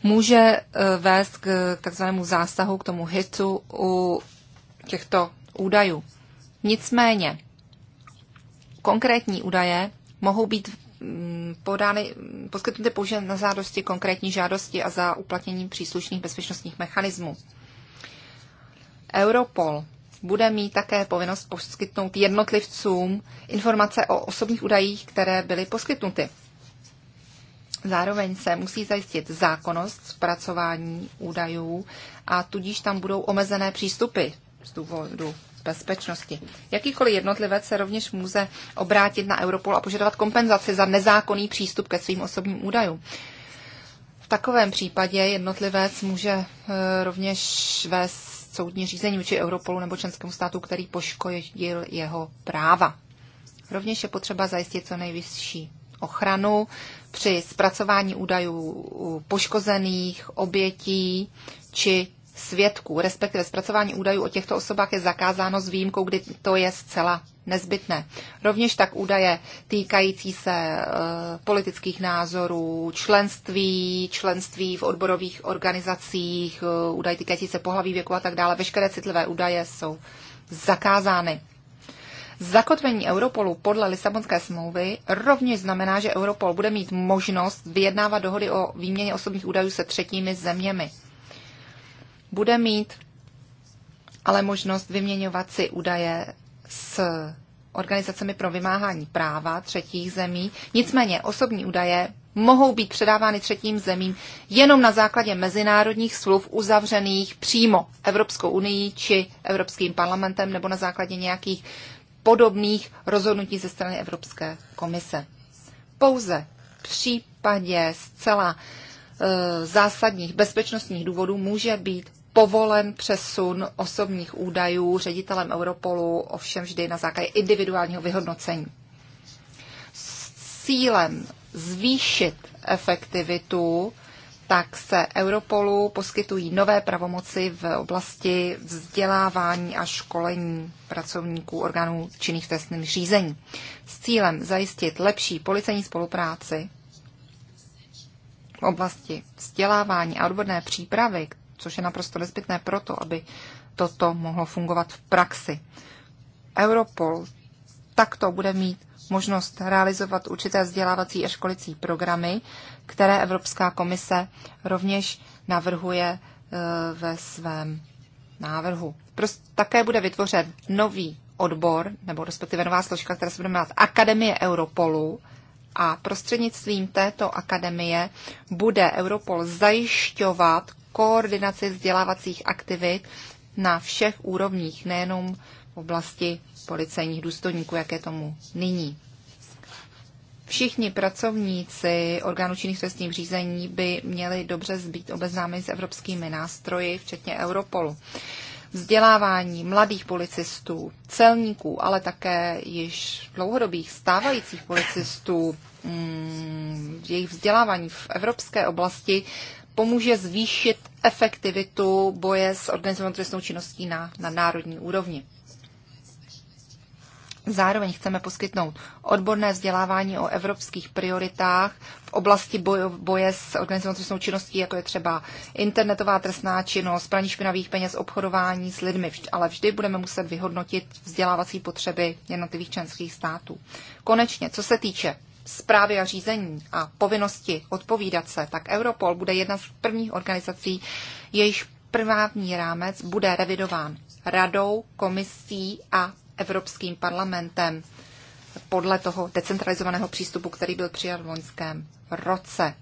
může eh, vést k takzvanému zásahu, k tomu hitu u těchto údajů. Nicméně, konkrétní údaje mohou být mm, podány, poskytnuty pouze na zádosti konkrétní žádosti a za uplatněním příslušných bezpečnostních mechanismů. Europol bude mít také povinnost poskytnout jednotlivcům informace o osobních údajích, které byly poskytnuty. Zároveň se musí zajistit zákonnost zpracování údajů a tudíž tam budou omezené přístupy z důvodu bezpečnosti. Jakýkoliv jednotlivec se rovněž může obrátit na Europol a požadovat kompenzaci za nezákonný přístup ke svým osobním údajům. V takovém případě jednotlivec může eh, rovněž vést soudní řízení vůči Europolu nebo členskému státu, který poškodil jeho práva. Rovněž je potřeba zajistit co nejvyšší ochranu při zpracování údajů poškozených, obětí či svědků, respektive zpracování údajů o těchto osobách je zakázáno s výjimkou, kdy to je zcela nezbytné. Rovněž tak údaje týkající se e, politických názorů, členství, členství v odborových organizacích, e, údaje týkající se pohlaví věku a tak dále. Veškeré citlivé údaje jsou zakázány. Zakotvení Europolu podle Lisabonské smlouvy rovněž znamená, že Europol bude mít možnost vyjednávat dohody o výměně osobních údajů se třetími zeměmi bude mít ale možnost vyměňovat si údaje s organizacemi pro vymáhání práva třetích zemí. Nicméně osobní údaje mohou být předávány třetím zemím jenom na základě mezinárodních smluv uzavřených přímo Evropskou unii či Evropským parlamentem nebo na základě nějakých podobných rozhodnutí ze strany Evropské komise. Pouze v případě zcela e, zásadních bezpečnostních důvodů může být povolen přesun osobních údajů ředitelem Europolu, ovšem vždy na základě individuálního vyhodnocení. S cílem zvýšit efektivitu, tak se Europolu poskytují nové pravomoci v oblasti vzdělávání a školení pracovníků orgánů činných v trestním řízení. S cílem zajistit lepší policejní spolupráci v oblasti vzdělávání a odborné přípravy, což je naprosto nezbytné proto, aby toto mohlo fungovat v praxi. Europol takto bude mít možnost realizovat určité vzdělávací a školicí programy, které Evropská komise rovněž navrhuje e, ve svém návrhu. Prost, také bude vytvořen nový odbor, nebo respektive nová složka, která se bude jmenovat Akademie Europolu a prostřednictvím této akademie bude Europol zajišťovat koordinaci vzdělávacích aktivit na všech úrovních, nejenom v oblasti policejních důstojníků, jak je tomu nyní. Všichni pracovníci orgánů činných trestních řízení by měli dobře zbýt obeznámeni s evropskými nástroji, včetně Europolu. Vzdělávání mladých policistů, celníků, ale také již dlouhodobých stávajících policistů, mm, jejich vzdělávání v evropské oblasti pomůže zvýšit efektivitu boje s organizovanou trestnou činností na, na národní úrovni. Zároveň chceme poskytnout odborné vzdělávání o evropských prioritách v oblasti boje, boje s organizovanou trestnou činností, jako je třeba internetová trestná činnost, praní špinavých peněz, obchodování s lidmi, ale vždy budeme muset vyhodnotit vzdělávací potřeby jednotlivých členských států. Konečně, co se týče zprávy a řízení a povinnosti odpovídat se, tak Europol bude jedna z prvních organizací, jejich právní rámec bude revidován radou, komisí a Evropským parlamentem podle toho decentralizovaného přístupu, který byl přijat v loňském roce.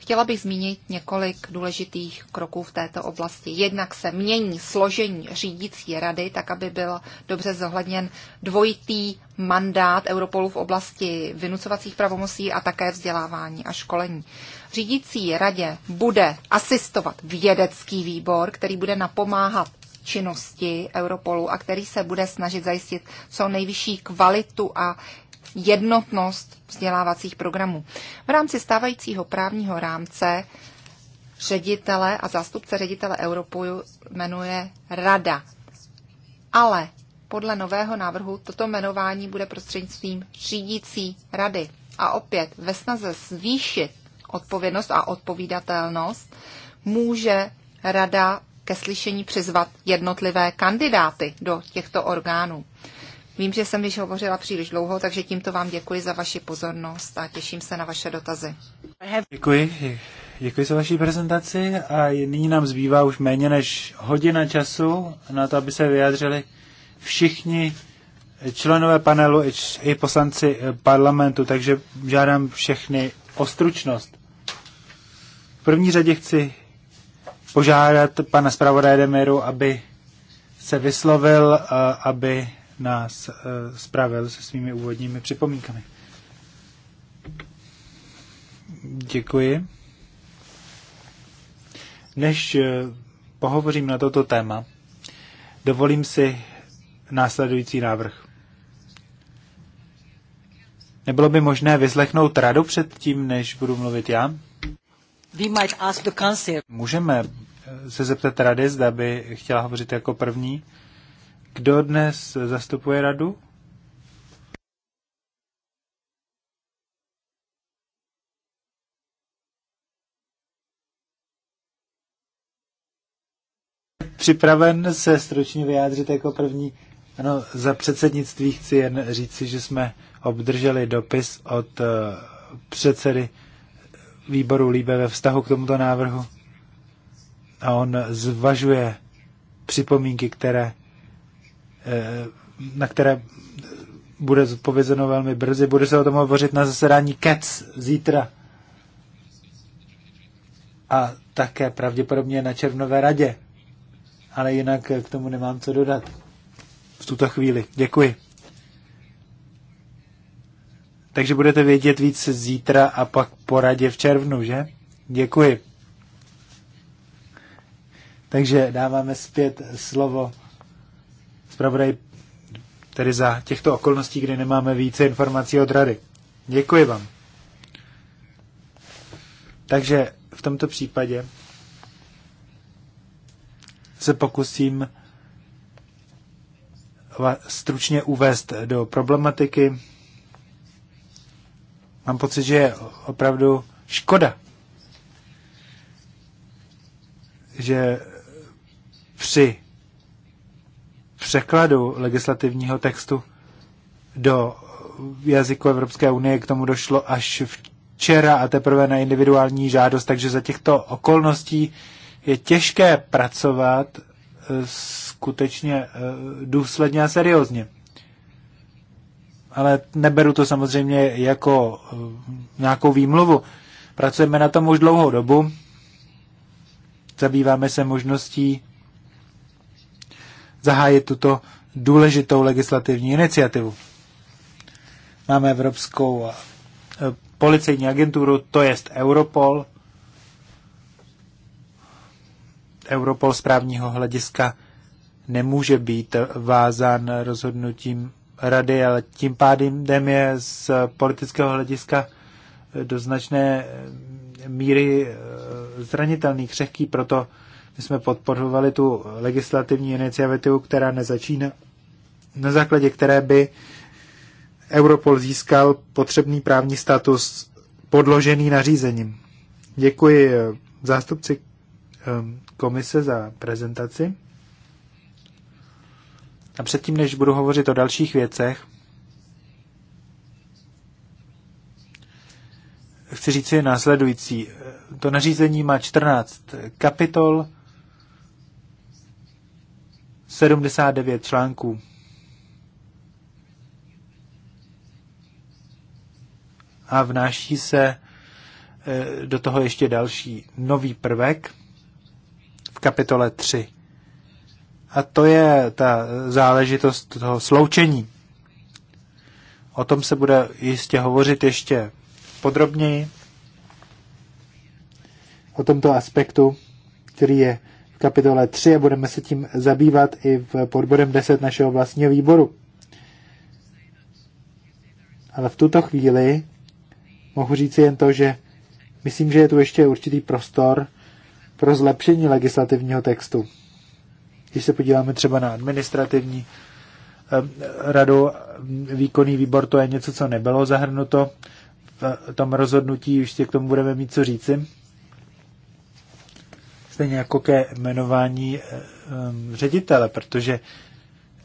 Chtěla bych zmínit několik důležitých kroků v této oblasti. Jednak se mění složení řídící rady, tak aby byl dobře zohledněn dvojitý mandát Europolu v oblasti vynucovacích pravomocí a také vzdělávání a školení. řídící radě bude asistovat vědecký výbor, který bude napomáhat činnosti Europolu a který se bude snažit zajistit co nejvyšší kvalitu a jednotnost vzdělávacích programů. V rámci stávajícího právního rámce ředitele a zástupce ředitele Europolu jmenuje rada. Ale podle nového návrhu toto jmenování bude prostřednictvím řídící rady. A opět ve snaze zvýšit odpovědnost a odpovídatelnost může rada ke slyšení přizvat jednotlivé kandidáty do těchto orgánů. Vím, že jsem již hovořila příliš dlouho, takže tímto vám děkuji za vaši pozornost a těším se na vaše dotazy. Děkuji. Děkuji za vaši prezentaci a nyní nám zbývá už méně než hodina času na to, aby se vyjádřili všichni členové panelu i poslanci eh, parlamentu, takže žádám všechny o stručnost. V první řadě chci požádat pana zpravodaje Demiru, aby se vyslovil, eh, aby nás eh, spravil se svými úvodními připomínkami. Děkuji. Než eh, pohovořím na toto téma, dovolím si následující návrh. Nebylo by možné vyslechnout radu před tím, než budu mluvit já? Můžeme eh, se zeptat rady, zda by chtěla hovořit jako první. Kdo dnes zastupuje radu? Připraven se stručně vyjádřit jako první. Ano, za předsednictví chci jen říci, že jsme obdrželi dopis od eh, předsedy výboru Líbe ve vztahu k tomuto návrhu a on zvažuje připomínky, které na které bude zodpovězeno velmi brzy. Bude se o tom hovořit na zasedání KEC zítra. A také pravděpodobně na Červnové radě. Ale jinak k tomu nemám co dodat. V tuto chvíli. Děkuji. Takže budete vědět víc zítra a pak po radě v červnu, že? Děkuji. Takže dáváme zpět slovo zpravodaj tedy za těchto okolností, kdy nemáme více informací od rady. Děkuji vám. Takže v tomto případě se pokusím stručně uvést do problematiky. Mám pocit, že je opravdu škoda, že při překladu legislativního textu do jazyku Evropské unie k tomu došlo až včera a teprve na individuální žádost, takže za těchto okolností je těžké pracovat eh, skutečně eh, důsledně a seriózně. Ale neberu to samozřejmě jako eh, nějakou výmluvu. Pracujeme na tom už dlouhou dobu. Zabýváme se možností zahájit tuto důležitou legislativní iniciativu. Máme Evropskou eh, policejní agenturu, to jest Europol. Europol z právního hlediska nemůže být vázán rozhodnutím rady, ale tím pádem je z politického hlediska do značné míry eh, zranitelný, křehký, proto my jsme podporovali tu legislativní iniciativu, která nezačíná, na základě které by Europol získal potřebný právní status podložený nařízením. Děkuji eh, zástupci ehm, komise za prezentaci. A předtím, než budu hovořit o dalších věcech, chci říct si následující. To nařízení má 14 kapitol, 79 článků. A vnáší se eh, do toho ještě další nový prvek v kapitole 3. A to je ta záležitost toho sloučení. O tom se bude jistě hovořit ještě podrobněji. O tomto aspektu, který je kapitole 3 a budeme se tím zabývat i v podbodem 10 našeho vlastního výboru. Ale v tuto chvíli mohu říci jen to, že myslím, že je tu ještě určitý prostor pro zlepšení legislativního textu. Když se podíváme třeba na administrativní eh, radu, výkonný výbor, to je něco, co nebylo zahrnuto v tom rozhodnutí, už si k tomu budeme mít co říci stejně jako ke jmenování eh, ředitele, protože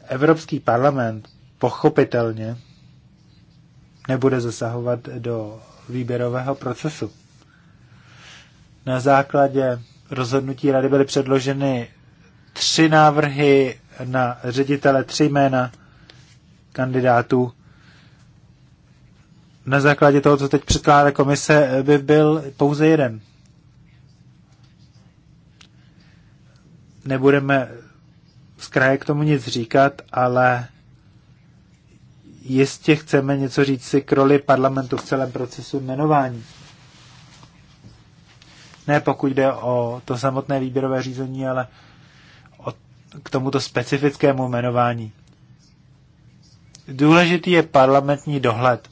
Evropský parlament pochopitelně nebude zasahovat do výběrového procesu. Na základě rozhodnutí rady byly předloženy tři návrhy na ředitele, tři jména kandidátů. Na základě toho, co teď předkládá komise, by byl pouze jeden nebudeme z kraje k tomu nic říkat, ale jistě chceme něco říct si k roli parlamentu v celém procesu jmenování. Ne pokud jde o to samotné výběrové řízení, ale o, k tomuto specifickému jmenování. Důležitý je parlamentní dohled.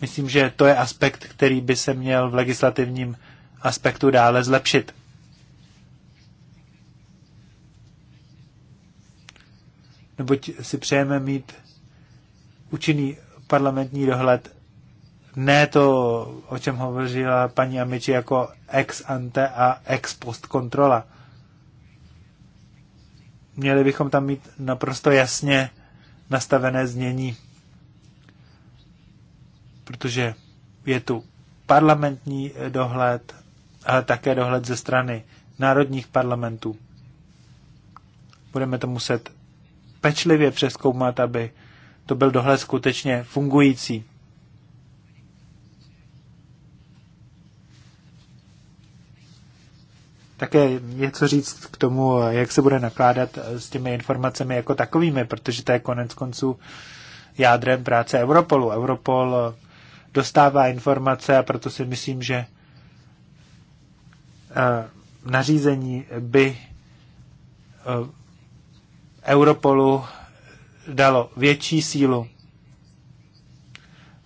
Myslím, že to je aspekt, který by se měl v legislativním aspektu dále zlepšit. Neboť si přejeme mít účinný parlamentní dohled, ne to, o čem hovořila paní Amici, jako ex ante a ex post kontrola. Měli bychom tam mít naprosto jasně nastavené znění, protože je tu parlamentní dohled ale také dohled ze strany národních parlamentů. Budeme to muset pečlivě přeskoumat, aby to byl dohled skutečně fungující. Také něco říct k tomu, jak se bude nakládat s těmi informacemi jako takovými, protože to je konec konců jádrem práce Europolu. Europol dostává informace a proto si myslím, že Eh, nařízení by eh, Europolu dalo větší sílu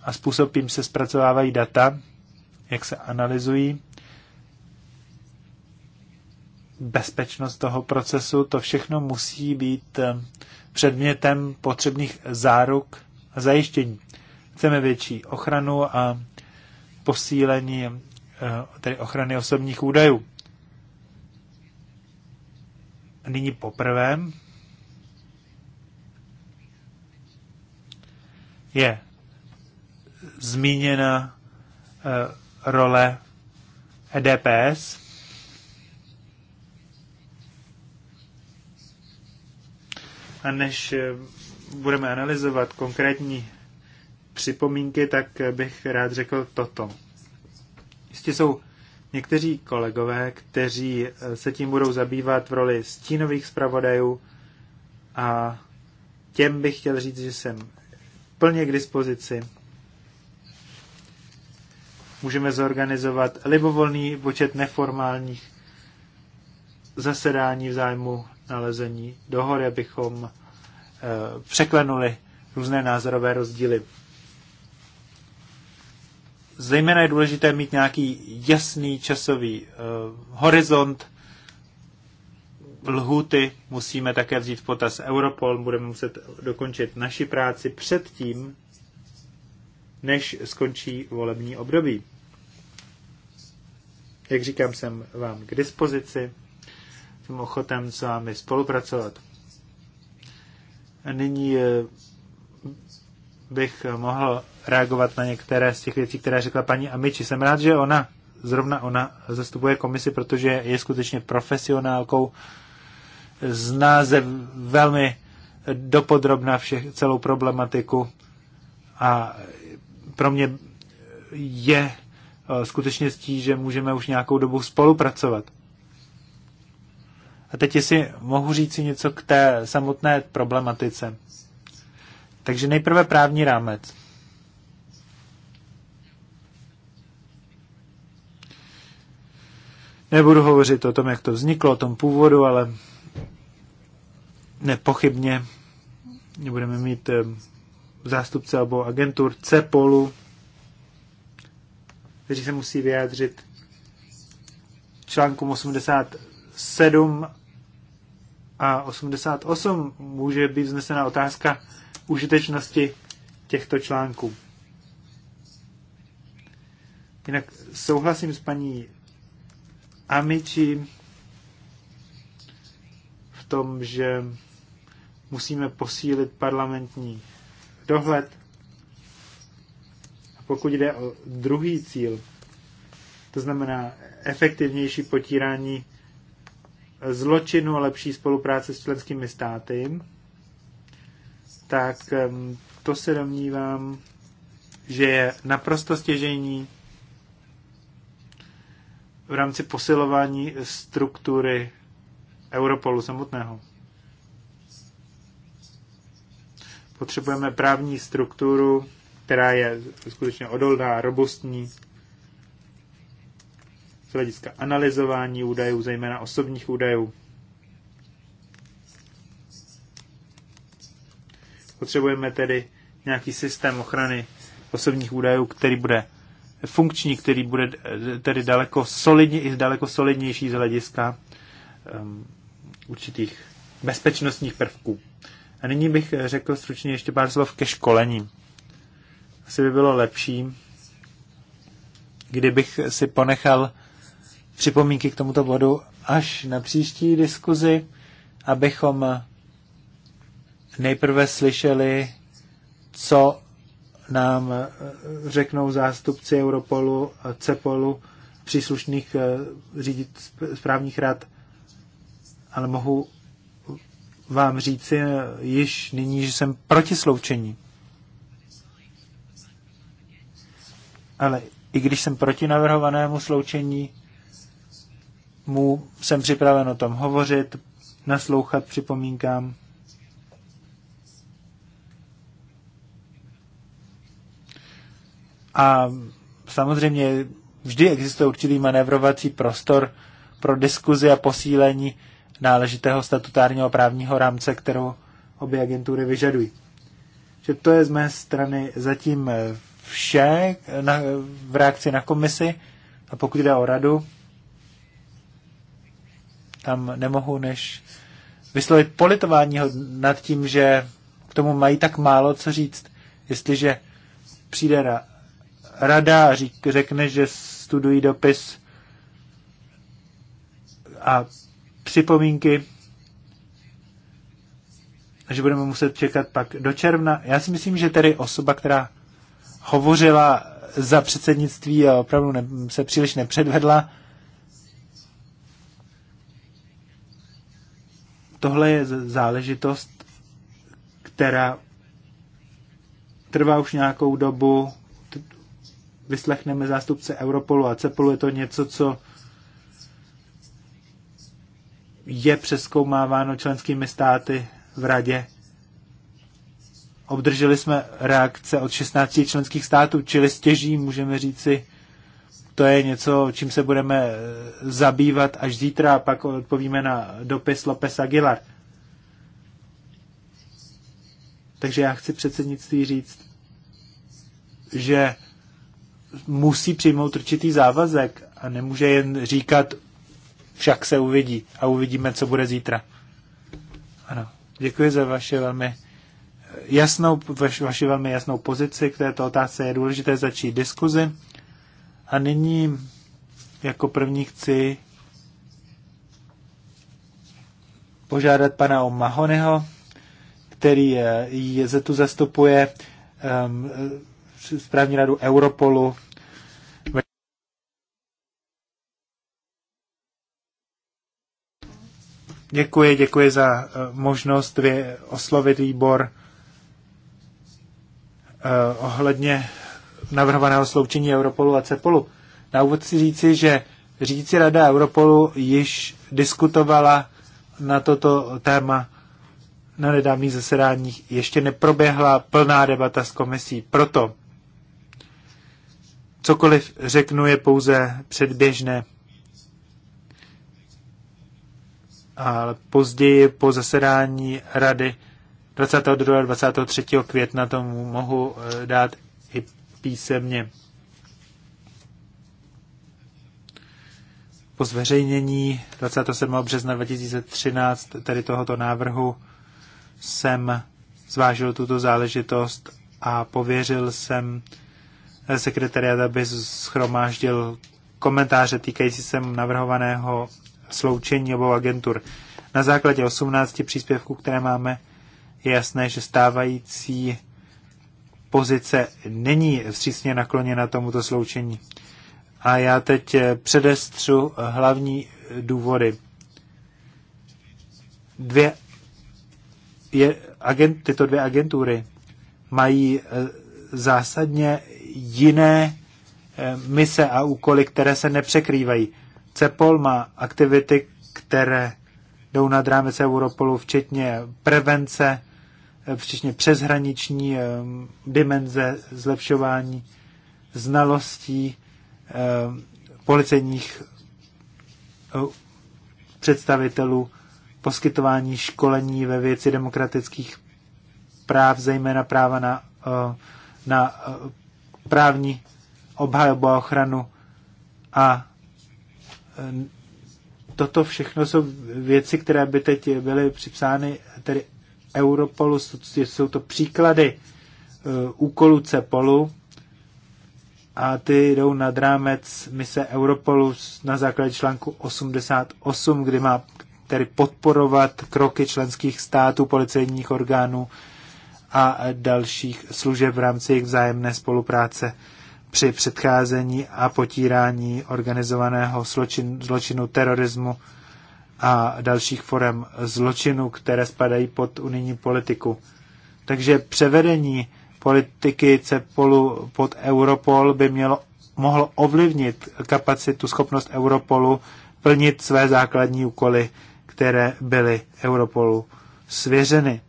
a způsob, jim se zpracovávají data, jak se analyzují, bezpečnost toho procesu, to všechno musí být eh, předmětem potřebných záruk a zajištění. Chceme větší ochranu a posílení Eh, tedy ochrany osobních údajů. Nyní poprvé je zmíněna eh, role EDPS. A než eh, budeme analyzovat konkrétní připomínky, tak bych rád řekl toto. Jistě jsou někteří kolegové, kteří eh, se tím budou zabývat v roli stínových zpravodajů a těm bych chtěl říct, že jsem plně k dispozici. Můžeme zorganizovat libovolný počet neformálních zasedání v zájmu nalezení dohody, abychom eh, překlenuli různé názorové rozdíly zejména je důležité mít nějaký jasný časový uh, horizont. Lhuty musíme také vzít v potaz Europol, budeme muset dokončit naši práci předtím, než skončí volební období. Jak říkám, jsem vám k dispozici, jsem ochoten s vámi spolupracovat. A nyní uh, bych mohl reagovat na některé z těch věcí, které řekla paní Amiči. Jsem rád, že ona, zrovna ona, zastupuje komisi, protože je skutečně profesionálkou, zná ze velmi dopodrobna všech, celou problematiku a pro mě je eh, skutečně ctí, že můžeme už nějakou dobu spolupracovat. A teď, si mohu říct si něco k té samotné problematice. Takže nejprve právní rámec. Nebudu hovořit o tom, jak to vzniklo, o tom původu, ale nepochybně budeme mít eh, zástupce nebo agentur CEPOLu, kteří se musí vyjádřit článkům 87 a 88 může být vznesena otázka, užitečnosti těchto článků. Jinak souhlasím s paní Amici v tom, že musíme posílit parlamentní dohled. A pokud jde o druhý cíl, to znamená efektivnější potírání zločinu a lepší spolupráce s členskými státy, tak to se domnívám, že je naprosto stěžení v rámci posilování struktury Europolu samotného. Potřebujeme právní strukturu, která je skutečně odolná, robustní, z hlediska analyzování údajů, zejména osobních údajů. Potřebujeme tedy nějaký systém ochrany osobních údajů, který bude funkční, který bude tedy daleko solidně, i daleko solidnější z hlediska um, určitých bezpečnostních prvků. A nyní bych eh, řekl stručně ještě pár slov ke školení. Asi by bylo lepší, kdybych si ponechal připomínky k tomuto bodu až na příští diskuzi, abychom nejprve slyšeli, co nám eh, řeknou zástupci Europolu, CEPOLu, příslušných eh, řídit správních rad, ale mohu vám říci eh, již nyní, že jsem proti sloučení. Ale i když jsem proti navrhovanému sloučení, mu jsem připraven o tom hovořit, naslouchat připomínkám A samozřejmě vždy existuje určitý manévrovací prostor pro diskuzi a posílení náležitého statutárního právního rámce, kterou obě agentury vyžadují. Že to je z mé strany zatím vše na, v reakci na komisi a pokud jde o radu, tam nemohu než vyslovit politování nad tím, že k tomu mají tak málo co říct. Jestliže přijde rada řekne, že studují dopis a připomínky, že budeme muset čekat pak do června. Já si myslím, že tedy osoba, která hovořila za předsednictví a opravdu ne, se příliš nepředvedla, tohle je záležitost, která trvá už nějakou dobu, vyslechneme zástupce Europolu a CEPOLu, je to něco, co je přeskoumáváno členskými státy v radě. Obdrželi jsme reakce od 16 členských států, čili stěží, můžeme říci, to je něco, čím se budeme eh, zabývat až zítra a pak odpovíme na dopis Lopez Aguilar. Takže já chci předsednictví říct, že musí přijmout určitý závazek a nemůže jen říkat, však se uvidí a uvidíme, co bude zítra. Ano, děkuji za vaše velmi eh, jasnou, vaš, vaši velmi jasnou pozici k této otázce. Je důležité začít diskuzi. A nyní jako první chci požádat pana Mahoneho, který je, je tu zastupuje um, správní radu Europolu. Děkuji, děkuji za eh, možnost vě, oslovit výbor eh, ohledně navrhovaného sloučení Europolu a Cepolu. Na úvod si říci, že řídící rada Europolu již diskutovala na toto téma na nedávných zasedáních. Ještě neproběhla plná debata s komisí, proto Cokoliv řeknu je pouze předběžné. Ale později po zasedání rady 22. a 23. května tomu mohu eh, dát i písemně. Po zveřejnění 27. března 2013 tedy tohoto návrhu jsem zvážil tuto záležitost a pověřil jsem sekretariat, aby schromáždil komentáře týkající se navrhovaného sloučení obou agentur. Na základě 18 příspěvků, které máme, je jasné, že stávající pozice není vstřícně nakloněna tomuto sloučení. A já teď předestřu hlavní důvody. Dvě je, agent, tyto dvě agentury mají e, zásadně jiné eh, mise a úkoly, které se nepřekrývají. CEPOL má aktivity, které jdou nad rámec Europolu, včetně prevence, eh, včetně přeshraniční eh, dimenze zlepšování znalostí policejních představitelů, poskytování školení ve věci demokratických práv, zejména práva na, na právní obhajobu a ochranu a e, toto všechno jsou věci, které by teď byly připsány tedy Europolu, jsou to příklady e, úkolů CEPOLu a ty jdou nad rámec mise Europolu na základě článku 88, kdy má tedy podporovat kroky členských států, policejních orgánů a dalších služeb v rámci jejich vzájemné spolupráce při předcházení a potírání organizovaného zločin, zločinu terorismu a dalších forem zločinu, které spadají pod unijní politiku. Takže převedení politiky CEPOLu pod Europol by mělo, mohlo ovlivnit kapacitu, schopnost Europolu plnit své základní úkoly, které byly Europolu svěřeny.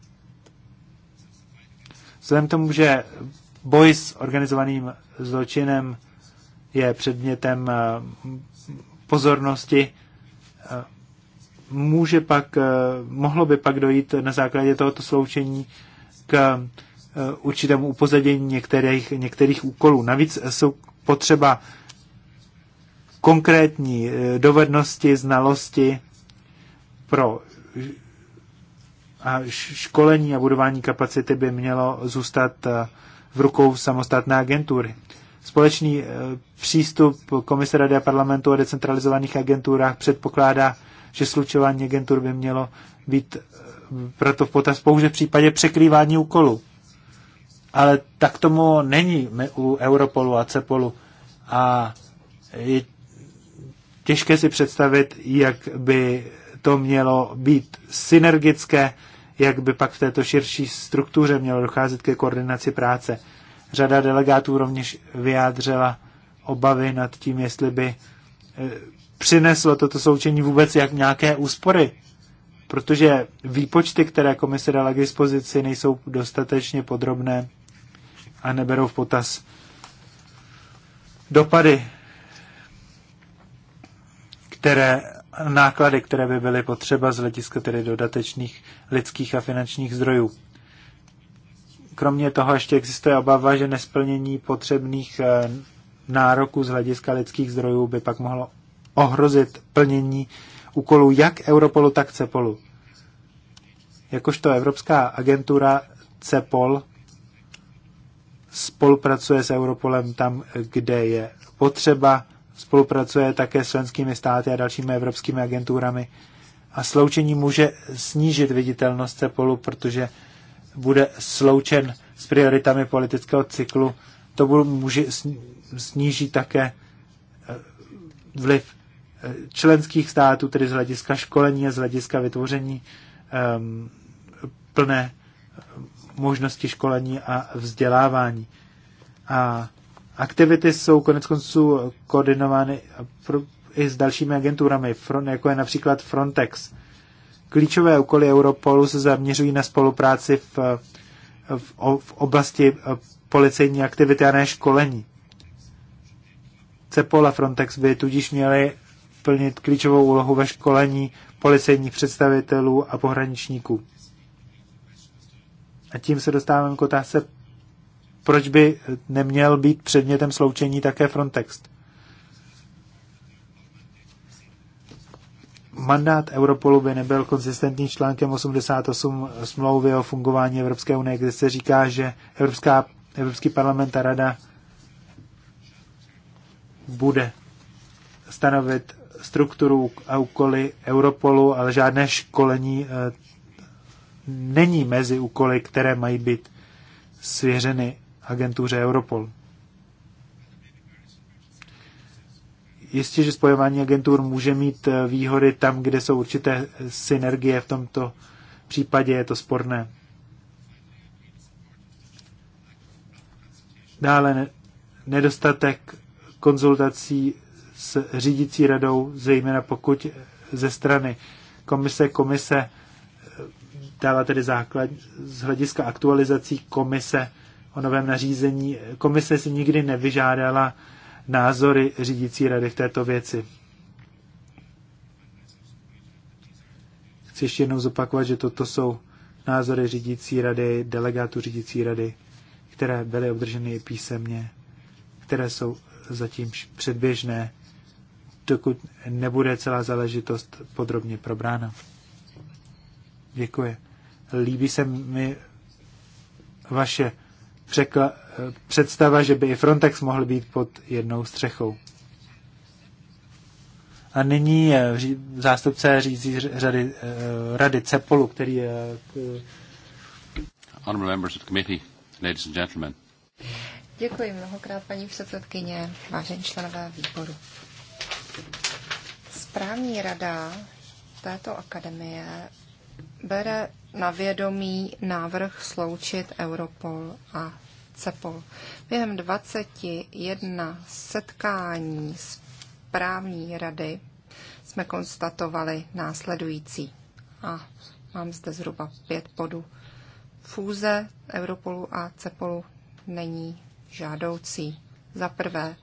Vzhledem k tomu, že boj s organizovaným zločinem je předmětem eh, pozornosti, eh, může pak, eh, mohlo by pak dojít na základě tohoto sloučení k určitému upozadění některých, některých úkolů. Navíc jsou potřeba konkrétní dovednosti, znalosti pro a školení a budování kapacity by mělo zůstat eh, v rukou samostatné agentury. Společný eh, přístup Komise Rady a parlamentu o decentralizovaných agenturách předpokládá, že slučování agentur by mělo být eh, proto v potaz pouze v případě překrývání úkolů. Ale tak tomu není u Europolu a Cepolu. A je těžké si představit, jak by to mělo být synergické jak by pak v této širší struktuře mělo docházet ke koordinaci práce. Řada delegátů rovněž vyjádřila obavy nad tím, jestli by e, přineslo toto součení vůbec jak nějaké úspory, protože výpočty, které komise dala k dispozici, nejsou dostatečně podrobné a neberou v potaz dopady, které náklady, které by byly potřeba z hlediska tedy dodatečných lidských a finančních zdrojů. Kromě toho ještě existuje obava, že nesplnění potřebných eh, nároků z hlediska lidských zdrojů by pak mohlo ohrozit plnění úkolů jak Europolu, tak CEPOLu. Jakožto Evropská agentura CEPOL spolupracuje s Europolem tam, kde je potřeba spolupracuje také s členskými státy a dalšími evropskými agenturami. A sloučení může snížit viditelnost CEPOLu, protože bude sloučen s prioritami politického cyklu. To může snížit také eh, vliv eh, členských států, tedy z hlediska školení a z hlediska vytvoření um, plné eh, možnosti školení a vzdělávání. A aktivity jsou konec konců koordinovány i s dalšími agenturami, jako je například Frontex. Klíčové úkoly Europolu se zaměřují na spolupráci v, v, v oblasti eh, policejní aktivity a ne školení. Cepol a Frontex by tudíž měli plnit klíčovou úlohu ve školení policejních představitelů a pohraničníků. A tím se dostávám k otázce proč by neměl být předmětem sloučení také Frontex? Mandát Europolu by nebyl konzistentní článkem 88 smlouvy o fungování Evropské unie, kde se říká, že Evropská, Evropský parlament a rada bude stanovit strukturu a úkoly Europolu, ale žádné školení eh, není mezi úkoly, které mají být svěřeny agentuře Europol. Jistě, že spojování agentur může mít eh, výhody tam, kde jsou určité synergie, v tomto případě je to sporné. Dále nedostatek konzultací s řídící radou, zejména pokud ze strany komise komise eh, dává tedy základ z hlediska aktualizací komise o novém nařízení. Komise si nikdy nevyžádala názory řídící rady v této věci. Chci ještě jednou zopakovat, že toto jsou názory řídící rady, delegátů řídící rady, které byly obdrženy písemně, které jsou zatím předběžné, dokud nebude celá záležitost podrobně probrána. Děkuji. Líbí se mi vaše překla, eh, představa, že by i Frontex mohl být pod jednou střechou. A nyní eh, zástupce řízí řady, eh, rady CEPOLu, který je... Honorable members of the committee, ladies and gentlemen. Děkuji mnohokrát, paní předsedkyně, vážení členové výboru. Správní rada této akademie bere na vědomí návrh sloučit Europol a CEPOL. Během 21 setkání právní rady jsme konstatovali následující. A mám zde zhruba pět bodů. Fúze Europolu a CEPOLu není žádoucí. Za prvé,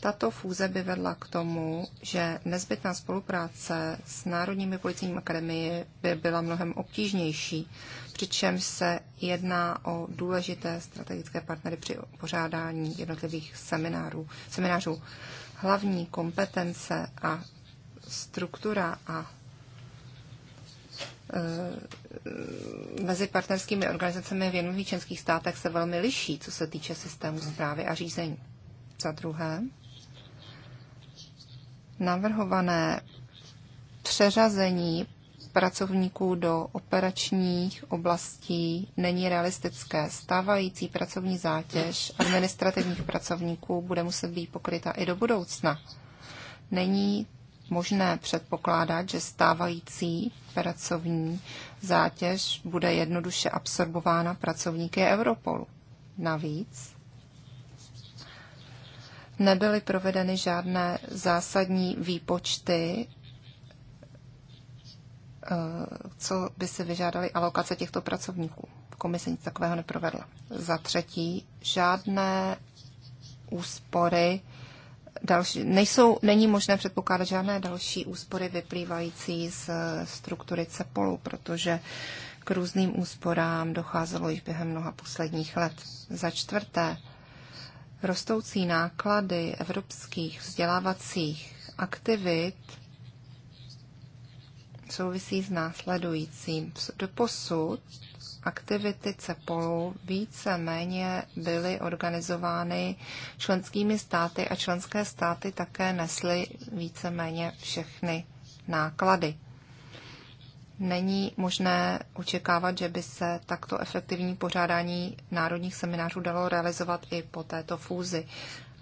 tato fúze by vedla k tomu, že nezbytná spolupráce s Národními policejními akademie by byla mnohem obtížnější, přičemž se jedná o důležité strategické partnery při pořádání jednotlivých seminárů, seminářů. Hlavní kompetence a struktura a e, mezi partnerskými organizacemi v jednotlivých členských státech se velmi liší, co se týče systému zprávy a řízení. Za druhé, navrhované přeřazení pracovníků do operačních oblastí není realistické. Stávající pracovní zátěž administrativních pracovníků bude muset být pokryta i do budoucna. Není možné předpokládat, že stávající pracovní zátěž bude jednoduše absorbována pracovníky Europolu. Navíc nebyly provedeny žádné zásadní výpočty, eh, co by si vyžádaly alokace těchto pracovníků. Komise nic takového neprovedla. Za třetí, žádné úspory další, nejsou, není možné předpokládat žádné další úspory vyplývající z struktury CEPOLu, protože k různým úsporám docházelo již během mnoha posledních let. Za čtvrté, Rostoucí náklady evropských vzdělávacích aktivit souvisí s následujícím. Doposud aktivity CEPOLu více méně byly organizovány členskými státy a členské státy také nesly více méně všechny náklady není možné očekávat, že by se takto efektivní pořádání národních seminářů dalo realizovat i po této fúzi.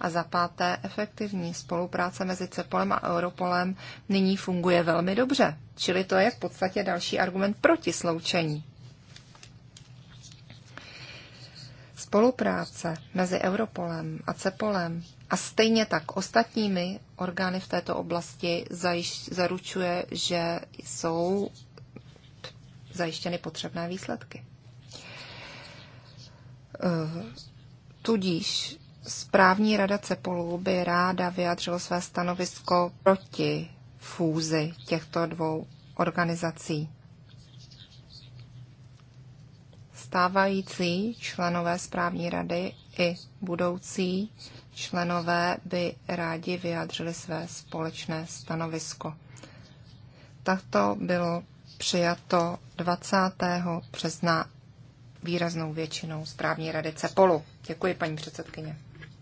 A za páté, efektivní spolupráce mezi CEPOLem a Europolem nyní funguje velmi dobře. Čili to je v podstatě další argument proti sloučení. Spolupráce mezi Europolem a CEPOLem a stejně tak ostatními orgány v této oblasti zajiš, zaručuje, že jsou zajištěny potřebné výsledky. Eh, tudíž správní rada Cepolu by ráda vyjadřila své stanovisko proti fúzi těchto dvou organizací. Stávající členové správní rady i budoucí členové by rádi vyjádřili své společné stanovisko. Takto bylo přijato 20. března výraznou většinou správní rady CEPOLu. Děkuji, paní předsedkyně.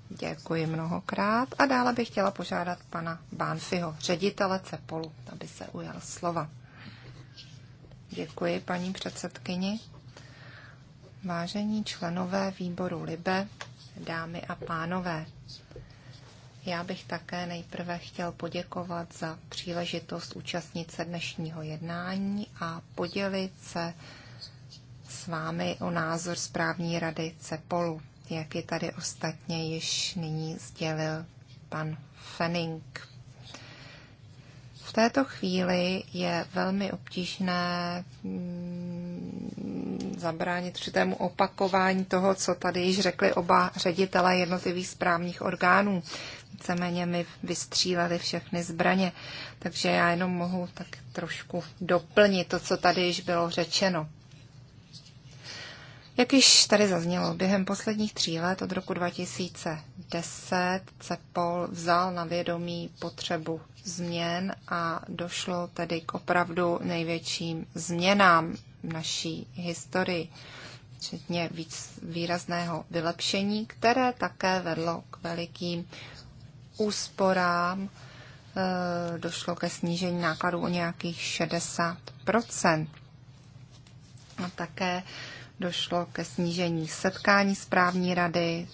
Děkuji mnohokrát a dále bych chtěla požádat pana Bánfiho, ředitele CEPOLu, aby se ujal slova. Děkuji, paní předsedkyni. Vážení členové výboru LIBE, dámy a pánové, já bych také nejprve chtěl poděkovat za příležitost účastnit se dnešního jednání a podělit se s vámi o názor správní rady CEPOLu, jak je tady ostatně již nyní sdělil pan Fenning. V této chvíli je velmi obtížné mm, zabránit určitému opakování toho, co tady již řekli oba ředitele jednotlivých správních orgánů víceméně mi vystříleli všechny zbraně. Takže já jenom mohu tak trošku doplnit to, co tady již bylo řečeno. Jak již tady zaznělo, během posledních tří let od roku 2010 CEPOL vzal na vědomí potřebu změn a došlo tedy k opravdu největším změnám v naší historii, včetně víc výrazného vylepšení, které také vedlo k velikým úsporám eh, došlo ke snížení nákladů o nějakých 60 A také došlo ke snížení setkání správní rady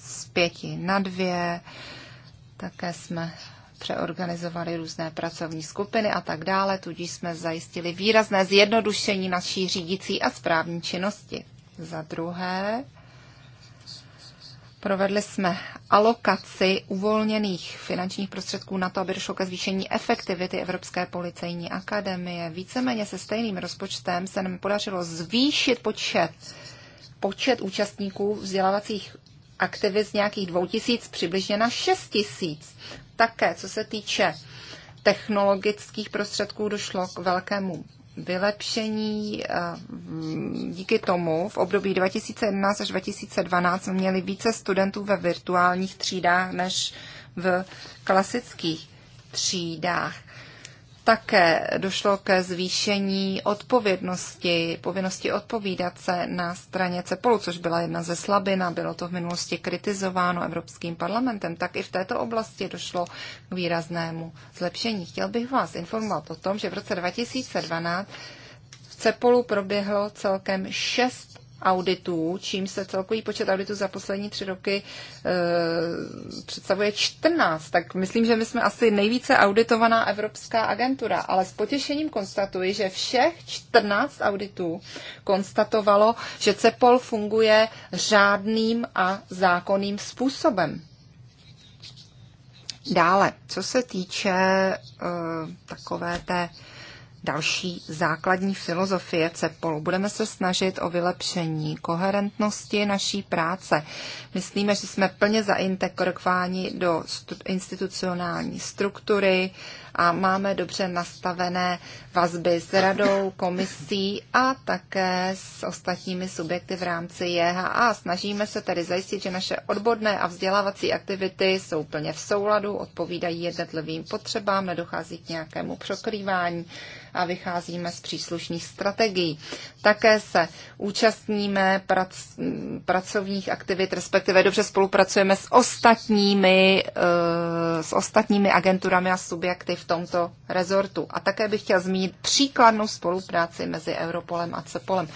z pěti na dvě. Také jsme přeorganizovali různé pracovní skupiny a tak dále, tudíž jsme zajistili výrazné zjednodušení naší řídící a správní činnosti. Za druhé, Provedli jsme alokaci uvolněných finančních prostředků na to, aby došlo ke zvýšení efektivity Evropské policejní akademie. Víceméně se stejným rozpočtem se nám podařilo zvýšit počet, počet účastníků vzdělávacích aktivit z nějakých 2000 přibližně na 6000. Také, co se týče technologických prostředků, došlo k velkému vylepšení. Eh, díky tomu v období 2011 až 2012 jsme měli více studentů ve virtuálních třídách než v klasických třídách. Také došlo ke zvýšení odpovědnosti, povinnosti odpovídat se na straně CEPOLu, což byla jedna ze slabina, bylo to v minulosti kritizováno Evropským parlamentem, tak i v této oblasti došlo k výraznému zlepšení. Chtěl bych vás informovat o tom, že v roce 2012 v CEPOLu proběhlo celkem šest auditů, čím se celkový počet auditů za poslední tři roky e, představuje 14. Tak myslím, že my jsme asi nejvíce auditovaná evropská agentura, ale s potěšením konstatuji, že všech 14 auditů konstatovalo, že CEPOL funguje řádným a zákonným způsobem. Dále, co se týče e, takové té další základní filozofie CEPOLu. Budeme se snažit o vylepšení koherentnosti naší práce. Myslíme, že jsme plně zaintegrováni do institucionální struktury a máme dobře nastavené vazby s radou, komisí a také s ostatními subjekty v rámci JHA. Snažíme se tedy zajistit, že naše odborné a vzdělávací aktivity jsou plně v souladu, odpovídají jednotlivým potřebám, nedochází k nějakému překrývání a vycházíme z příslušných strategií. Také se účastníme prac, pracovních aktivit, respektive dobře spolupracujeme s ostatními, eh, s ostatními agenturami a subjekty v tomto rezortu. A také bych chtěl zmínit příkladnou spolupráci mezi Europolem a CEPOLem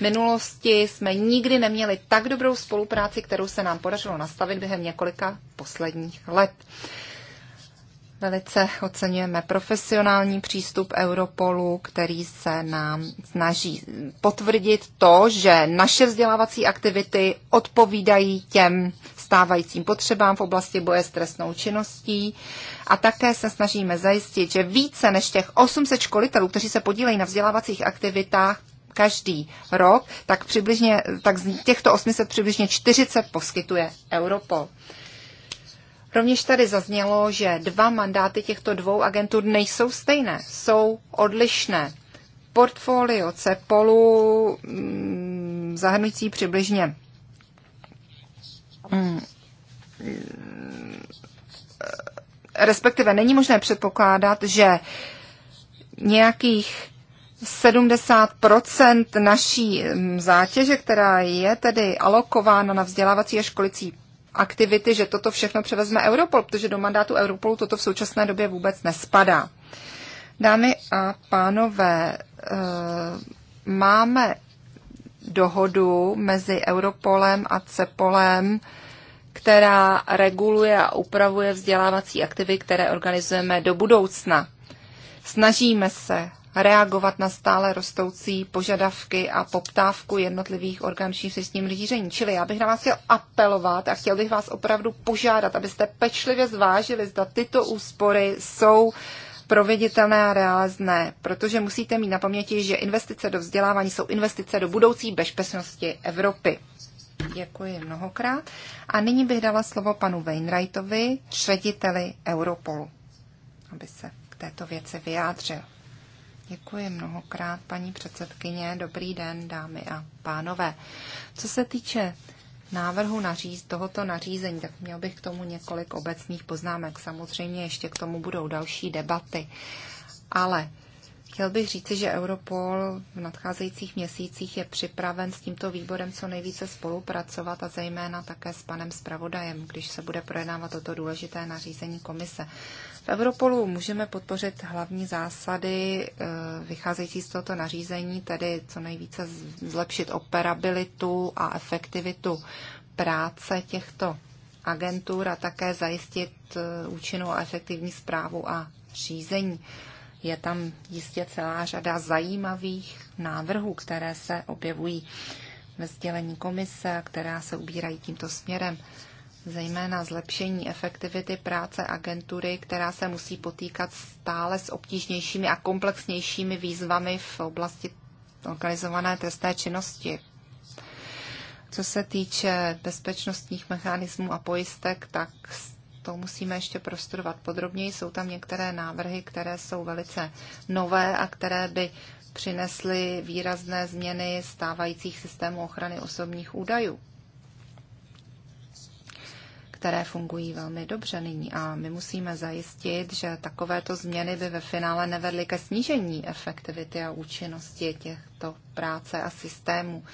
minulosti jsme nikdy neměli tak dobrou spolupráci, kterou se nám podařilo nastavit během několika posledních let. Velice oceňujeme profesionální přístup Europolu, který se nám snaží potvrdit to, že naše vzdělávací aktivity odpovídají těm stávajícím potřebám v oblasti boje s trestnou činností a také se snažíme zajistit, že více než těch 800 školitelů, kteří se podílejí na vzdělávacích aktivitách, každý rok, tak, přibližně, tak z těchto 800 přibližně 40 poskytuje Europol. Rovněž tady zaznělo, že dva mandáty těchto dvou agentur nejsou stejné, jsou odlišné. Portfolio CEPOLu mm, zahrnující přibližně mm, eh, respektive není možné předpokládat, že nějakých 70% naší mm, zátěže, která je tedy alokována na vzdělávací a školicí aktivity, že toto všechno převezme Europol, protože do mandátu Europolu toto v současné době vůbec nespadá. Dámy a pánové, eh, máme dohodu mezi Europolem a CEPOLem, která reguluje a upravuje vzdělávací aktivity, které organizujeme do budoucna. Snažíme se reagovat na stále rostoucí požadavky a poptávku jednotlivých organičních systémů řízení. Čili já bych na vás chtěl apelovat a chtěl bych vás opravdu požádat, abyste pečlivě zvážili, zda tyto úspory jsou proveditelné a reálné, protože musíte mít na paměti, že investice do vzdělávání jsou investice do budoucí bezpečnosti Evropy. Děkuji mnohokrát. A nyní bych dala slovo panu Wainwrightovi, řediteli Europolu, aby se k této věci vyjádřil. Děkuji mnohokrát, paní předsedkyně. Dobrý den, dámy a pánové. Co se týče návrhu naříz, tohoto nařízení, tak měl bych k tomu několik obecných poznámek. Samozřejmě ještě k tomu budou další debaty. Ale chtěl bych říci, že Europol v nadcházejících měsících je připraven s tímto výborem co nejvíce spolupracovat a zejména také s panem zpravodajem, když se bude projednávat toto důležité nařízení komise. V Europolu můžeme podpořit hlavní zásady eh, vycházející z tohoto nařízení, tedy co nejvíce zlepšit operabilitu a efektivitu práce těchto agentur a také zajistit eh, účinnou a efektivní zprávu a řízení. Je tam jistě celá řada zajímavých návrhů, které se objevují ve sdělení komise, která se ubírají tímto směrem zejména zlepšení efektivity práce agentury, která se musí potýkat stále s obtížnějšími a komplexnějšími výzvami v oblasti organizované trestné činnosti. Co se týče bezpečnostních mechanismů a pojistek, tak to musíme ještě prostudovat podrobněji. Jsou tam některé návrhy, které jsou velice nové a které by přinesly výrazné změny stávajících systémů ochrany osobních údajů které fungují velmi dobře nyní a my musíme zajistit, že takovéto změny by ve finále nevedly ke snížení efektivity a účinnosti těchto práce a systémů.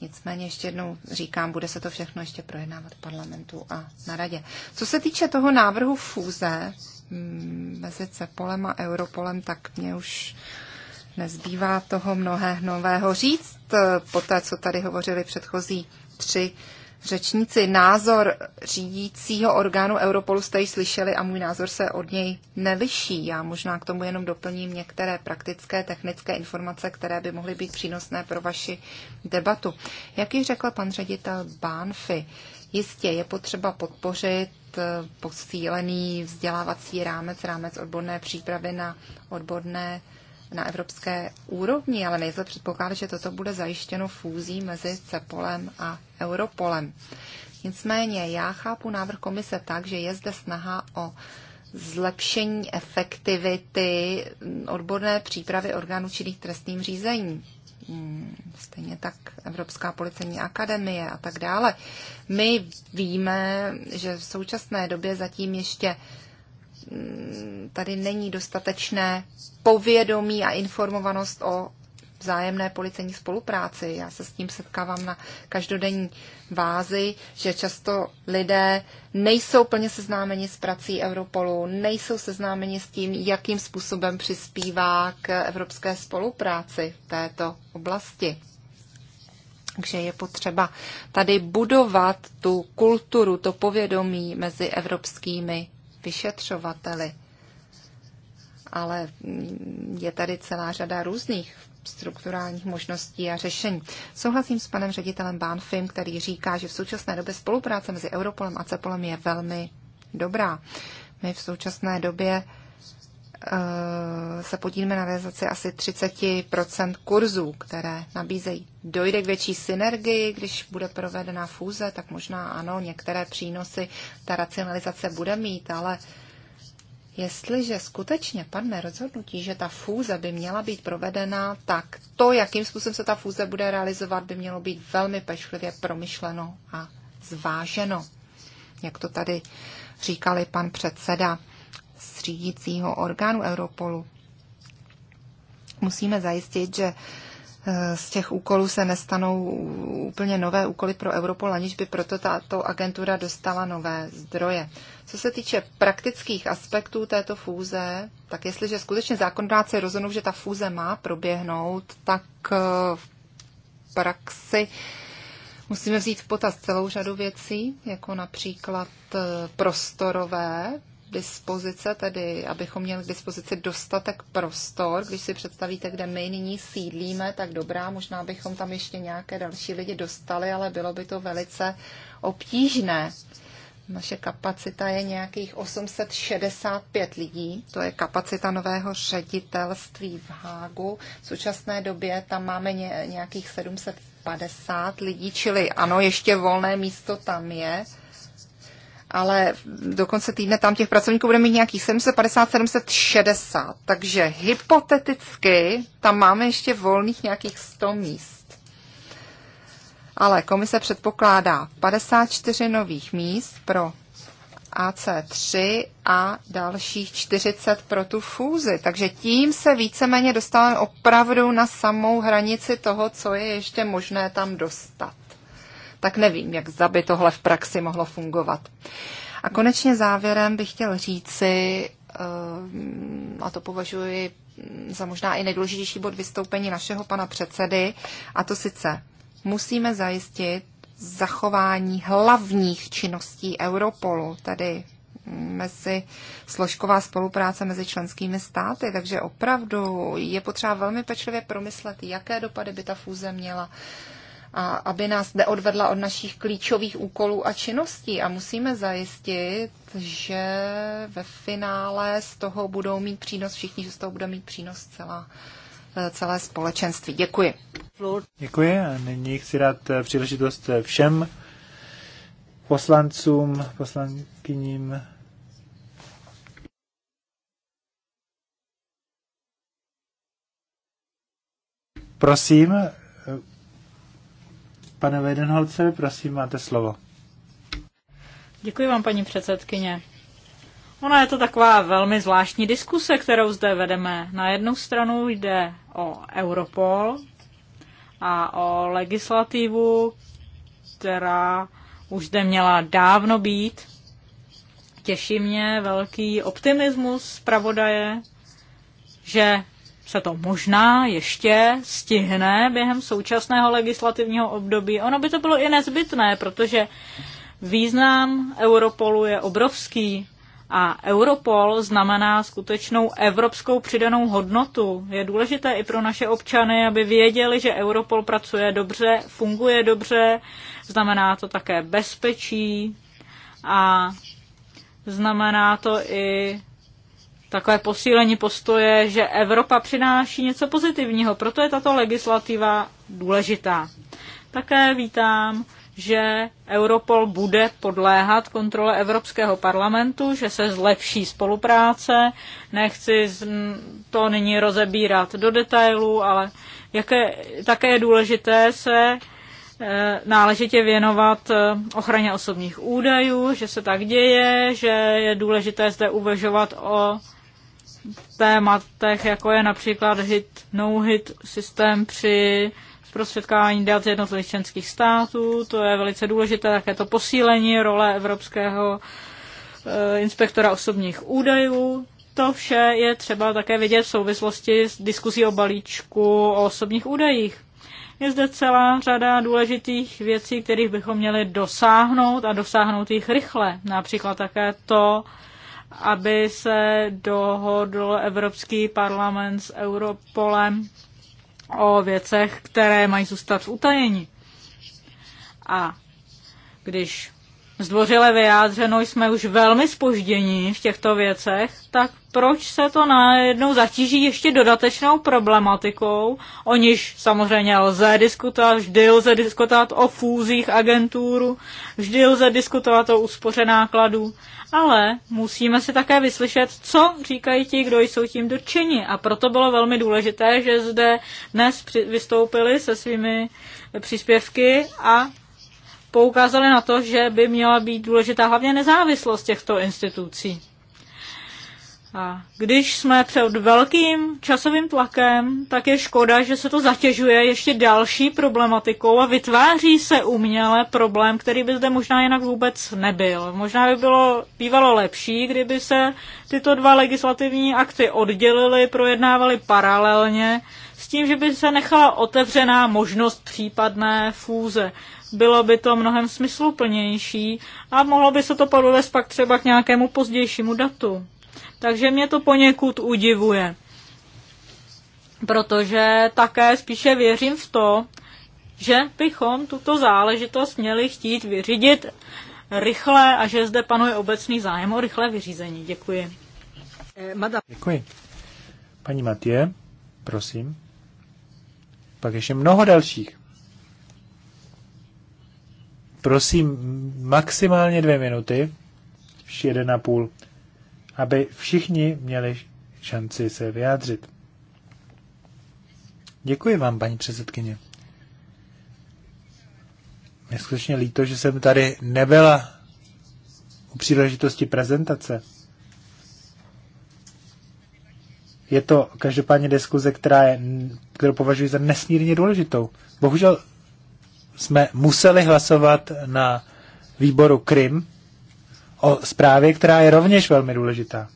Nicméně ještě jednou říkám, bude se to všechno ještě projednávat v parlamentu a na radě. Co se týče toho návrhu fúze, mm, mezi Cepolem a Europolem, tak mě už nezbývá toho mnohé nového říct e, po té, co tady hovořili předchozí tři řečníci názor řídícího orgánu Europolu jste ji slyšeli a můj názor se od něj neliší. Já možná k tomu jenom doplním některé praktické technické informace, které by mohly být přínosné pro vaši debatu. Jak ji řekl pan ředitel Bánfy, jistě je potřeba podpořit eh, posílený vzdělávací rámec, rámec odborné přípravy na odborné na evropské úrovni, ale nejde předpokládat, že toto bude zajištěno fúzí mezi CEPOLem a Europolem. Nicméně já chápu návrh komise tak, že je zde snaha o zlepšení efektivity odborné přípravy orgánů činných trestním řízení. Hmm, stejně tak Evropská policejní akademie a tak dále. My víme, že v současné době zatím ještě Mm, tady není dostatečné povědomí a informovanost o vzájemné policejní spolupráci. Já se s tím setkávám na každodenní vázi, že často lidé nejsou plně seznámeni s prací Europolu, nejsou seznámeni s tím, jakým způsobem přispívá k evropské spolupráci v této oblasti. Takže je potřeba tady budovat tu kulturu, to povědomí mezi evropskými vyšetřovateli. Ale je tady celá řada různých strukturálních možností a řešení. Souhlasím s panem ředitelem Banfim, který říká, že v současné době spolupráce mezi Europolem a Cepolem je velmi dobrá. My v současné době se podílíme na realizaci asi 30% kurzů, které nabízejí. Dojde k větší synergii, když bude provedena fúze, tak možná ano, některé přínosy ta racionalizace bude mít, ale jestliže skutečně padne rozhodnutí, že ta fúze by měla být provedena, tak to, jakým způsobem se ta fúze bude realizovat, by mělo být velmi pečlivě promyšleno a zváženo. Jak to tady říkali pan předseda z řídícího orgánu Europolu. Musíme zajistit, že eh, z těch úkolů se nestanou úplně nové úkoly pro Europol, aniž by proto tato agentura dostala nové zdroje. Co se týče praktických aspektů této fúze, tak jestliže skutečně zákonodáci rozhodnou, že ta fúze má proběhnout, tak eh, v praxi musíme vzít v potaz celou řadu věcí, jako například eh, prostorové dispozice, tedy abychom měli k dispozici dostatek prostor. Když si představíte, kde my nyní sídlíme, tak dobrá, možná bychom tam ještě nějaké další lidi dostali, ale bylo by to velice obtížné. Naše kapacita je nějakých 865 lidí, to je kapacita nového ředitelství v Hágu. V současné době tam máme nějakých 750 lidí, čili ano, ještě volné místo tam je ale do konce týdne tam těch pracovníků bude mít nějakých 750, 760. Takže hypoteticky tam máme ještě volných nějakých 100 míst. Ale komise předpokládá 54 nových míst pro AC3 a dalších 40 pro tu fúzi. Takže tím se víceméně dostáváme opravdu na samou hranici toho, co je ještě možné tam dostat tak nevím, jak by tohle v praxi mohlo fungovat. A konečně závěrem bych chtěl říci, ehm, a to považuji za možná i nejdůležitější bod vystoupení našeho pana předsedy, a to sice musíme zajistit zachování hlavních činností Europolu, tedy mezi složková spolupráce mezi členskými státy, takže opravdu je potřeba velmi pečlivě promyslet, jaké dopady by ta fúze měla a aby nás neodvedla od našich klíčových úkolů a činností. A musíme zajistit, že ve finále z toho budou mít přínos všichni, že z toho bude mít přínos celá, celé společenství. Děkuji. Děkuji a nyní chci dát eh, příležitost eh, všem poslancům, poslankyním. Prosím, Pane Weidenholzer, prosím, máte slovo. Děkuji vám, paní předsedkyně. Ona je to taková velmi zvláštní diskuse, kterou zde vedeme. Na jednu stranu jde o Europol a o legislativu, která už zde měla dávno být. Těší mě velký optimismus zpravodaje, že se to možná ještě stihne během současného legislativního období. Ono by to bylo i nezbytné, protože význam Europolu je obrovský a Europol znamená skutečnou evropskou přidanou hodnotu. Je důležité i pro naše občany, aby věděli, že Europol pracuje dobře, funguje dobře, znamená to také bezpečí a znamená to i takové posílení postoje, že Evropa přináší něco pozitivního, proto je tato legislativa důležitá. Také vítám, že Europol bude podléhat kontrole Evropského parlamentu, že se zlepší spolupráce. Nechci to nyní rozebírat do detailů, ale jaké, také je důležité se eh, náležitě věnovat eh, ochraně osobních údajů, že se tak děje, že je důležité zde uvažovat o tématech, jako je například hit, no-hit systém při zprostředkávání dat jednotlivých členských států. To je velice důležité, také to posílení role Evropského eh, inspektora osobních údajů. To vše je třeba také vidět v souvislosti s diskuzí o balíčku o osobních údajích. Je zde celá řada důležitých věcí, kterých bychom měli dosáhnout a dosáhnout jich rychle. Například také to, aby se dohodl Evropský parlament s Europolem o věcech, které mají zůstat v utajení. A když zdvořile vyjádřeno, jsme už velmi spoždění v těchto věcech, tak proč se to najednou zatíží ještě dodatečnou problematikou, o níž samozřejmě lze diskutovat, vždy lze diskutovat o fúzích agentůru, vždy lze diskutovat o úspoře nákladů, ale musíme si také vyslyšet, co říkají ti, kdo jsou tím dotčeni. A proto bylo velmi důležité, že zde dnes vystoupili se svými příspěvky a poukázali na to, že by měla být důležitá hlavně nezávislost těchto institucí. A když jsme před velkým časovým tlakem, tak je škoda, že se to zatěžuje ještě další problematikou a vytváří se uměle problém, který by zde možná jinak vůbec nebyl. Možná by bylo bývalo lepší, kdyby se tyto dva legislativní akty oddělily, projednávaly paralelně, s tím, že by se nechala otevřená možnost případné fúze bylo by to mnohem smysluplnější a mohlo by se to podvést pak třeba k nějakému pozdějšímu datu. Takže mě to poněkud udivuje, protože také spíše věřím v to, že bychom tuto záležitost měli chtít vyřídit rychle a že zde panuje obecný zájem o rychlé vyřízení. Děkuji. Děkuji. Paní Matě, prosím. Pak ještě mnoho dalších prosím maximálně dvě minuty, jeden a půl, aby všichni měli šanci se vyjádřit. Děkuji vám, paní předsedkyně. Mě skutečně líto, že jsem tady nebyla u příležitosti prezentace. Je to každopádně diskuze, která je, kterou považuji za nesmírně důležitou. Bohužel jsme museli hlasovat na výboru Krym o zprávě, která je rovněž velmi důležitá.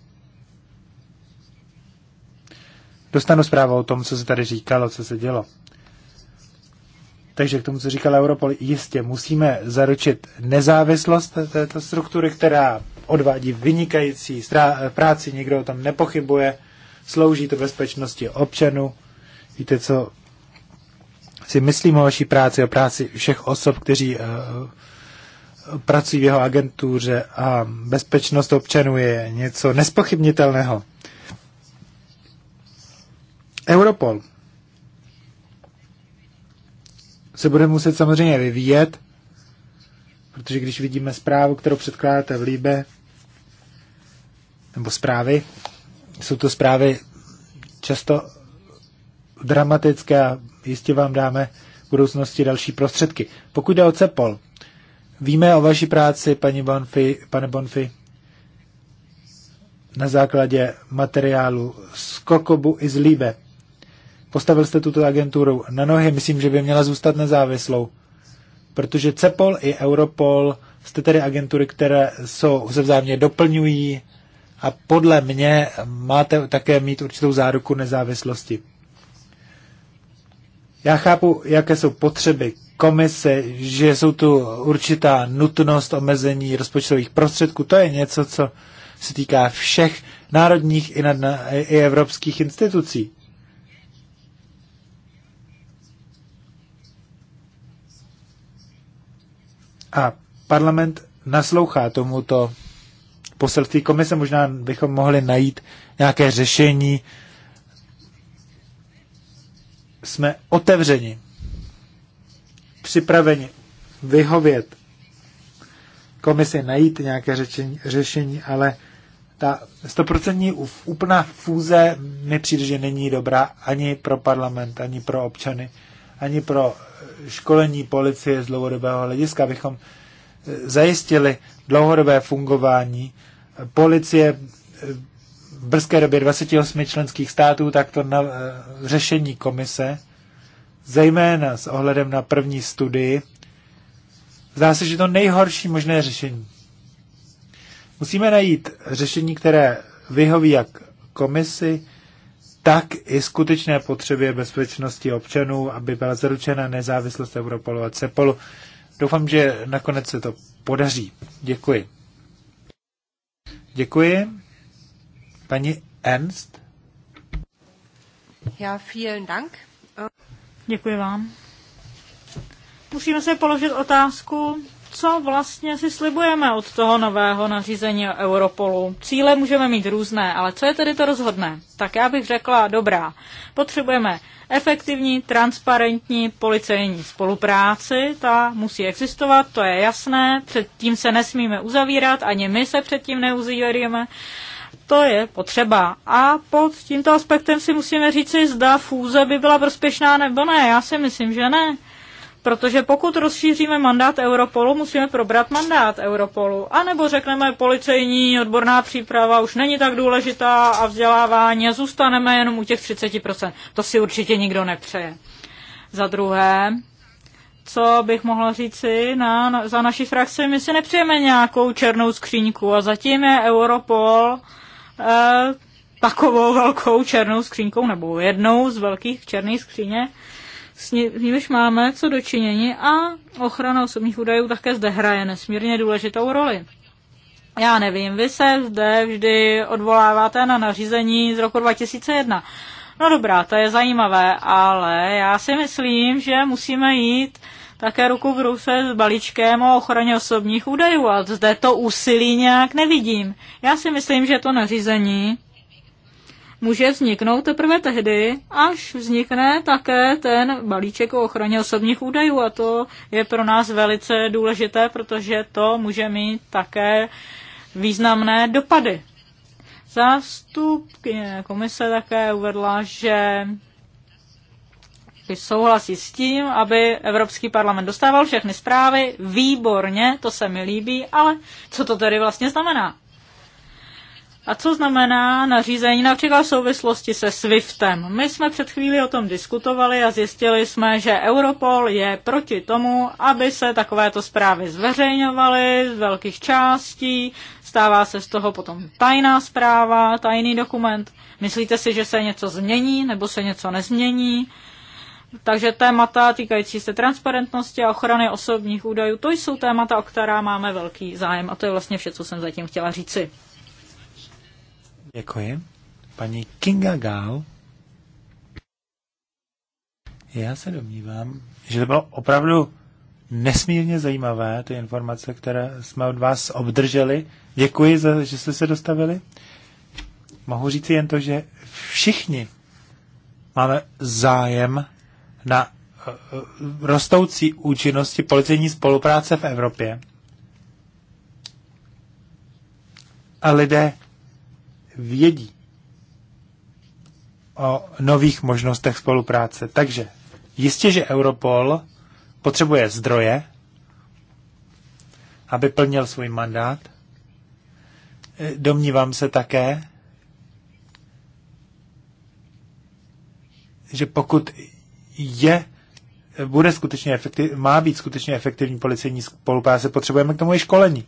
Dostanu zprávu o tom, co se tady říkalo, co se dělo. Takže k tomu, co říkal Europol, jistě musíme zaručit nezávislost této struktury, která odvádí vynikající práci, nikdo o tom nepochybuje, slouží to bezpečnosti občanů. Víte co, si myslím o vaší práci, o práci všech osob, kteří eh, pracují v jeho agentuře a bezpečnost občanů je něco nespochybnitelného. Europol se bude muset samozřejmě vyvíjet, protože když vidíme zprávu, kterou předkládáte v Líbe, nebo zprávy, jsou to zprávy často dramatické a jistě vám dáme v budoucnosti další prostředky. Pokud jde o CEPOL, víme o vaší práci, paní Bonfi, pane Bonfi, na základě materiálu z Kokobu i z Líbe. Postavil jste tuto agenturu na nohy, myslím, že by měla zůstat nezávislou, protože CEPOL i Europol jste tedy agentury, které jsou, se vzájemně doplňují a podle mě máte také mít určitou záruku nezávislosti. Já chápu, jaké jsou potřeby komise, že jsou tu určitá nutnost omezení rozpočtových prostředků. To je něco, co se týká všech národních i, nadna, i evropských institucí. A parlament naslouchá tomuto poselství komise. Možná bychom mohli najít nějaké řešení, jsme otevřeni, připraveni vyhovět komisi najít nějaké řečení, řešení, ale ta stoprocentní úplná fůze mi přijde, že není dobrá ani pro parlament, ani pro občany, ani pro eh, školení policie z dlouhodobého hlediska, abychom eh, zajistili dlouhodobé fungování policie eh, brzké době 28 členských států, tak to na, eh, řešení komise, zejména s ohledem na první studii, zdá se, že to nejhorší možné řešení. Musíme najít řešení, které vyhoví jak komisi, tak i skutečné potřebě bezpečnosti občanů, aby byla zaručena nezávislost Europolu a CEPOLu. Doufám, že nakonec se to podaří. Děkuji. Děkuji. Paní Ernst? Já vielen Dank. Děkuji vám. Musíme se položit otázku, co vlastně si slibujeme od toho nového nařízení Europolu. Cíle můžeme mít různé, ale co je tedy to rozhodné? Tak já bych řekla, dobrá, potřebujeme efektivní, transparentní policejní spolupráci, ta musí existovat, to je jasné, předtím se nesmíme uzavírat, ani my se předtím neuzavíráme, to je potřeba. A pod tímto aspektem si musíme říci, zda fůze by byla prospěšná nebo ne. Já si myslím, že ne. Protože pokud rozšíříme mandát Europolu, musíme probrat mandát Europolu. A nebo řekneme, policejní odborná příprava už není tak důležitá a vzdělávání a zůstaneme jenom u těch 30%. To si určitě nikdo nepřeje. Za druhé, co bych mohla říci na, na, za naši frakci, my si nepřejeme nějakou černou skříňku a zatím je Europol Eh, takovou velkou černou skřínkou nebo jednou z velkých černých skříně, s nimiž máme co dočinění a ochrana osobních údajů také zde hraje nesmírně důležitou roli. Já nevím, vy se zde vždy odvoláváte na nařízení z roku 2001. No dobrá, to je zajímavé, ale já si myslím, že musíme jít také ruku v ruce s balíčkem o ochraně osobních údajů a zde to úsilí nějak nevidím. Já si myslím, že to nařízení může vzniknout teprve tehdy, až vznikne také ten balíček o ochraně osobních údajů a to je pro nás velice důležité, protože to může mít také významné dopady. Zástupkyně komise také uvedla, že souhlasí s tím, aby Evropský parlament dostával všechny zprávy. Výborně, to se mi líbí, ale co to tedy vlastně znamená? A co znamená nařízení například v souvislosti se SWIFTem? My jsme před chvíli o tom diskutovali a zjistili jsme, že Europol je proti tomu, aby se takovéto zprávy zveřejňovaly z velkých částí, stává se z toho potom tajná zpráva, tajný dokument. Myslíte si, že se něco změní nebo se něco nezmění? Takže témata týkající se transparentnosti a ochrany osobních údajů, to jsou témata, o která máme velký zájem. A to je vlastně vše, co jsem zatím chtěla říci. Děkuji. Paní Kinga Gao. Já se domnívám, že to bylo opravdu nesmírně zajímavé, ty informace, které jsme od vás obdrželi. Děkuji, za, že jste se dostavili. Mohu říct jen to, že všichni máme zájem na eh, eh, rostoucí účinnosti policejní spolupráce v Evropě. A lidé vědí o nových možnostech spolupráce. Takže jistě, že Europol potřebuje zdroje, aby plnil svůj mandát. Eh, domnívám se také, že pokud je bude skutečně efektiv, má být skutečně efektivní policejní spolupráce, potřebujeme k tomu i školení.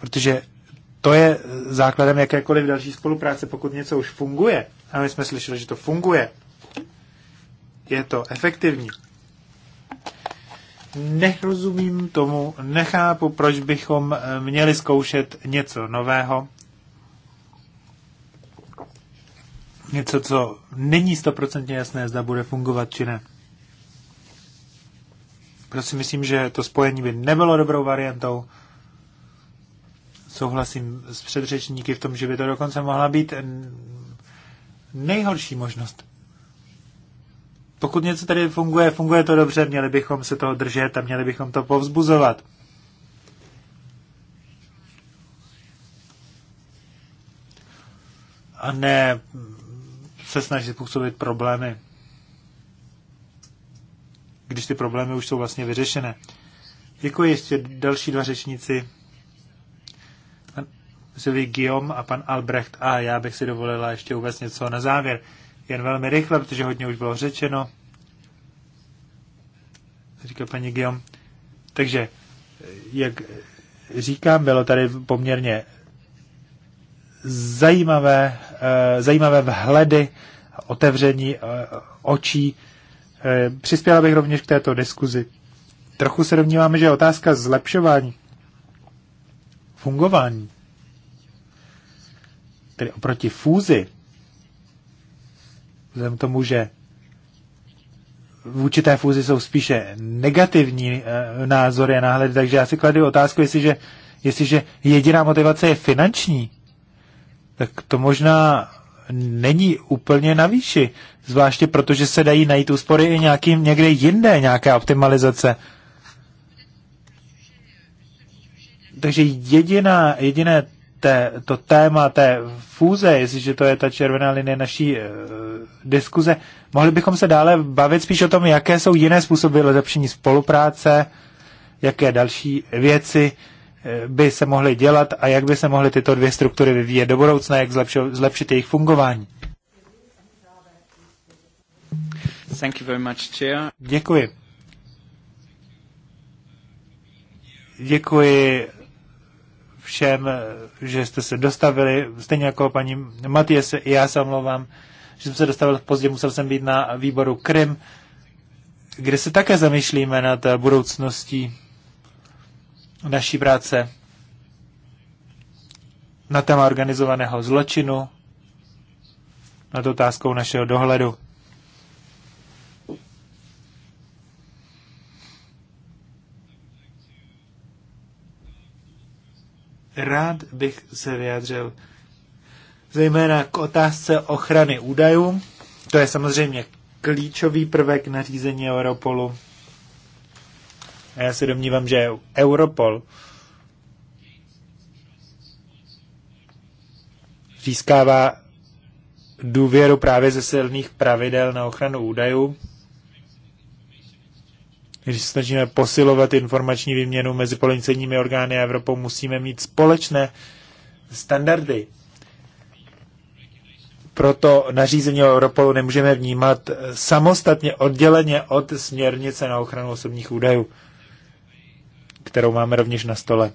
Protože to je základem jakékoliv další spolupráce. Pokud něco už funguje, a my jsme slyšeli, že to funguje, je to efektivní. Nerozumím tomu, nechápu, proč bychom eh, měli zkoušet něco nového, něco, co není stoprocentně jasné, zda bude fungovat či ne. Proto si myslím, že to spojení by nebylo dobrou variantou. Souhlasím s předřečníky v tom, že by to dokonce mohla být nejhorší možnost. Pokud něco tady funguje, funguje to dobře, měli bychom se toho držet a měli bychom to povzbuzovat. A ne se snažit působit problémy, když ty problémy už jsou vlastně vyřešené. Děkuji ještě další dva řečníci, pan Sylvie Guillaume a pan Albrecht. A já bych si dovolila ještě uvést něco na závěr. Jen velmi rychle, protože hodně už bylo řečeno. Říká paní Guillaume. Takže, jak říkám, bylo tady poměrně zajímavé, eh, zajímavé vhledy, otevření eh, očí. Eh, přispěla bych rovněž k této diskuzi. Trochu se domníváme, že otázka zlepšování fungování, tedy oproti fúzi, vzhledem k tomu, že vůči té fúzi jsou spíše negativní názory a náhledy, takže já si kladu otázku, jestliže, jestliže jediná motivace je finanční, tak to možná není úplně na výši. Zvláště protože se dají najít úspory i nějaký, někde jinde, nějaké optimalizace. Takže jediná, jediné té, to téma té fůze, jestliže to je ta červená linie naší e, diskuze, mohli bychom se dále bavit spíš o tom, jaké jsou jiné způsoby lepšení spolupráce, jaké další věci by se mohly dělat a jak by se mohly tyto dvě struktury vyvíjet do budoucna, jak zlepšit, zlepšit jejich fungování. Thank you very much, chair. Děkuji. Děkuji všem, že jste se dostavili, stejně jako paní Matias, i já se omlouvám, že jsem se dostavil pozdě, musel jsem být na výboru Krym, kde se také zamýšlíme nad budoucností naší práce na téma organizovaného zločinu, nad otázkou našeho dohledu. Rád bych se vyjádřil zejména k otázce ochrany údajů. To je samozřejmě klíčový prvek nařízení Europolu. A já se domnívám, že Europol získává důvěru právě ze silných pravidel na ochranu údajů, když se snažíme posilovat informační výměnu mezi policejními orgány a Evropou, musíme mít společné standardy. Proto nařízení o Europolu nemůžeme vnímat samostatně, odděleně od směrnice na ochranu osobních údajů kterou máme rovněž na stole.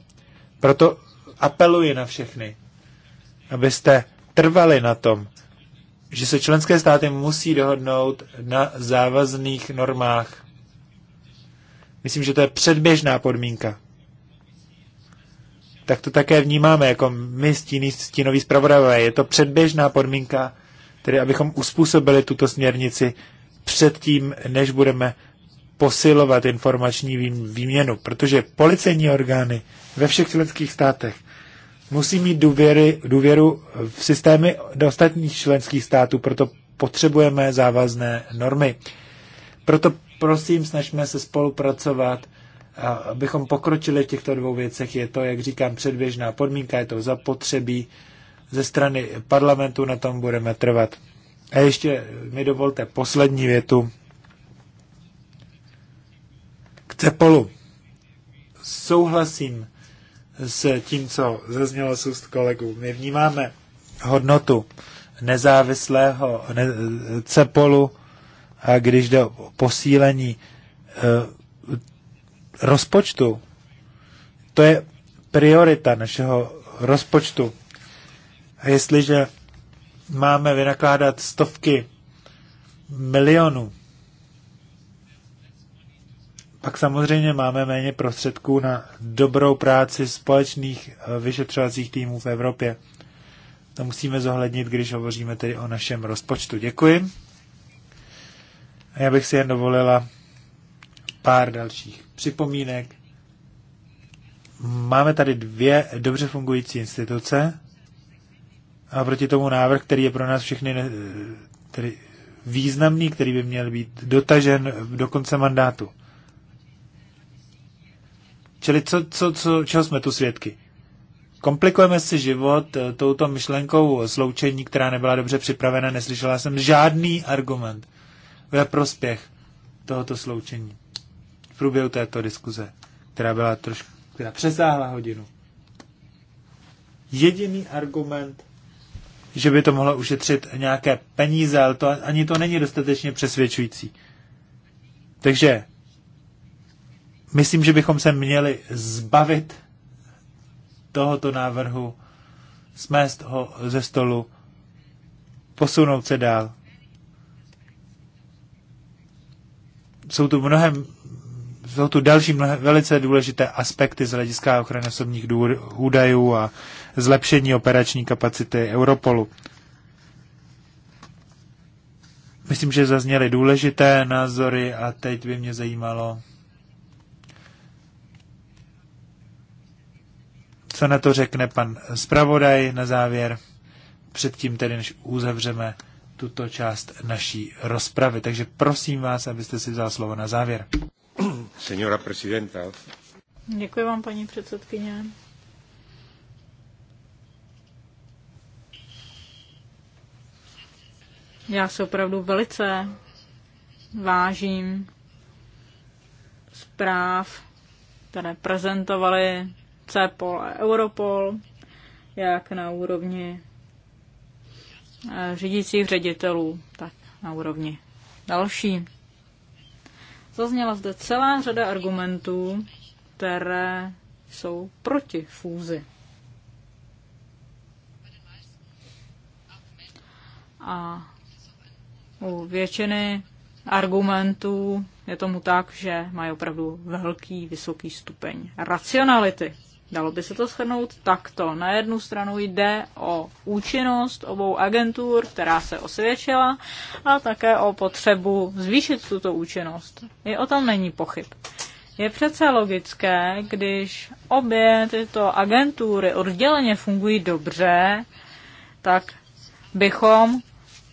Proto apeluji na všechny, abyste trvali na tom, že se členské státy musí dohodnout na závazných normách. Myslím, že to je předběžná podmínka. Tak to také vnímáme jako my stíny, stínoví zpravodajové. Je to předběžná podmínka, tedy abychom uspůsobili tuto směrnici předtím, než budeme posilovat informační výměnu, protože policejní orgány ve všech členských státech musí mít důvěry, důvěru v systémy do ostatních členských států, proto potřebujeme závazné normy. Proto prosím, snažme se spolupracovat, abychom pokročili v těchto dvou věcech. Je to, jak říkám, předběžná podmínka, je to zapotřebí. Ze strany parlamentu na tom budeme trvat. A ještě mi dovolte poslední větu. K Souhlasím s tím, co zaznělo z úst kolegů. My vnímáme hodnotu nezávislého ne, CEPOLu, a když jde o posílení e, rozpočtu, to je priorita našeho rozpočtu. A jestliže máme vynakládat stovky milionů pak samozřejmě máme méně prostředků na dobrou práci společných eh, vyšetřovacích týmů v Evropě. To musíme zohlednit, když hovoříme tedy o našem rozpočtu. Děkuji. A já bych si jen dovolila pár dalších připomínek. Máme tady dvě dobře fungující instituce a proti tomu návrh, který je pro nás všechny tedy významný, který by měl být dotažen do konce mandátu. Čili co, co, co, čeho jsme tu svědky? Komplikujeme si život eh, touto myšlenkou sloučení, která nebyla dobře připravena, neslyšela jsem žádný argument ve prospěch tohoto sloučení v průběhu této diskuze, která byla trošku, která přesáhla hodinu. Jediný argument, že by to mohlo ušetřit nějaké peníze, ale to, ani to není dostatečně přesvědčující. Takže Myslím, že bychom se měli zbavit tohoto návrhu, smést ho ze stolu, posunout se dál. Jsou tu mnohem jsou tu další mnohem, velice důležité aspekty z hlediska ochrany osobních údajů a zlepšení operační kapacity Europolu. Myslím, že zazněly důležité názory a teď by mě zajímalo, Co na to řekne pan zpravodaj na závěr, předtím tedy, než uzavřeme tuto část naší rozpravy. Takže prosím vás, abyste si vzal slovo na závěr. Senora prezidenta. Děkuji vám, paní předsedkyně. Já se opravdu velice vážím zpráv, které prezentovali. CEPOL a Europol, jak na úrovni eh, řídících ředitelů, tak na úrovni další. Zazněla zde celá řada argumentů, které jsou proti fúzi. A u většiny argumentů je tomu tak, že mají opravdu velký, vysoký stupeň racionality. Dalo by se to shrnout takto. Na jednu stranu jde o účinnost obou agentur, která se osvědčila, a také o potřebu zvýšit tuto účinnost. I o tom není pochyb. Je přece logické, když obě tyto agentury odděleně fungují dobře, tak bychom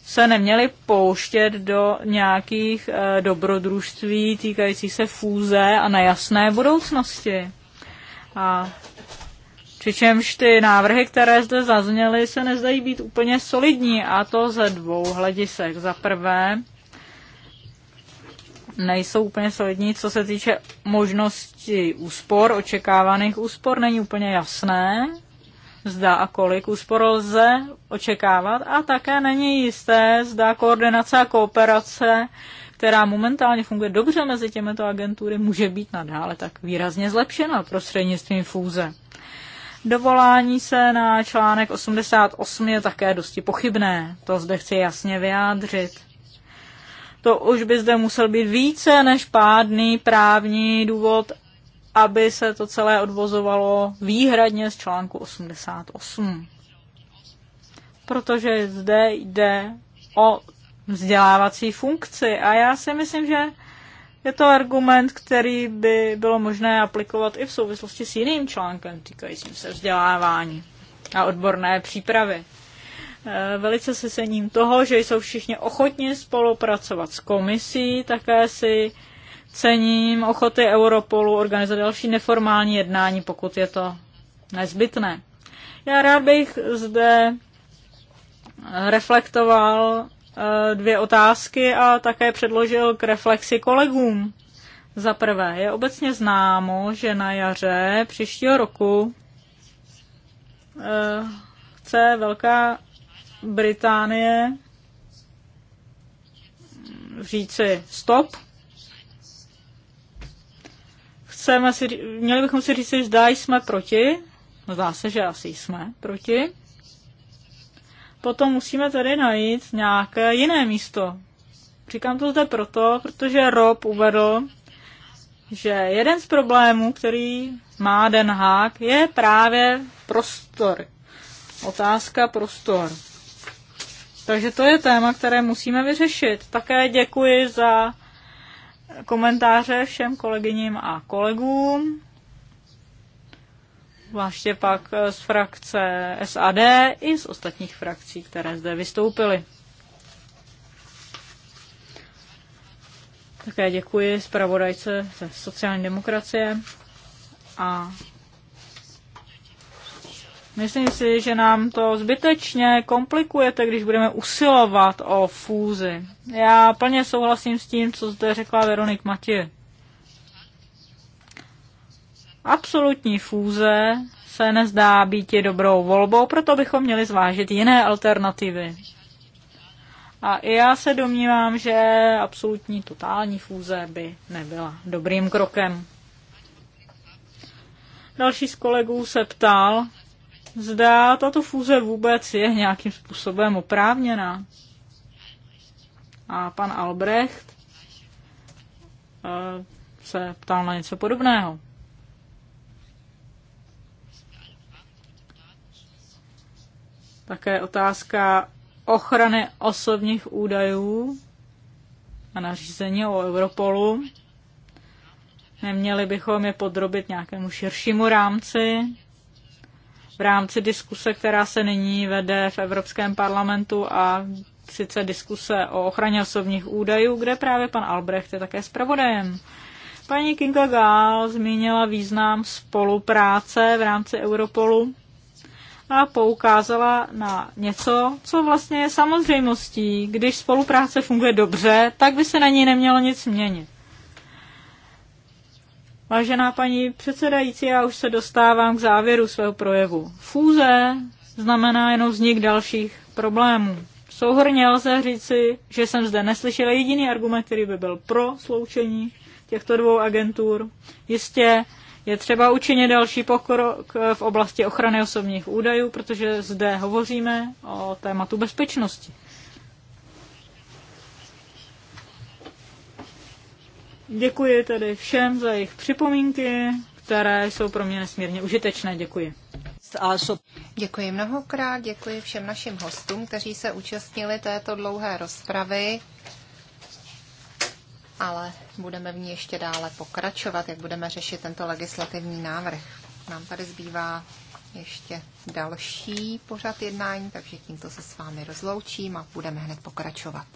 se neměli pouštět do nějakých e, dobrodružství týkající se fůze a nejasné budoucnosti. A Přičemž ty návrhy, které zde zazněly, se nezdají být úplně solidní a to ze dvou hledisek. Za prvé, nejsou úplně solidní, co se týče možnosti úspor, očekávaných úspor, není úplně jasné, zda a kolik úspor lze očekávat a také není jisté, zda koordinace a kooperace, která momentálně funguje dobře mezi těmito agentury, může být nadále tak výrazně zlepšena prostřednictvím fůze. Dovolání se na článek 88 je také dosti pochybné, to zde chci jasně vyjádřit. To už by zde musel být více než pádný právní důvod, aby se to celé odvozovalo výhradně z článku 88. Protože zde jde o vzdělávací funkci a já si myslím, že je to argument, který by bylo možné aplikovat i v souvislosti s jiným článkem týkajícím se vzdělávání a odborné přípravy. E, velice se cením toho, že jsou všichni ochotně spolupracovat s komisí, také si cením ochoty Europolu organizovat další neformální jednání, pokud je to nezbytné. Já rád bych zde reflektoval Eh, dvě otázky a také předložil k reflexi kolegům. Za prvé, je obecně známo, že na jaře příštího roku eh, chce Velká Británie říci stop. Chceme si, měli bychom si říci, zda jsme proti. Zdá se, že asi jsme proti potom musíme tady najít nějaké jiné místo. Říkám to zde proto, protože Rob uvedl, že jeden z problémů, který má Den Haag, je právě prostor. Otázka prostor. Takže to je téma, které musíme vyřešit. Také děkuji za komentáře všem kolegyním a kolegům. Zvláště pak eh, z frakce SAD i z ostatních frakcí, které zde vystoupily. Také děkuji zpravodajce ze sociální demokracie a myslím si, že nám to zbytečně komplikujete, když budeme usilovat o fúzi. Já plně souhlasím s tím, co zde řekla Veronik Matěj. Absolutní fúze se nezdá být je dobrou volbou, proto bychom měli zvážit jiné alternativy. A i já se domnívám, že absolutní totální fúze by nebyla dobrým krokem. Další z kolegů se ptal, zda tato fúze vůbec je nějakým způsobem oprávněná. A pan Albrecht eh, se ptal na něco podobného. Také otázka ochrany osobních údajů a nařízení o Europolu. Neměli bychom je podrobit nějakému širšímu rámci. V rámci diskuse, která se nyní vede v Evropském parlamentu a sice diskuse o ochraně osobních údajů, kde právě pan Albrecht je také zpravodajem. Paní Kinga Gál zmínila význam spolupráce v rámci Europolu a poukázala na něco, co vlastně je samozřejmostí. Když spolupráce funguje dobře, tak by se na ní nemělo nic měnit. Vážená paní předsedající, já už se dostávám k závěru svého projevu. Fúze znamená jenom vznik dalších problémů. Souhrně lze říci, že jsem zde neslyšela jediný argument, který by byl pro sloučení těchto dvou agentur. Jistě je třeba učinit další pokrok eh, v oblasti ochrany osobních údajů, protože zde hovoříme o tématu bezpečnosti. Děkuji tedy všem za jejich připomínky, které jsou pro mě nesmírně užitečné. Děkuji. Děkuji mnohokrát, děkuji všem našim hostům, kteří se účastnili této dlouhé rozpravy ale budeme v ní ještě dále pokračovat, jak budeme řešit tento legislativní návrh. Nám tady zbývá ještě další pořad jednání, takže tímto se s vámi rozloučím a budeme hned pokračovat.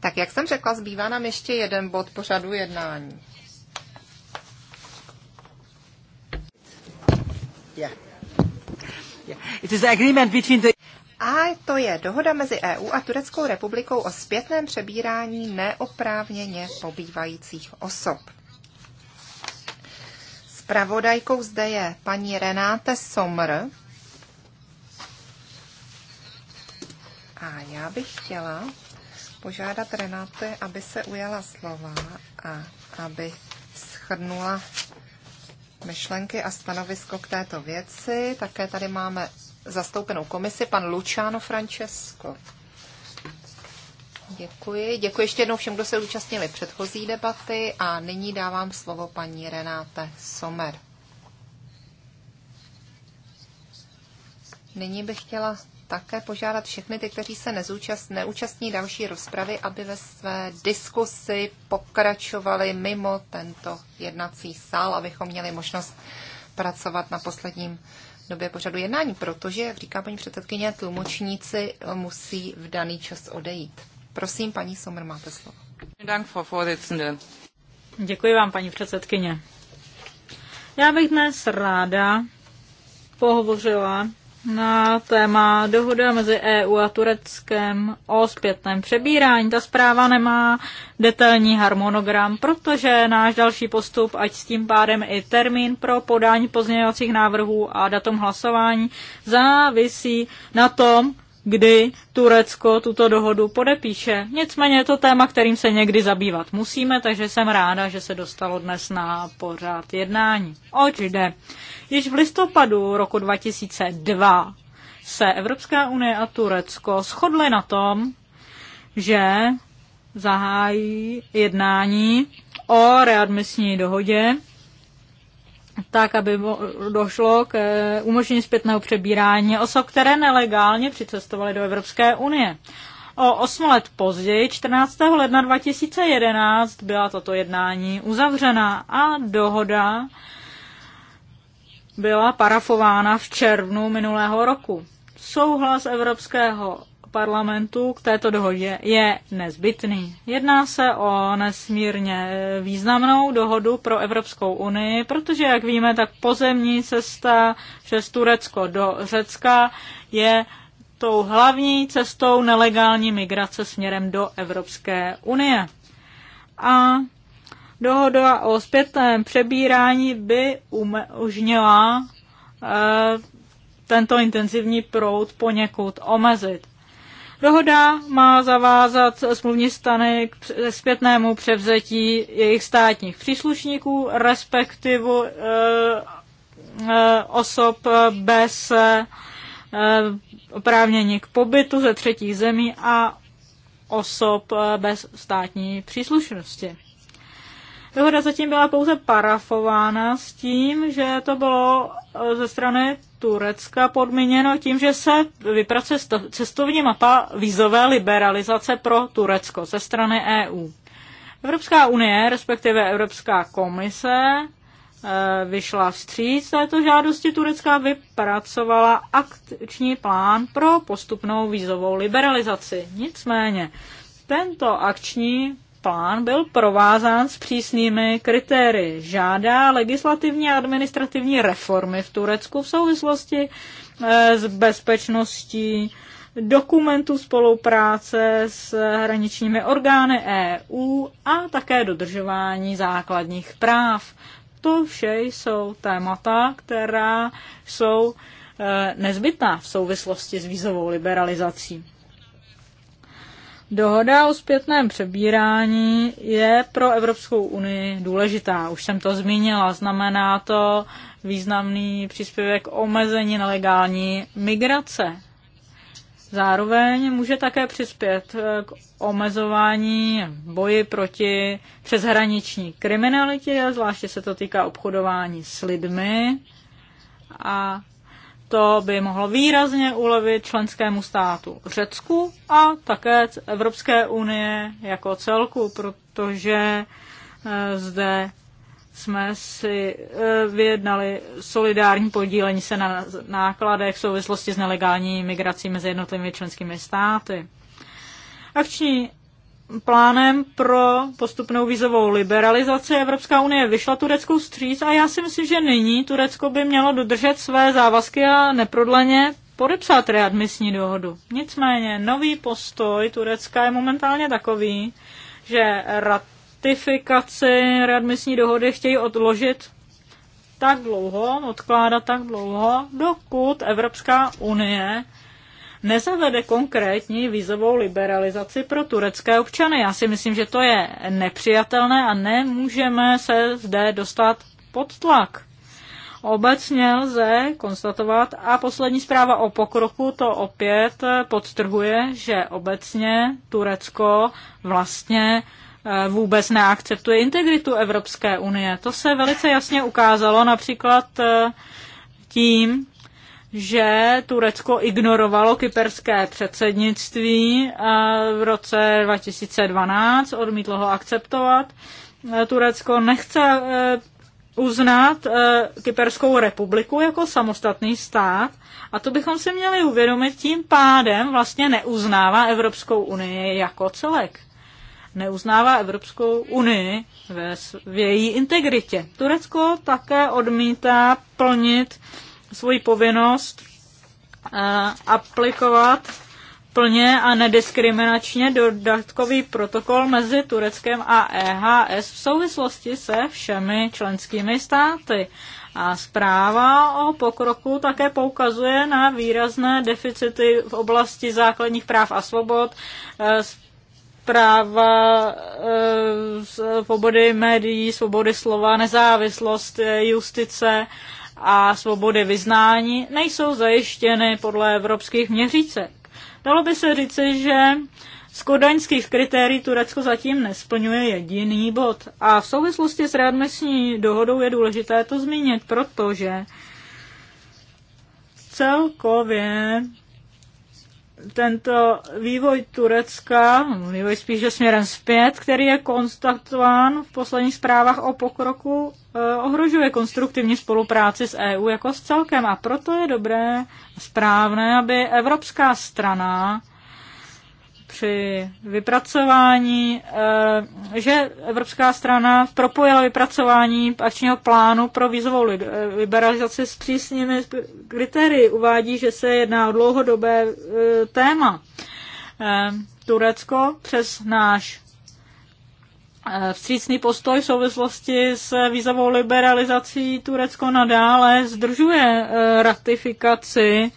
Tak jak jsem řekla, zbývá nám ještě jeden bod pořadu jednání. A to je dohoda mezi EU a Tureckou republikou o zpětném přebírání neoprávněně pobývajících osob. Spravodajkou zde je paní Renáte Somr, A já bych chtěla požádat Renate, aby se ujala slova a aby schrnula myšlenky a stanovisko k této věci. Také tady máme zastoupenou komisi, pan Luciano Francesco. Děkuji. Děkuji ještě jednou všem, kdo se účastnili předchozí debaty a nyní dávám slovo paní Renáte Somer. Nyní bych chtěla také požádat všechny ty, kteří se nezúčast, neúčastní další rozpravy, aby ve své diskusi pokračovali mimo tento jednací sál, abychom měli možnost pracovat na posledním době pořadu jednání, protože, jak říká paní předsedkyně, tlumočníci musí v daný čas odejít. Prosím, paní Somr, máte slovo. Děkuji vám, paní předsedkyně. Já bych dnes ráda pohovořila na téma dohoda mezi EU a Tureckem o zpětném přebírání. Ta zpráva nemá detailní harmonogram, protože náš další postup, ať s tím pádem i termín pro podání pozměňovacích návrhů a datum hlasování, závisí na tom, kdy Turecko tuto dohodu podepíše. Nicméně je to téma, kterým se někdy zabývat musíme, takže jsem ráda, že se dostalo dnes na pořád jednání. Oč jde? Již v listopadu roku 2002 se Evropská unie a Turecko shodly na tom, že zahájí jednání o readmisní dohodě, tak, aby došlo k umožnění zpětného přebírání osob, které nelegálně přicestovaly do Evropské unie. O 8 let později, 14. ledna 2011, byla toto jednání uzavřena a dohoda byla parafována v červnu minulého roku. Souhlas Evropského parlamentu k této dohodě je nezbytný. Jedná se o nesmírně významnou dohodu pro Evropskou unii, protože, jak víme, tak pozemní cesta přes Turecko do Řecka je tou hlavní cestou nelegální migrace směrem do Evropské unie. A Dohoda o zpětném přebírání by umožnila eh, tento intenzivní proud poněkud omezit. Dohoda má zavázat smluvní stany k zpětnému převzetí jejich státních příslušníků, respektive e, eh, eh, osob bez e, oprávnění k pobytu ze třetích zemí a osob bez státní příslušnosti. Dohoda zatím byla pouze parafována s tím, že to bylo eh, ze strany Turecka podmíněno tím, že se vypracuje cestovní mapa vízové liberalizace pro Turecko ze strany EU. Evropská unie, respektive Evropská komise, eh, vyšla vstříc této žádosti Turecka, vypracovala akční plán pro postupnou vízovou liberalizaci. Nicméně, tento akční plán byl provázán s přísnými kritérii. Žádá legislativní a administrativní reformy v Turecku v souvislosti eh, s bezpečností dokumentů spolupráce s hraničními orgány EU a také dodržování základních práv. To vše jsou témata, která jsou eh, nezbytná v souvislosti s vízovou liberalizací. Dohoda o zpětném přebírání je pro Evropskou unii důležitá. Už jsem to zmínila, znamená to významný příspěvek omezení nelegální migrace. Zároveň může také přispět k omezování boji proti přeshraniční kriminalitě, zvláště se to týká obchodování s lidmi a to by mohlo výrazně ulevit členskému státu Řecku a také Evropské unie jako celku, protože e, zde jsme si e, vyjednali solidární podílení se na nákladech v souvislosti s nelegální migrací mezi jednotlivými členskými státy. Akční plánem pro postupnou vízovou liberalizaci Evropská unie vyšla Tureckou stříc a já si myslím, že nyní Turecko by mělo dodržet své závazky a neprodleně podepsat readmisní dohodu. Nicméně nový postoj Turecka je momentálně takový, že ratifikaci readmisní dohody chtějí odložit tak dlouho, odkládat tak dlouho, dokud Evropská unie nezavede konkrétní vízovou liberalizaci pro turecké občany. Já si myslím, že to je nepřijatelné a nemůžeme se zde dostat pod tlak. Obecně lze konstatovat, a poslední zpráva o pokroku to opět podtrhuje, že obecně Turecko vlastně eh, vůbec neakceptuje integritu Evropské unie. To se velice jasně ukázalo například eh, tím, že Turecko ignorovalo kyperské předsednictví eh, v roce 2012, odmítlo ho akceptovat. Eh, Turecko nechce eh, uznat Kyperskou republiku jako samostatný stát a to bychom si měli uvědomit, tím pádem vlastně neuznává Evropskou unii jako celek. Neuznává Evropskou unii ve, v její integritě. Turecko také odmítá plnit svoji povinnost eh, aplikovat plně a nediskriminačně dodatkový protokol mezi Tureckem a EHS v souvislosti se všemi členskými státy. A zpráva o pokroku také poukazuje na výrazné deficity v oblasti základních práv a svobod, eh, práva, eh, svobody médií, svobody slova, nezávislost, justice a svobody vyznání nejsou zajištěny podle evropských měřícek. Dalo by se říci, že z kodaňských kritérií Turecko zatím nesplňuje jediný bod. A v souvislosti s readmisní dohodou je důležité to zmínit, protože celkově tento vývoj Turecka, vývoj spíše směrem zpět, který je konstatován v posledních zprávách o pokroku, eh, ohrožuje konstruktivní spolupráci s EU jako s celkem. A proto je dobré, správné, aby evropská strana při vypracování, eh, že Evropská strana propojila vypracování akčního plánu pro vízovou eh, liberalizaci s přísnými kritérii. Uvádí, že se jedná o dlouhodobé eh, téma. Turecko přes náš vstřícný postoj v souvislosti s vízovou liberalizací Turecko nadále zdržuje ratifikaci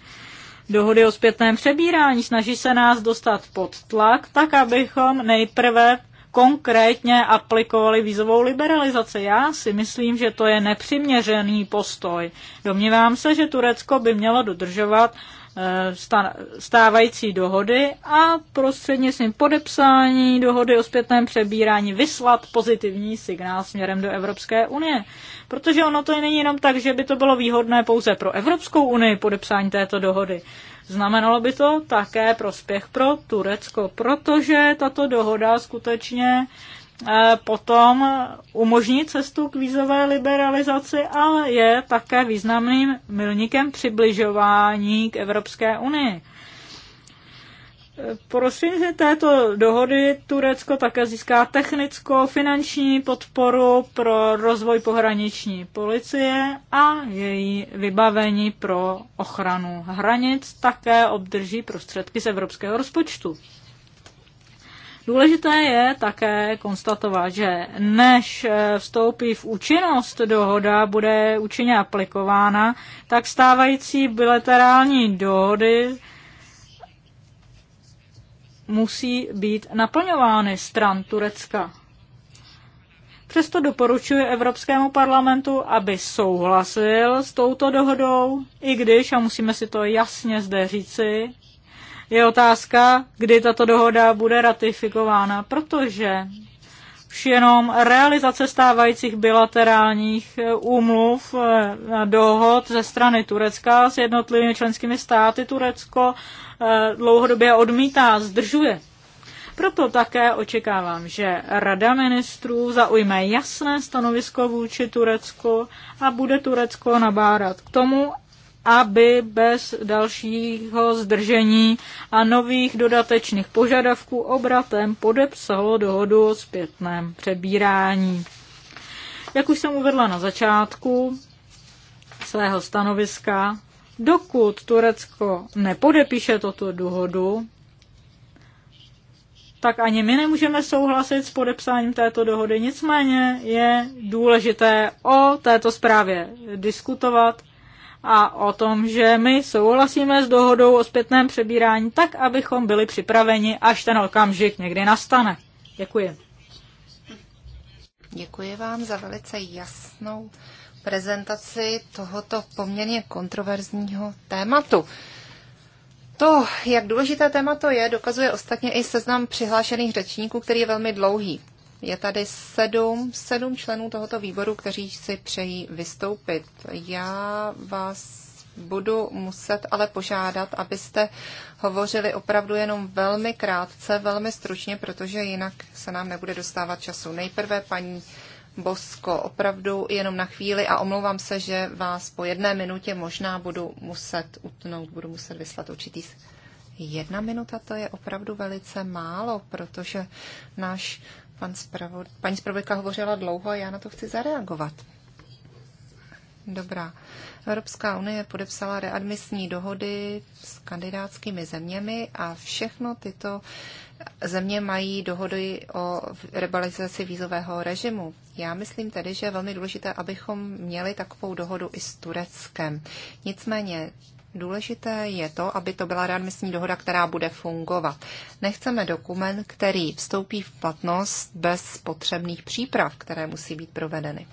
dohody o zpětném přebírání. Snaží se nás dostat pod tlak, tak abychom nejprve konkrétně aplikovali vízovou liberalizaci. Já si myslím, že to je nepřiměřený postoj. Domnívám se, že Turecko by mělo dodržovat stávající dohody a prostřednictvím podepsání dohody o zpětném přebírání vyslat pozitivní signál směrem do Evropské unie. Protože ono to není jenom tak, že by to bylo výhodné pouze pro Evropskou unii podepsání této dohody. Znamenalo by to také prospěch pro Turecko, protože tato dohoda skutečně Eh, potom umožní cestu k vízové liberalizaci, ale je také významným milníkem přibližování k Evropské unii. Eh, prostřednictvím této dohody Turecko také získá technickou finanční podporu pro rozvoj pohraniční policie a její vybavení pro ochranu hranic také obdrží prostředky z evropského rozpočtu. Důležité je také konstatovat, že než eh, vstoupí v účinnost dohoda, bude účinně aplikována, tak stávající bilaterální dohody musí být naplňovány stran Turecka. Přesto doporučuji Evropskému parlamentu, aby souhlasil s touto dohodou, i když, a musíme si to jasně zde říci, je otázka, kdy tato dohoda bude ratifikována, protože už jenom realizace stávajících bilaterálních eh, úmluv eh, a dohod ze strany Turecka s jednotlivými členskými státy Turecko eh, dlouhodobě odmítá, zdržuje. Proto také očekávám, že Rada ministrů zaujme jasné stanovisko vůči Turecku a bude Turecko nabárat k tomu, aby bez dalšího zdržení a nových dodatečných požadavků obratem podepsalo dohodu o zpětném přebírání. Jak už jsem uvedla na začátku svého stanoviska, dokud Turecko nepodepíše toto dohodu, tak ani my nemůžeme souhlasit s podepsáním této dohody. Nicméně je důležité o této zprávě diskutovat a o tom, že my souhlasíme s dohodou o zpětném přebírání tak, abychom byli připraveni, až ten okamžik někdy nastane. Děkuji. Děkuji vám za velice jasnou prezentaci tohoto poměrně kontroverzního tématu. To, jak důležité téma to je, dokazuje ostatně i seznam přihlášených řečníků, který je velmi dlouhý. Je tady sedm, sedm členů tohoto výboru, kteří si přejí vystoupit. Já vás budu muset ale požádat, abyste hovořili opravdu jenom velmi krátce, velmi stručně, protože jinak se nám nebude dostávat času. Nejprve paní Bosko, opravdu jenom na chvíli a omlouvám se, že vás po jedné minutě možná budu muset utnout, budu muset vyslat určitý jedna minuta to je opravdu velice málo, protože náš Pan spravod... Paní zpravodajka hovořila dlouho a já na to chci zareagovat. Dobrá. Evropská unie podepsala readmisní dohody s kandidátskými zeměmi a všechno tyto země mají dohody o rebalizaci vízového režimu. Já myslím tedy, že je velmi důležité, abychom měli takovou dohodu i s Tureckem. Nicméně Důležité je to, aby to byla readmisní dohoda, která bude fungovat. Nechceme dokument, který vstoupí v platnost bez potřebných příprav, které musí být provedeny.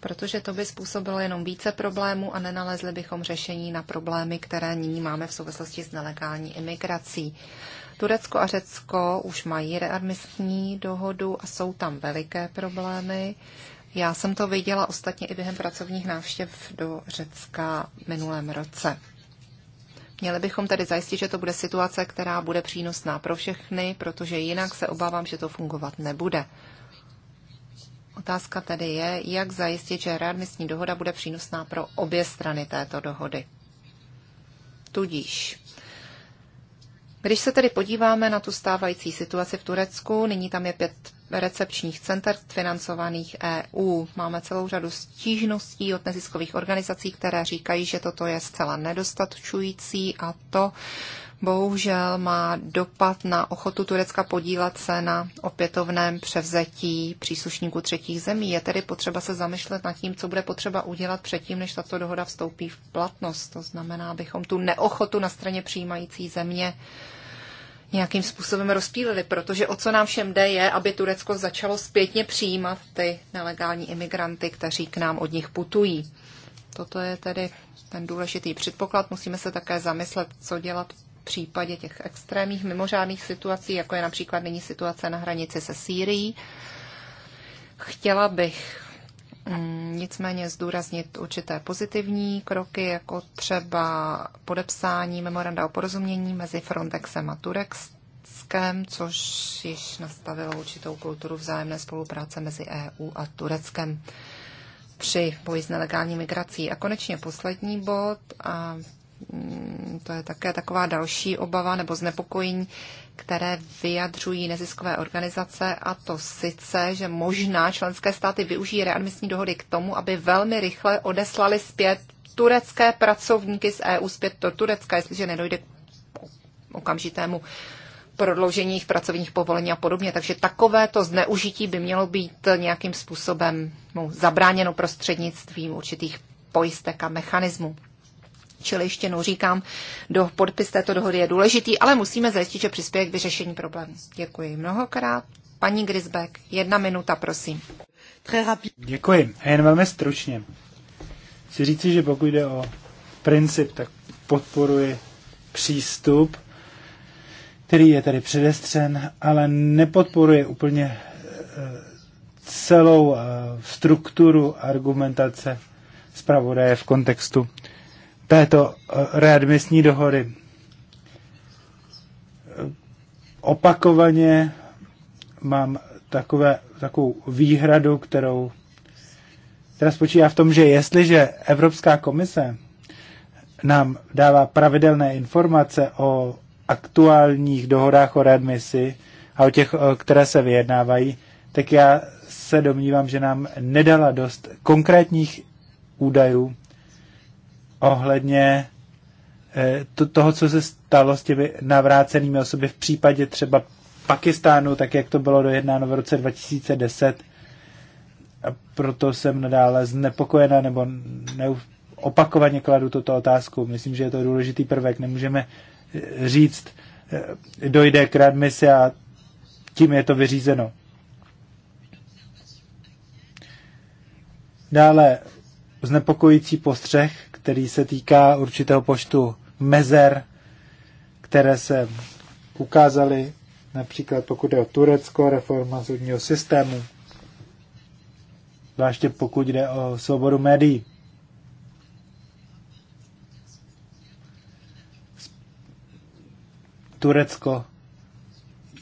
Protože to by způsobilo jenom více problémů a nenalezli bychom řešení na problémy, které nyní máme v souvislosti s nelegální imigrací. Turecko a Řecko už mají readmisní dohodu a jsou tam veliké problémy. Já jsem to viděla ostatně i během pracovních návštěv do Řecka minulém roce. Měli bychom tedy zajistit, že to bude situace, která bude přínosná pro všechny, protože jinak se obávám, že to fungovat nebude. Otázka tedy je, jak zajistit, že readmisní dohoda bude přínosná pro obě strany této dohody. Tudíž, když se tedy podíváme na tu stávající situaci v Turecku, nyní tam je pět recepčních center financovaných EU. Máme celou řadu stížností od neziskových organizací, které říkají, že toto je zcela nedostatčující a to bohužel má dopad na ochotu Turecka podílet se na opětovném převzetí příslušníků třetích zemí. Je tedy potřeba se zamyslet nad tím, co bude potřeba udělat předtím, než tato dohoda vstoupí v platnost. To znamená, abychom tu neochotu na straně přijímající země nějakým způsobem rozpílili, protože o co nám všem jde je, aby Turecko začalo zpětně přijímat ty nelegální imigranty, kteří k nám od nich putují. Toto je tedy ten důležitý předpoklad. Musíme se také zamyslet, co dělat v případě těch extrémních mimořádných situací, jako je například nyní situace na hranici se Sýrií. Chtěla bych Mm, nicméně zdůraznit určité pozitivní kroky, jako třeba podepsání memoranda o porozumění mezi Frontexem a Tureckem, což již nastavilo určitou kulturu vzájemné spolupráce mezi EU a Tureckem při boji s nelegální migrací. A konečně poslední bod, a Mm, to je také taková další obava nebo znepokojení, které vyjadřují neziskové organizace, a to sice, že možná členské státy využijí readmisní dohody k tomu, aby velmi rychle odeslali zpět turecké pracovníky z EU zpět do Turecka, jestliže nedojde k okamžitému prodloužení jejich pracovních povolení a podobně. Takže takovéto zneužití by mělo být nějakým způsobem no, zabráněno prostřednictvím určitých pojistek a mechanismů. Čili ještě jednou říkám, do podpis této dohody je důležitý, ale musíme zajistit, že přispěje k vyřešení problému. Děkuji mnohokrát. Paní Grisbeck, jedna minuta, prosím. Děkuji. A jen velmi stručně. Chci říci, že pokud jde o princip, tak podporuji přístup, který je tady předestřen, ale nepodporuje úplně eh, celou eh, strukturu argumentace zpravodaje v kontextu této eh, readmisní dohody. Opakovaně mám takové, takovou výhradu, kterou která spočívá v tom, že jestliže Evropská komise nám dává pravidelné informace o aktuálních dohodách o readmisi a o těch, eh, které se vyjednávají, tak já se domnívám, že nám nedala dost konkrétních údajů ohledně eh, toho, co se stalo s těmi navrácenými osoby v případě třeba Pakistánu, tak jak to bylo dojednáno v roce 2010. A proto jsem nadále znepokojena nebo opakovaně kladu tuto otázku. Myslím, že je to důležitý prvek. Nemůžeme eh, říct, eh, dojde k radmisi a tím je to vyřízeno. Dále znepokojící postřeh, který se týká určitého počtu mezer, které se ukázaly, například pokud je o Turecko, reforma soudního systému, zvláště pokud jde o svobodu médií. Turecko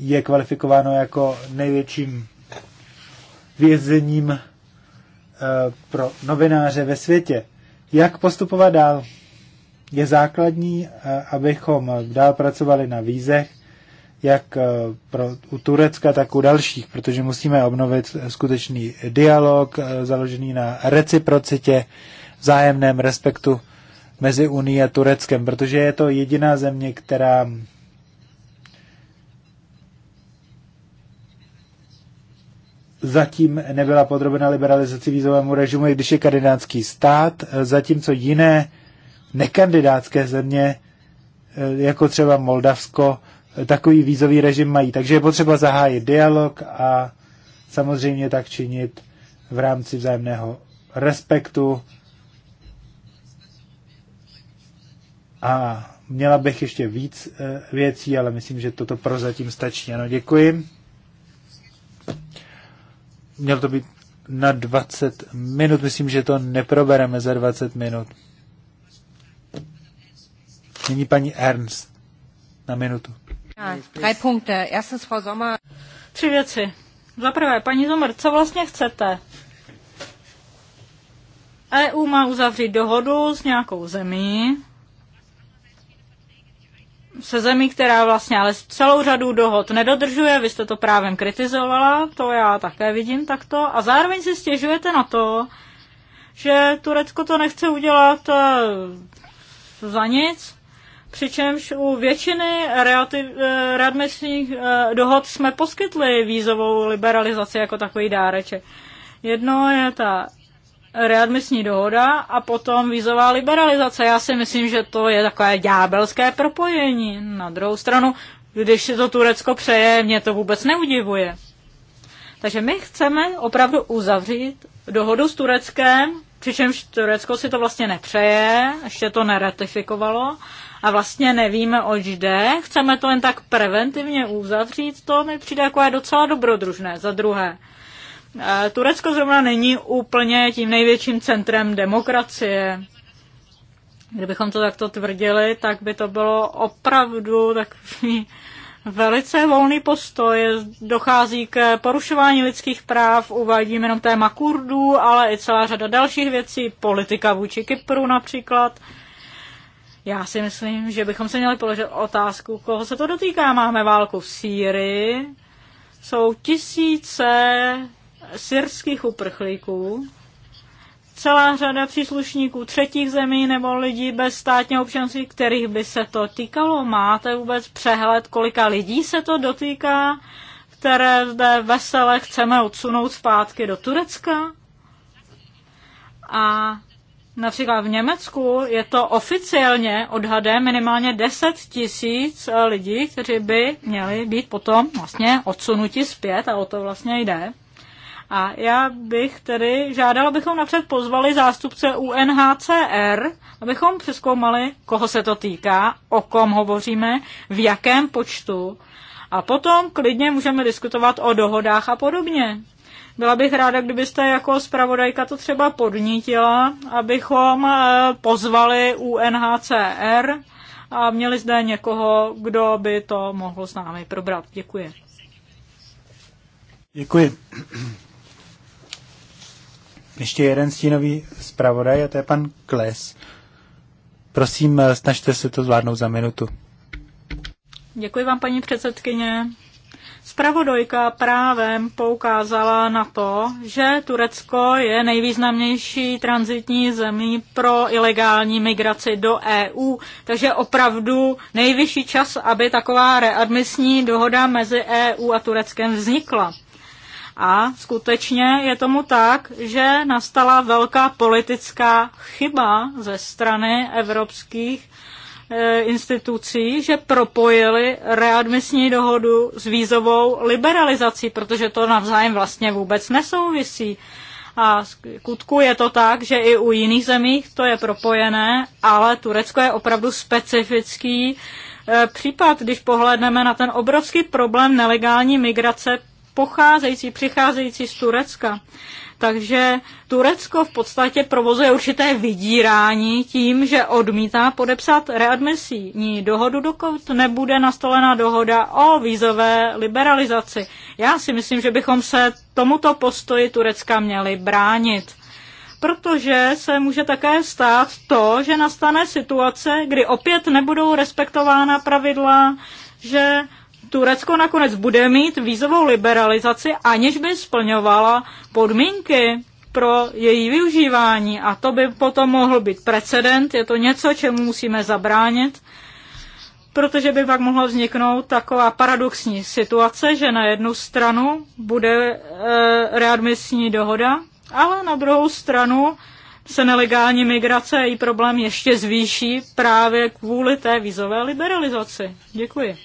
je kvalifikováno jako největším vězením Eh, pro novináře ve světě. Jak postupovat dál? Je základní, eh, abychom dál pracovali na vízech, jak eh, pro, u Turecka, tak u dalších, protože musíme obnovit skutečný dialog založený na reciprocitě, vzájemném respektu mezi Unii a Tureckem, protože je to jediná země, která zatím nebyla podrobena liberalizaci vízovému režimu, i když je kandidátský stát, zatímco jiné nekandidátské země, eh, jako třeba Moldavsko, eh, takový vízový režim mají. Takže je potřeba zahájit dialog a samozřejmě tak činit v rámci vzájemného respektu. A měla bych ještě víc eh, věcí, ale myslím, že toto prozatím stačí. Ano, děkuji mělo to být na 20 minut. Myslím, že to neprobereme za 20 minut. Nyní paní Ernst na minutu. Tři věci. Za prvé, paní Zomer, co vlastně chcete? EU má uzavřít dohodu s nějakou zemí, se zemí, která vlastně ale celou řadu dohod nedodržuje, vy jste to právě kritizovala, to já také vidím takto, a zároveň si stěžujete na to, že Turecko to nechce udělat eh, za nic, přičemž u většiny eh, readmisních eh, dohod jsme poskytli vízovou liberalizaci jako takový dáreček. Jedno je ta readmisní dohoda a potom vízová liberalizace. Já si myslím, že to je takové ďábelské propojení. Na druhou stranu, když si to Turecko přeje, mě to vůbec neudivuje. Takže my chceme opravdu uzavřít dohodu s Tureckem, přičemž Turecko si to vlastně nepřeje, ještě to neratifikovalo a vlastně nevíme, oč jde. Chceme to jen tak preventivně uzavřít, to mi přijde jako je docela dobrodružné. Za druhé, Eh, Turecko zrovna není úplně tím největším centrem demokracie. Kdybychom to takto tvrdili, tak by to bylo opravdu takový velice volný postoj. Dochází k porušování lidských práv, uvádím jenom téma Kurdů, ale i celá řada dalších věcí, politika vůči Kypru například. Já si myslím, že bychom se měli položit otázku, koho se to dotýká. Máme válku v Sýrii, jsou tisíce syrských uprchlíků, celá řada příslušníků třetích zemí nebo lidí bez státního občanství, kterých by se to týkalo. Máte vůbec přehled, kolika lidí se to dotýká, které zde vesele chceme odsunout zpátky do Turecka? A například v Německu je to oficiálně odhadem minimálně 10 tisíc lidí, kteří by měli být potom vlastně odsunuti zpět a o to vlastně jde. A já bych tedy žádala, abychom napřed pozvali zástupce UNHCR, abychom přeskoumali, koho se to týká, o kom hovoříme, v jakém počtu. A potom klidně můžeme diskutovat o dohodách a podobně. Byla bych ráda, kdybyste jako zpravodajka to třeba podnítila, abychom eh, pozvali UNHCR a měli zde někoho, kdo by to mohl s námi probrat. Děkuji. Děkuji ještě jeden stínový zpravodaj a to je pan Kles. Prosím, eh, snažte se to zvládnout za minutu. Děkuji vám, paní předsedkyně. Spravodajka právem poukázala na to, že Turecko je nejvýznamnější transitní zemí pro ilegální migraci do EU, takže opravdu nejvyšší čas, aby taková readmisní dohoda mezi EU a Tureckem vznikla. A skutečně je tomu tak, že nastala velká politická chyba ze strany evropských eh, institucí, že propojili readmisní dohodu s vízovou liberalizací, protože to navzájem vlastně vůbec nesouvisí. A skutku je to tak, že i u jiných zemích to je propojené, ale Turecko je opravdu specifický eh, případ, když pohledneme na ten obrovský problém nelegální migrace pocházející, přicházející z Turecka. Takže Turecko v podstatě provozuje určité vydírání tím, že odmítá podepsat readmisní dohodu, dokud nebude nastolena dohoda o vízové liberalizaci. Já si myslím, že bychom se tomuto postoji Turecka měli bránit. Protože se může také stát to, že nastane situace, kdy opět nebudou respektována pravidla, že Turecko nakonec bude mít vízovou liberalizaci, aniž by splňovala podmínky pro její využívání. A to by potom mohl být precedent, je to něco, čemu musíme zabránit, protože by pak mohla vzniknout taková paradoxní situace, že na jednu stranu bude e, readmisní dohoda, ale na druhou stranu se nelegální migrace a její problém ještě zvýší právě kvůli té vízové liberalizaci. Děkuji.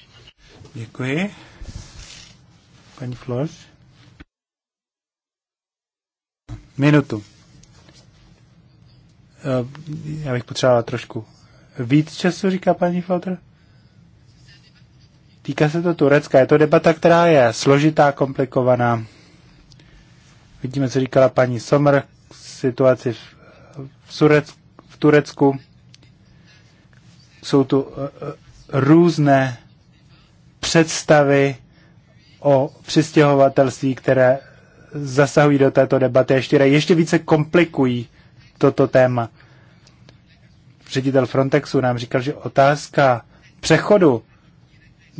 Děkuji. Paní Flož. Minutu. Eh, já bych potřebovala trošku víc času, říká paní Flotr. Týká se to Turecka. Je to debata, která je složitá, komplikovaná. Vidíme, co říkala paní Somr k situaci v, Surec, v Turecku. Jsou tu eh, eh, různé představy o přistěhovatelství, které zasahují do této debaty a ještě, ještě více komplikují toto téma. Ředitel Frontexu nám říkal, že otázka přechodu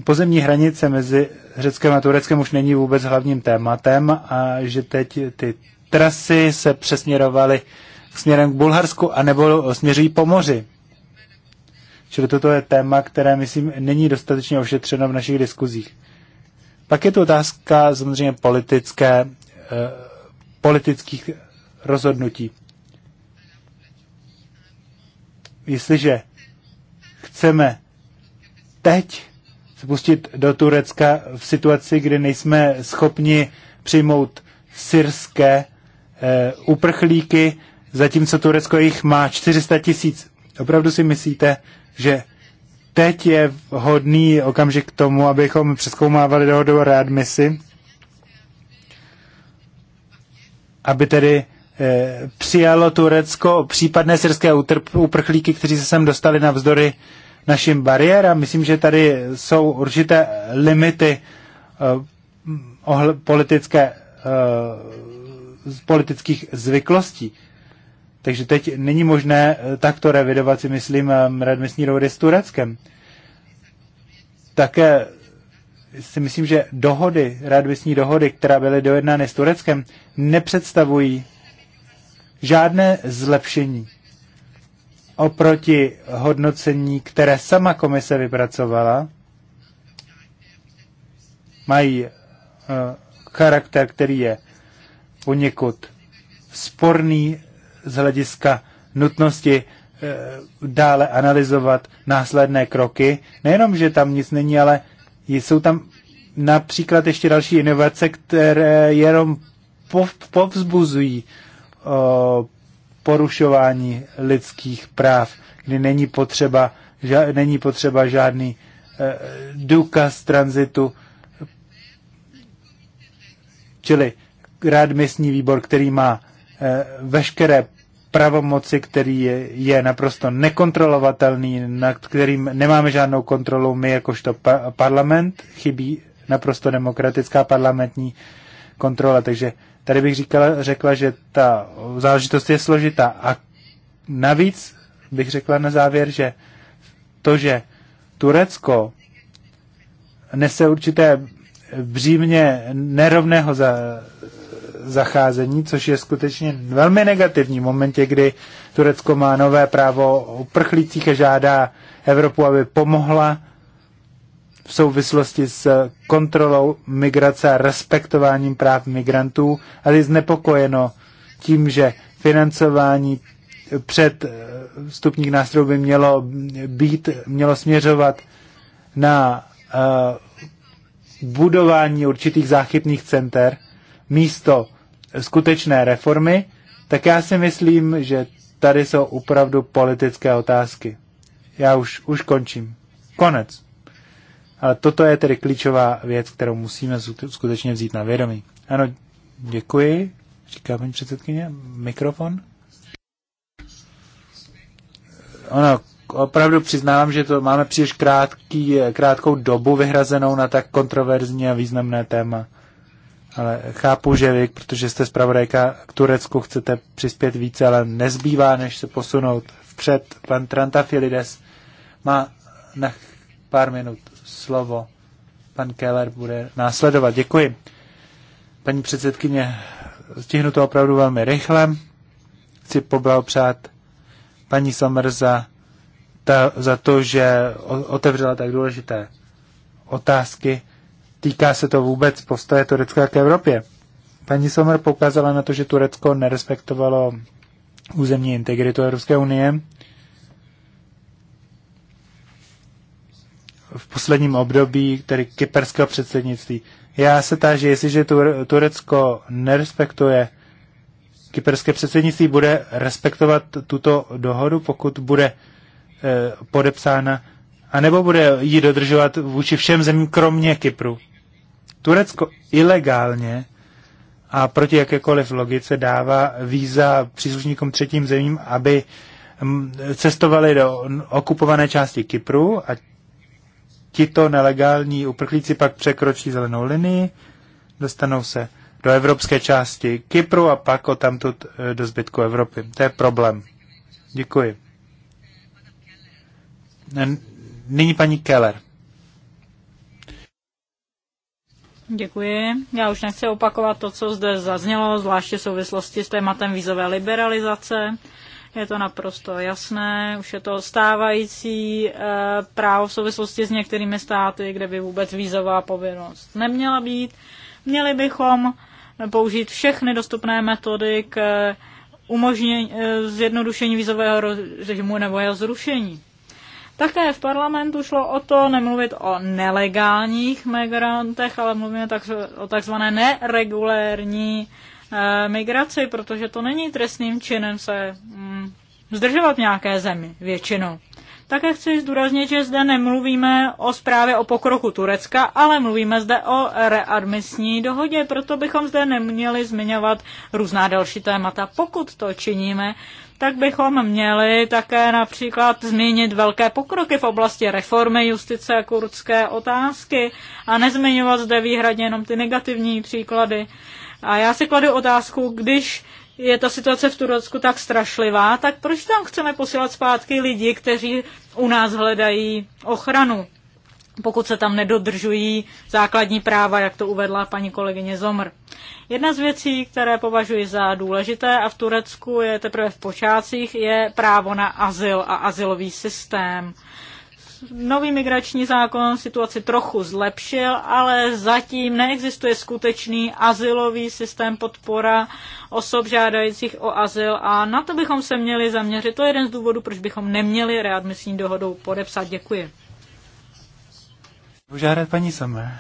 pozemní hranice mezi Řeckem a Tureckem už není vůbec hlavním tématem a že teď ty trasy se přesměrovaly směrem k Bulharsku a nebo směřují po moři. Čili toto je téma, které, myslím, není dostatečně ošetřeno v našich diskuzích. Pak je to otázka samozřejmě politické, eh, politických rozhodnutí. Jestliže chceme teď spustit do Turecka v situaci, kdy nejsme schopni přijmout syrské eh, uprchlíky, zatímco Turecko jich má 400 tisíc. Opravdu si myslíte, že teď je vhodný okamžik k tomu, abychom přeskoumávali dohodu o readmisi, aby tedy e, přijalo Turecko případné syrské uprchlíky, kteří se sem dostali navzdory našim bariérám. Myslím, že tady jsou určité limity e, politické, e, politických zvyklostí. Takže teď není možné eh, takto revidovat, si myslím, eh, readmisní dohody s Tureckem. Také si myslím, že dohody, readmisní dohody, která byly dojednány s Tureckem, nepředstavují žádné zlepšení oproti hodnocení, které sama komise vypracovala. Mají uh, charakter, který je poněkud sporný z hlediska nutnosti eh, dále analyzovat následné kroky. Nejenom, že tam nic není, ale jsou tam například ještě další inovace, které jenom povzbuzují eh, porušování lidských práv, kdy není potřeba, ža, není potřeba žádný e, důkaz tranzitu. Čili readmisní výbor, který má e, veškeré pravomoci, který je, je naprosto nekontrolovatelný, nad kterým nemáme žádnou kontrolu my jakožto pa- parlament, chybí naprosto demokratická parlamentní kontrola. Takže tady bych říkala, řekla, že ta záležitost je složitá. A navíc bych řekla na závěr, že to, že Turecko nese určité břímně nerovného za, zacházení, což je skutečně velmi negativní v momentě, kdy Turecko má nové právo uprchlících a žádá Evropu, aby pomohla v souvislosti s kontrolou migrace a respektováním práv migrantů, ale je znepokojeno tím, že financování před eh, vstupních nástrojů by mělo být, mělo směřovat na eh, budování určitých záchytných center místo skutečné reformy, tak já si myslím, že tady jsou opravdu politické otázky. Já už, už končím. Konec. Ale toto je tedy klíčová věc, kterou musíme skutečně vzít na vědomí. Ano, děkuji, říká paní předsedkyně. Mikrofon? Ono, opravdu přiznávám, že to máme příliš krátký, krátkou dobu vyhrazenou na tak kontroverzní a významné téma. Ale chápu, že vy, protože jste zpravodajka k Turecku, chcete přispět více, ale nezbývá, než se posunout vpřed. Pan Trantafilides má na pár minut slovo. Pan Keller bude následovat. Děkuji. Paní předsedkyně, stihnu to opravdu velmi rychle. Chci poblahopřát paní Sommer za, ta, za to, že otevřela tak důležité otázky týká se to vůbec postoje Turecka k Evropě. Paní Sommer poukázala na to, že Turecko nerespektovalo územní integritu Evropské unie. V posledním období, tedy kyperského předsednictví. Já se táži, jestliže Turecko nerespektuje kyperské předsednictví, bude respektovat tuto dohodu, pokud bude e, podepsána, anebo bude ji dodržovat vůči všem zemím, kromě Kypru. Turecko ilegálně a proti jakékoliv logice dává víza příslušníkům třetím zemím, aby mm, cestovali do okupované části Kypru a tito nelegální uprchlíci pak překročí zelenou linii, dostanou se do evropské části Kypru a pak o tamtud e, do zbytku Evropy. To je problém. Děkuji. Nyní paní Keller. Děkuji. Já už nechci opakovat to, co zde zaznělo, zvláště v souvislosti s tématem vízové liberalizace. Je to naprosto jasné, už je to stávající eh, právo v souvislosti s některými státy, kde by vůbec vízová povinnost neměla být. Měli bychom použít všechny dostupné metody k eh, umožnění eh, zjednodušení vízového režimu nebo jeho zrušení. Také v parlamentu šlo o to nemluvit o nelegálních migrantech, ale mluvíme tak, o takzvané neregulérní e, migraci, protože to není trestným činem se mm, zdržovat v nějaké zemi většinou. Také chci zdůraznit, že zde nemluvíme o zprávě o pokroku Turecka, ale mluvíme zde o readmisní dohodě, proto bychom zde neměli zmiňovat různá další témata. Pokud to činíme, tak bychom měli také například zmínit velké pokroky v oblasti reformy justice a kurdské otázky a nezmiňovat zde výhradně jenom ty negativní příklady. A já si kladu otázku, když je ta situace v Turecku tak strašlivá, tak proč tam chceme posílat zpátky lidi, kteří u nás hledají ochranu, pokud se tam nedodržují základní práva, jak to uvedla paní kolegyně Zomr. Jedna z věcí, které považuji za důležité a v Turecku je teprve v počátcích, je právo na azyl a azylový systém nový migrační zákon situaci trochu zlepšil, ale zatím neexistuje skutečný asilový systém podpora osob žádajících o azyl a na to bychom se měli zaměřit. To je jeden z důvodů, proč bychom neměli readmisní dohodou podepsat. Děkuji. Požádat paní samé,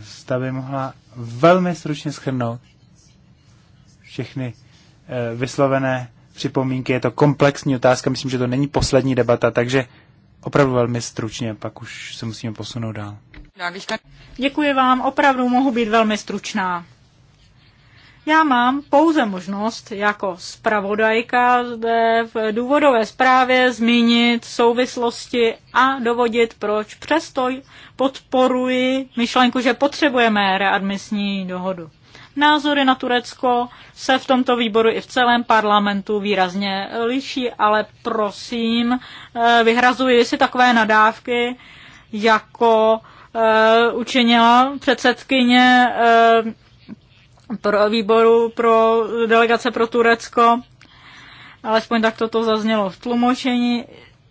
zda by mohla velmi stručně schrnout všechny eh, vyslovené připomínky. Je to komplexní otázka, myslím, že to není poslední debata, takže Opravdu velmi stručně, pak už se musíme posunout dál. Děkuji vám, opravdu mohu být velmi stručná. Já mám pouze možnost jako zpravodajka zde v důvodové zprávě zmínit souvislosti a dovodit, proč přesto podporuji myšlenku, že potřebujeme readmisní dohodu. Názory na Turecko se v tomto výboru i v celém parlamentu výrazně liší, ale prosím, eh, vyhrazuji si takové nadávky, jako eh, učinila předsedkyně eh, pro výboru pro delegace pro Turecko. Alespoň tak toto zaznělo v tlumočení.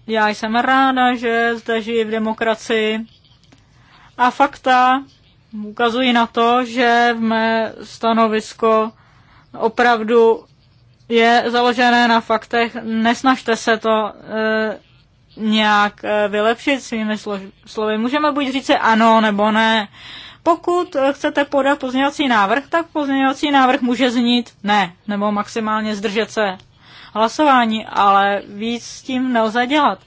Já jsem ráda, že zde žijí v demokracii. A fakta ukazují na to, že v mé stanovisko opravdu je založené na faktech. Nesnažte se to e, nějak e, vylepšit svými slovy. Můžeme buď říct si ano nebo ne. Pokud chcete podat pozměňovací návrh, tak pozměňovací návrh může znít ne, nebo maximálně zdržet se hlasování, ale víc s tím nelze dělat.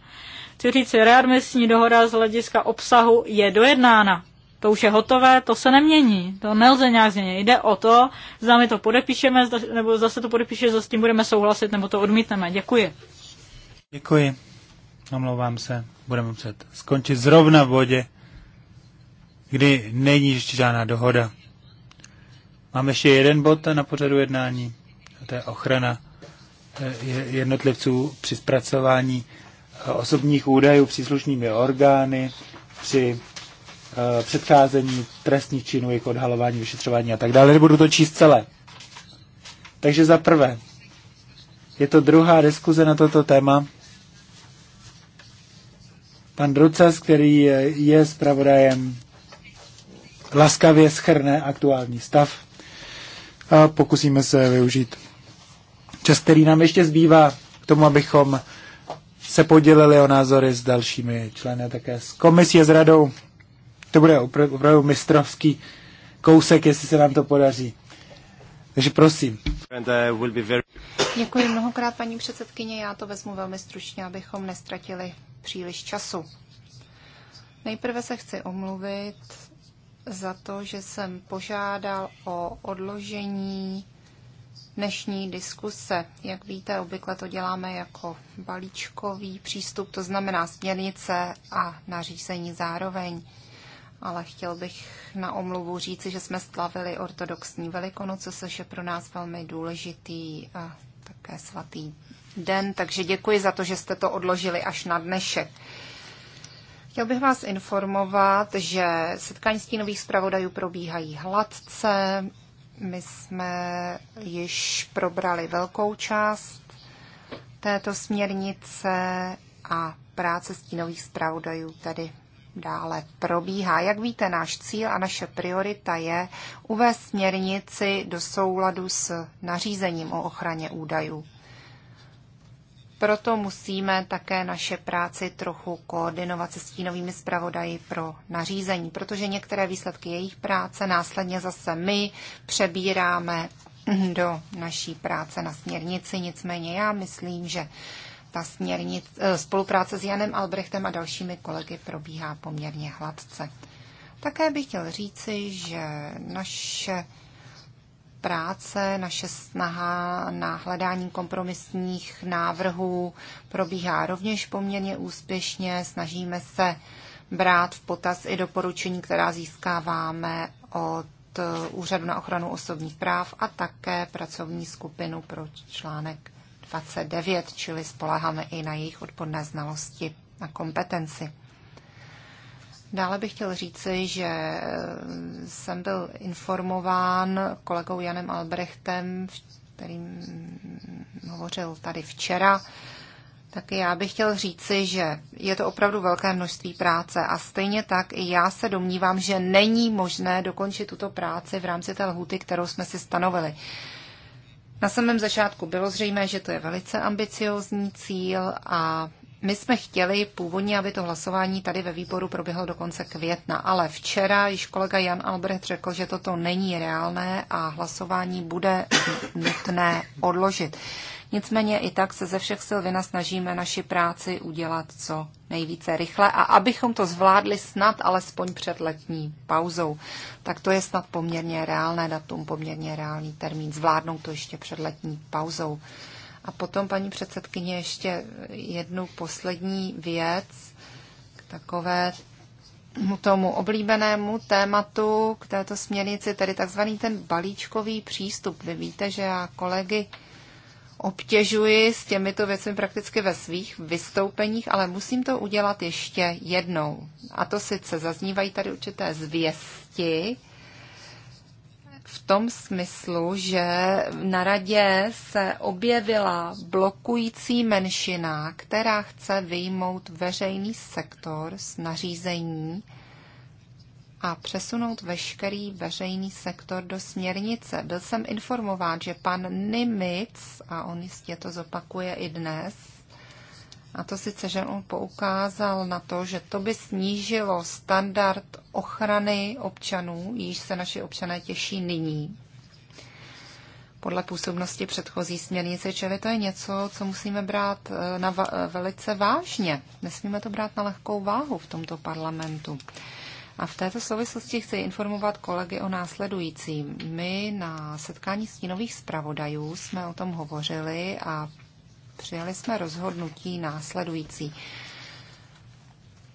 Chci říct, readmisní dohoda z hlediska obsahu je dojednána to už je hotové, to se nemění, to nelze nějak změnit. Jde o to, zda my to podepíšeme, nebo zase to podepíše, zda s tím budeme souhlasit, nebo to odmítneme. Děkuji. Děkuji. Omlouvám se, budeme muset skončit zrovna v bodě, kdy není ještě žádná dohoda. Mám ještě jeden bod na pořadu jednání, a to je ochrana eh, jednotlivců při zpracování eh, osobních údajů příslušnými orgány při Eh, předcházení trestních činů, jako odhalování, vyšetřování a tak dále. Nebudu to číst celé. Takže za prvé, je to druhá diskuze na toto téma. Pan Drucas, který je zpravodajem, laskavě schrne aktuální stav a pokusíme se využít čas, který nám ještě zbývá k tomu, abychom se podělili o názory s dalšími členy, také s komisí a s radou. To bude opravdu mistrovský kousek, jestli se nám to podaří. Takže prosím. Uh, Děkuji mnohokrát, paní předsedkyně. Já to vezmu velmi stručně, abychom nestratili příliš času. Nejprve se chci omluvit za to, že jsem požádal o odložení dnešní diskuse. Jak víte, obvykle to děláme jako balíčkový přístup, to znamená směrnice a nařízení zároveň ale chtěl bych na omluvu říci, že jsme slavili ortodoxní velikonoce, což je pro nás velmi důležitý a také svatý den, takže děkuji za to, že jste to odložili až na dnešek. Chtěl bych vás informovat, že setkání stínových zpravodajů probíhají hladce. My jsme již probrali velkou část této směrnice a práce stínových zpravodajů tady dále probíhá. Jak víte, náš cíl a naše priorita je uvést směrnici do souladu s nařízením o ochraně údajů. Proto musíme také naše práci trochu koordinovat se stínovými zpravodaji pro nařízení, protože některé výsledky jejich práce následně zase my přebíráme do naší práce na směrnici. Nicméně já myslím, že ta směrnic, eh, spolupráce s Janem Albrechtem a dalšími kolegy probíhá poměrně hladce. Také bych chtěl říci, že naše práce, naše snaha na hledání kompromisních návrhů probíhá rovněž poměrně úspěšně. Snažíme se brát v potaz i doporučení, která získáváme od eh, Úřadu na ochranu osobních práv a také pracovní skupinu pro článek 29, čili spoláháme i na jejich odborné znalosti a kompetenci. Dále bych chtěl říci, že e, jsem byl informován kolegou Janem Albrechtem, kterým hovořil tady včera, tak já bych chtěl říci, že je to opravdu velké množství práce a stejně tak i já se domnívám, že není možné dokončit tuto práci v rámci té lhuty, kterou jsme si stanovili. Na samém začátku bylo zřejmé, že to je velice ambiciozní cíl a my jsme chtěli původně, aby to hlasování tady ve výboru proběhlo do konce května, ale včera již kolega Jan Albrecht řekl, že toto není reálné a hlasování bude nutné odložit. Nicméně i tak se ze všech sil vynasnažíme naši práci udělat co nejvíce rychle a abychom to zvládli snad alespoň před letní pauzou. Tak to je snad poměrně reálné datum, poměrně reálný termín. Zvládnout to ještě před letní pauzou. A potom, paní předsedkyně, ještě jednu poslední věc k takové tomu oblíbenému tématu k této směrnici, tedy takzvaný ten balíčkový přístup. Vy víte, že já kolegy obtěžuji s těmito věcmi prakticky ve svých vystoupeních, ale musím to udělat ještě jednou. A to sice zaznívají tady určité zvěsti, v tom smyslu, že na radě se objevila blokující menšina, která chce vyjmout veřejný sektor z nařízení a přesunout veškerý veřejný sektor do směrnice. Byl jsem informován, že pan Nimitz, a on jistě to zopakuje i dnes, a to sice, že on poukázal na to, že to by snížilo standard ochrany občanů, již se naši občané těší nyní, podle působnosti předchozí směrnice, čili to je něco, co musíme brát eh, na va- eh, velice vážně. Nesmíme to brát na lehkou váhu v tomto parlamentu. A v této souvislosti chci informovat kolegy o následujícím. My na setkání stínových zpravodajů jsme o tom hovořili a přijali jsme rozhodnutí následující.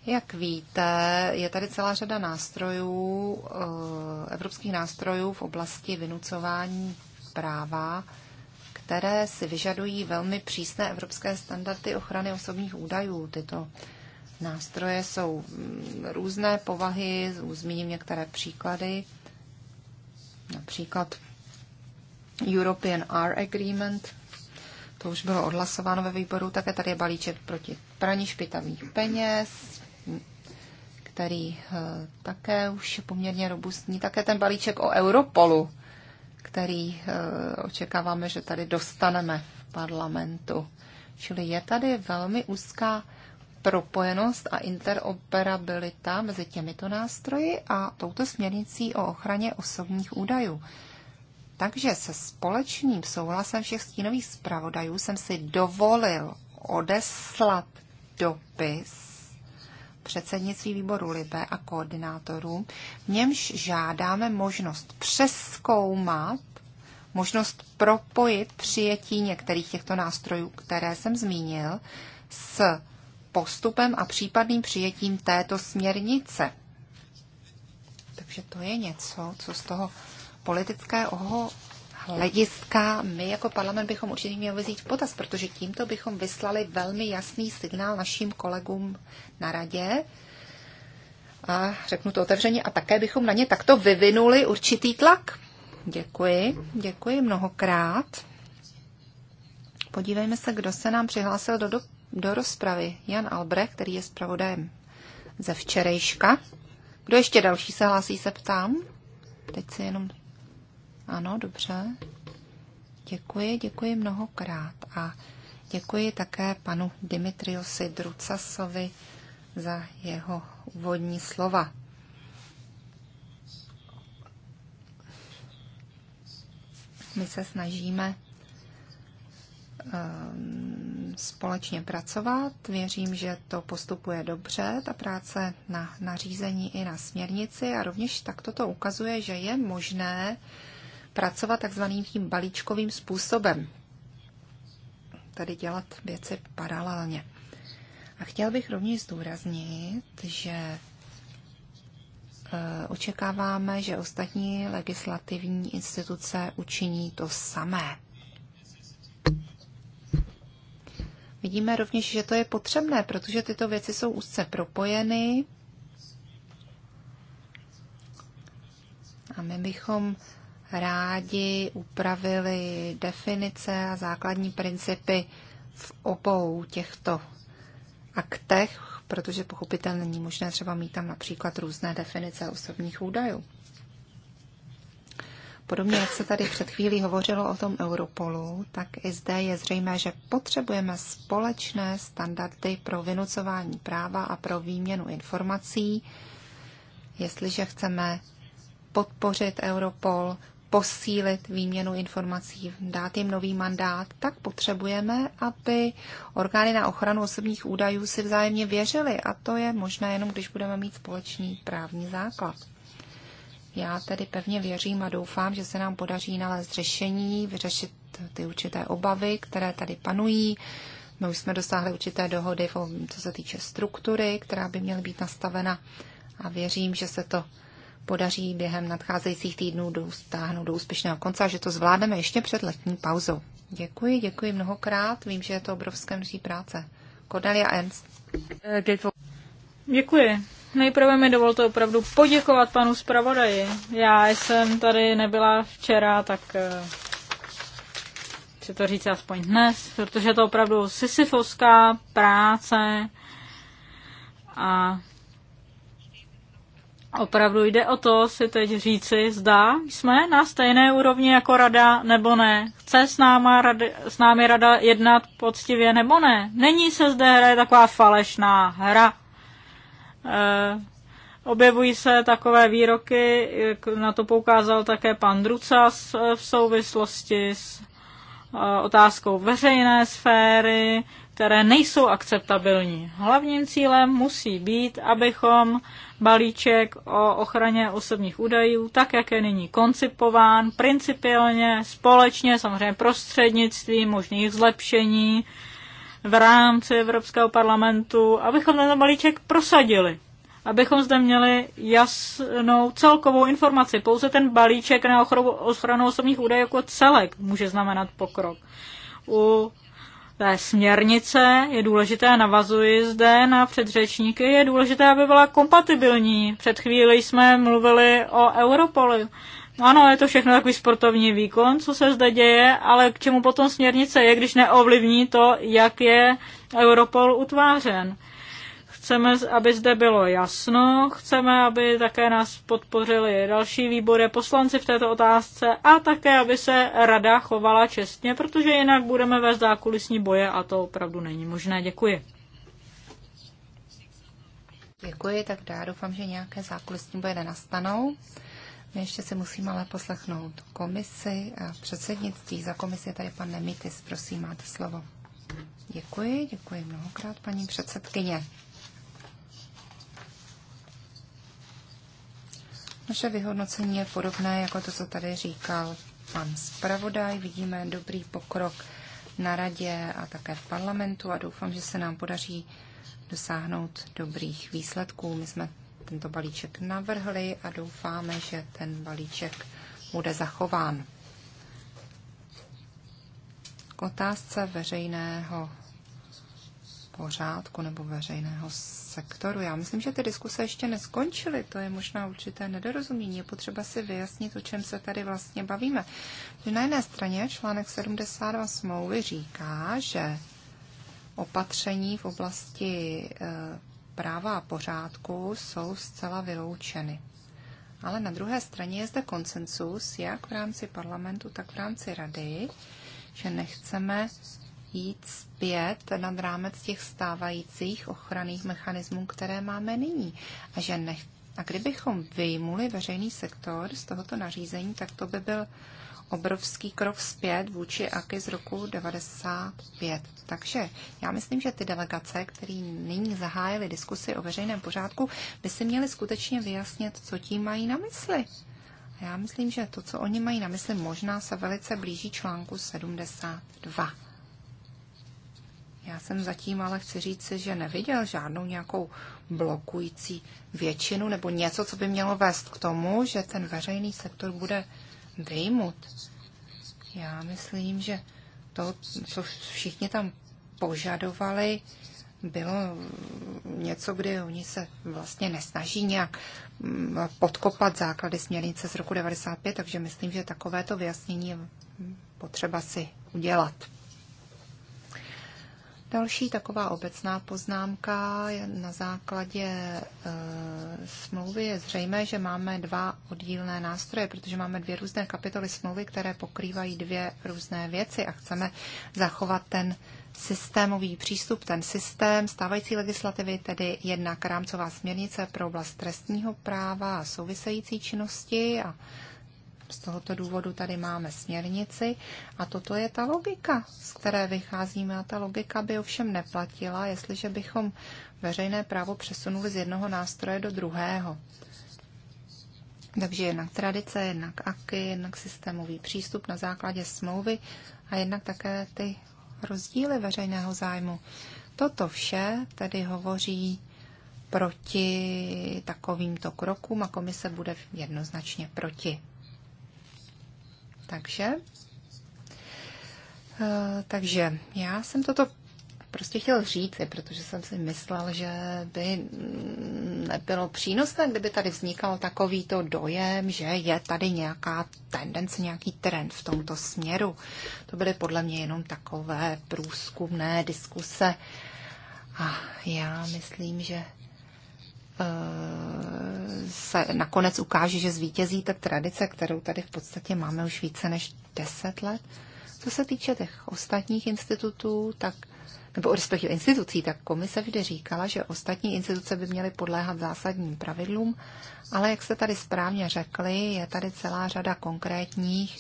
Jak víte, je tady celá řada nástrojů, eh, evropských nástrojů v oblasti vynucování práva, které si vyžadují velmi přísné evropské standardy ochrany osobních údajů. Tyto Nástroje jsou mm, různé povahy, zmíním některé příklady, například European R Agreement, to už bylo odhlasováno ve výboru, také tady je balíček proti praní špitavých peněz, který eh, také už je poměrně robustní, také ten balíček o Europolu, který eh, očekáváme, že tady dostaneme v parlamentu. Čili je tady velmi úzká propojenost a interoperabilita mezi těmito nástroji a touto směrnicí o ochraně osobních údajů. Takže se společným souhlasem všech stínových zpravodajů jsem si dovolil odeslat dopis předsednictví výboru Libe a koordinátorů, v němž žádáme možnost přeskoumat možnost propojit přijetí některých těchto nástrojů, které jsem zmínil, s postupem a případným přijetím této směrnice. Takže to je něco, co z toho politického hlediska my jako parlament bychom určitě měli vzít v potaz, protože tímto bychom vyslali velmi jasný signál našim kolegům na radě, a řeknu to otevřeně, a také bychom na ně takto vyvinuli určitý tlak. Děkuji, děkuji mnohokrát. Podívejme se, kdo se nám přihlásil do, do do rozpravy Jan Albrecht, který je zpravodajem ze včerejška. Kdo ještě další se hlásí, se ptám. Teď se jenom... Ano, dobře. Děkuji, děkuji mnohokrát. A děkuji také panu Dimitriosi Drucasovi za jeho úvodní slova. My se snažíme Ehm, společně pracovat. Věřím, že to postupuje dobře, ta práce na nařízení i na směrnici a rovněž tak to ukazuje, že je možné pracovat takzvaným tím balíčkovým způsobem, tedy dělat věci paralelně. A chtěl bych rovněž zdůraznit, že eh, očekáváme, že ostatní legislativní instituce učiní to samé. Vidíme rovněž, že to je potřebné, protože tyto věci jsou úzce propojeny. A my bychom rádi upravili definice a základní principy v obou těchto aktech, protože pochopitelně není možné třeba mít tam například různé definice osobních údajů. Podobně jak se tady před chvílí hovořilo o tom Europolu, tak i zde je zřejmé, že potřebujeme společné standardy pro vynucování práva a pro výměnu informací, jestliže chceme podpořit Europol, posílit výměnu informací, dát jim nový mandát, tak potřebujeme, aby orgány na ochranu osobních údajů si vzájemně věřily a to je možné jenom, když budeme mít společný právní základ. Já tedy pevně věřím a doufám, že se nám podaří nalézt řešení, vyřešit ty určité obavy, které tady panují. My už jsme dosáhli určité dohody, co se týče struktury, která by měla být nastavena a věřím, že se to podaří během nadcházejících týdnů dostáhnout do úspěšného konce a že to zvládneme ještě před letní pauzou. Děkuji, děkuji mnohokrát. Vím, že je to obrovské množství práce. Cornelia Ernst. Děkuji. Nejprve mi dovolte opravdu poděkovat panu zpravodaji. Já jsem tady nebyla včera, tak chci eh, to říct aspoň dnes, protože je to opravdu sisyfovská práce a opravdu jde o to si teď říci, zda jsme na stejné úrovni jako rada nebo ne. Chce s, náma rady, s námi rada jednat poctivě nebo ne. Není se zde hraje taková falešná hra. Eh, objevují se takové výroky, na to poukázal také pan Drucas eh, v souvislosti s eh, otázkou veřejné sféry, které nejsou akceptabilní. Hlavním cílem musí být, abychom balíček o ochraně osobních údajů, tak jak je nyní koncipován, principiálně, společně, samozřejmě prostřednictvím možných zlepšení, v rámci Evropského parlamentu, abychom ten balíček prosadili. Abychom zde měli jasnou celkovou informaci. Pouze ten balíček na ochranu osobních údajů jako celek může znamenat pokrok. U té směrnice je důležité, navazuji zde na předřečníky, je důležité, aby byla kompatibilní. Před chvíli jsme mluvili o Europolu. Ano, je to všechno takový sportovní výkon, co se zde děje, ale k čemu potom směrnice je, když neovlivní to, jak je Europol utvářen. Chceme, aby zde bylo jasno, chceme, aby také nás podpořili další výbory poslanci v této otázce a také, aby se rada chovala čestně, protože jinak budeme vést zákulisní boje a to opravdu není možné. Děkuji. Děkuji, tak já doufám, že nějaké zákulisní boje nenastanou. My ještě se musíme ale poslechnout komisi a předsednictví. Za komisi je tady pan Nemitis, prosím, máte slovo. Děkuji, děkuji mnohokrát, paní předsedkyně. Naše vyhodnocení je podobné jako to, co tady říkal pan zpravodaj. Vidíme dobrý pokrok na radě a také v parlamentu a doufám, že se nám podaří dosáhnout dobrých výsledků. My jsme tento balíček navrhli a doufáme, že ten balíček bude zachován. K otázce veřejného pořádku nebo veřejného sektoru. Já myslím, že ty diskuse ještě neskončily. To je možná určité nedorozumění. Je potřeba si vyjasnit, o čem se tady vlastně bavíme. na jedné straně článek 72 smlouvy říká, že opatření v oblasti eh, práva a pořádku jsou zcela vyloučeny. Ale na druhé straně je zde konsensus, jak v rámci parlamentu, tak v rámci rady, že nechceme jít zpět nad rámec těch stávajících ochranných mechanismů, které máme nyní. A, že nech... a kdybychom vyjmuli veřejný sektor z tohoto nařízení, tak to by byl obrovský krok zpět vůči AKY z roku 95. Takže já myslím, že ty delegace, které nyní zahájily diskusy o veřejném pořádku, by si měly skutečně vyjasnit, co tím mají na mysli. A já myslím, že to, co oni mají na mysli, možná se velice blíží článku 72. Já jsem zatím ale chci říct, že neviděl žádnou nějakou blokující většinu nebo něco, co by mělo vést k tomu, že ten veřejný sektor bude vyjmut. Já myslím, že to, co všichni tam požadovali, bylo něco, kde oni se vlastně nesnaží nějak mm, podkopat základy směrnice z roku 95, takže myslím, že takovéto vyjasnění je potřeba si udělat. Další taková obecná poznámka na základě e, smlouvy je zřejmé, že máme dva oddílné nástroje, protože máme dvě různé kapitoly smlouvy, které pokrývají dvě různé věci a chceme zachovat ten systémový přístup, ten systém stávající legislativy, tedy jednak rámcová směrnice pro oblast trestního práva a související činnosti a z tohoto důvodu tady máme směrnici a toto je ta logika, z které vycházíme. A ta logika by ovšem neplatila, jestliže bychom veřejné právo přesunuli z jednoho nástroje do druhého. Takže jednak tradice, jednak aky, jednak systémový přístup na základě smlouvy a jednak také ty rozdíly veřejného zájmu. Toto vše tedy hovoří proti takovýmto krokům a komise bude jednoznačně proti. Takže, eh, takže já jsem toto prostě chtěl říct, protože jsem si myslel, že by mm, nebylo přínosné, kdyby tady vznikal takovýto dojem, že je tady nějaká tendence, nějaký trend v tomto směru. To byly podle mě jenom takové průzkumné diskuse. A já myslím, že Eh, se nakonec ukáže, že zvítězí ta tradice, kterou tady v podstatě máme už více než 10 let. Co se týče těch ostatních institutů, tak nebo respektive institucí, tak komise vždy říkala, že ostatní instituce by měly podléhat zásadním pravidlům, ale jak jste tady správně řekli, je tady celá řada konkrétních.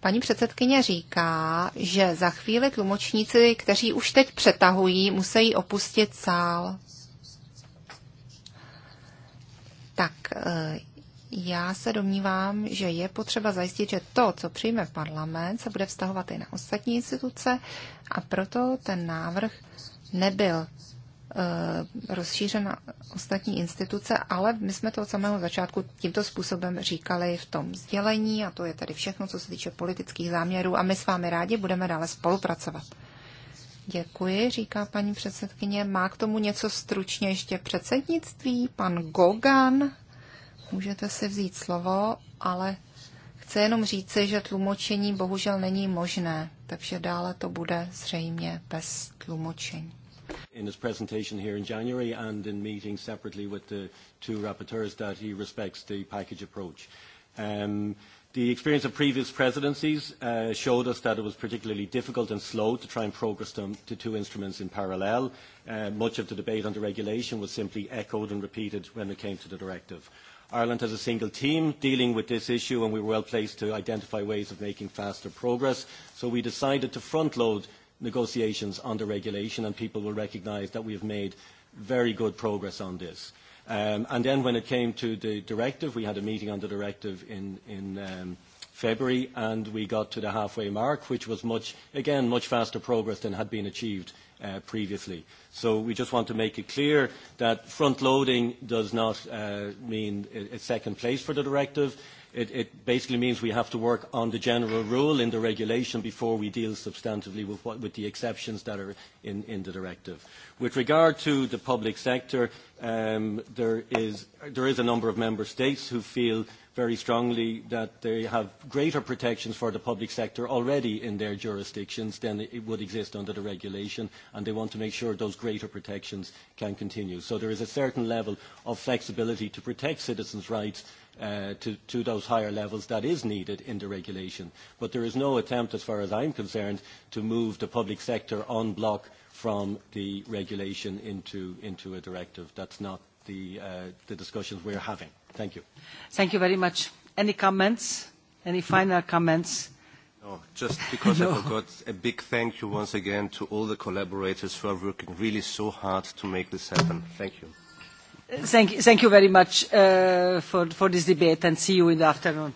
Paní předsedkyně říká, že za chvíli tlumočníci, kteří už teď přetahují, musí opustit sál. tak eh, já se domnívám, že je potřeba zajistit, že to, co přijme parlament, se bude vztahovat i na ostatní instituce a proto ten návrh nebyl eh, rozšířena ostatní instituce, ale my jsme to od samého začátku tímto způsobem říkali v tom sdělení a to je tady všechno, co se týče politických záměrů a my s vámi rádi budeme dále spolupracovat. Děkuji, říká paní předsedkyně. Má k tomu něco stručně ještě předsednictví? Pan Gogan, můžete si vzít slovo, ale chci jenom říci, že tlumočení bohužel není možné, takže dále to bude zřejmě bez tlumočení. In his presentation here in January and in meetings separately with the two rapporteurs that he respects the package approach. Um, The experience of previous presidencies uh, showed us that it was particularly difficult and slow to try and progress them to two instruments in parallel. Uh, much of the debate on the regulation was simply echoed and repeated when it came to the directive. Ireland has a single team dealing with this issue and we were well placed to identify ways of making faster progress. So we decided to front load negotiations on the regulation and people will recognise that we have made very good progress on this. Um, and then when it came to the directive, we had a meeting on the directive in, in um, February, and we got to the halfway mark, which was much, again, much faster progress than had been achieved uh, previously. So we just want to make it clear that front-loading does not uh, mean a second place for the directive. It, it basically means we have to work on the general rule in the regulation before we deal substantively with, what, with the exceptions that are in, in the directive. With regard to the public sector, um, there, is, there is a number of member states who feel very strongly that they have greater protections for the public sector already in their jurisdictions than it would exist under the regulation, and they want to make sure those greater protections can continue. So there is a certain level of flexibility to protect citizens' rights Uh, to, to those higher levels that is needed in the regulation. But there is no attempt, as far as I'm concerned, to move the public sector en bloc from the regulation into, into a directive. That's not the, uh, the discussions we're having. Thank you. Thank you very much. Any comments? Any final comments? No, just because no. I forgot, a big thank you once again to all the collaborators who are working really so hard to make this happen. Thank you. Thank you, very much uh, for, for this debate and see you in the afternoon.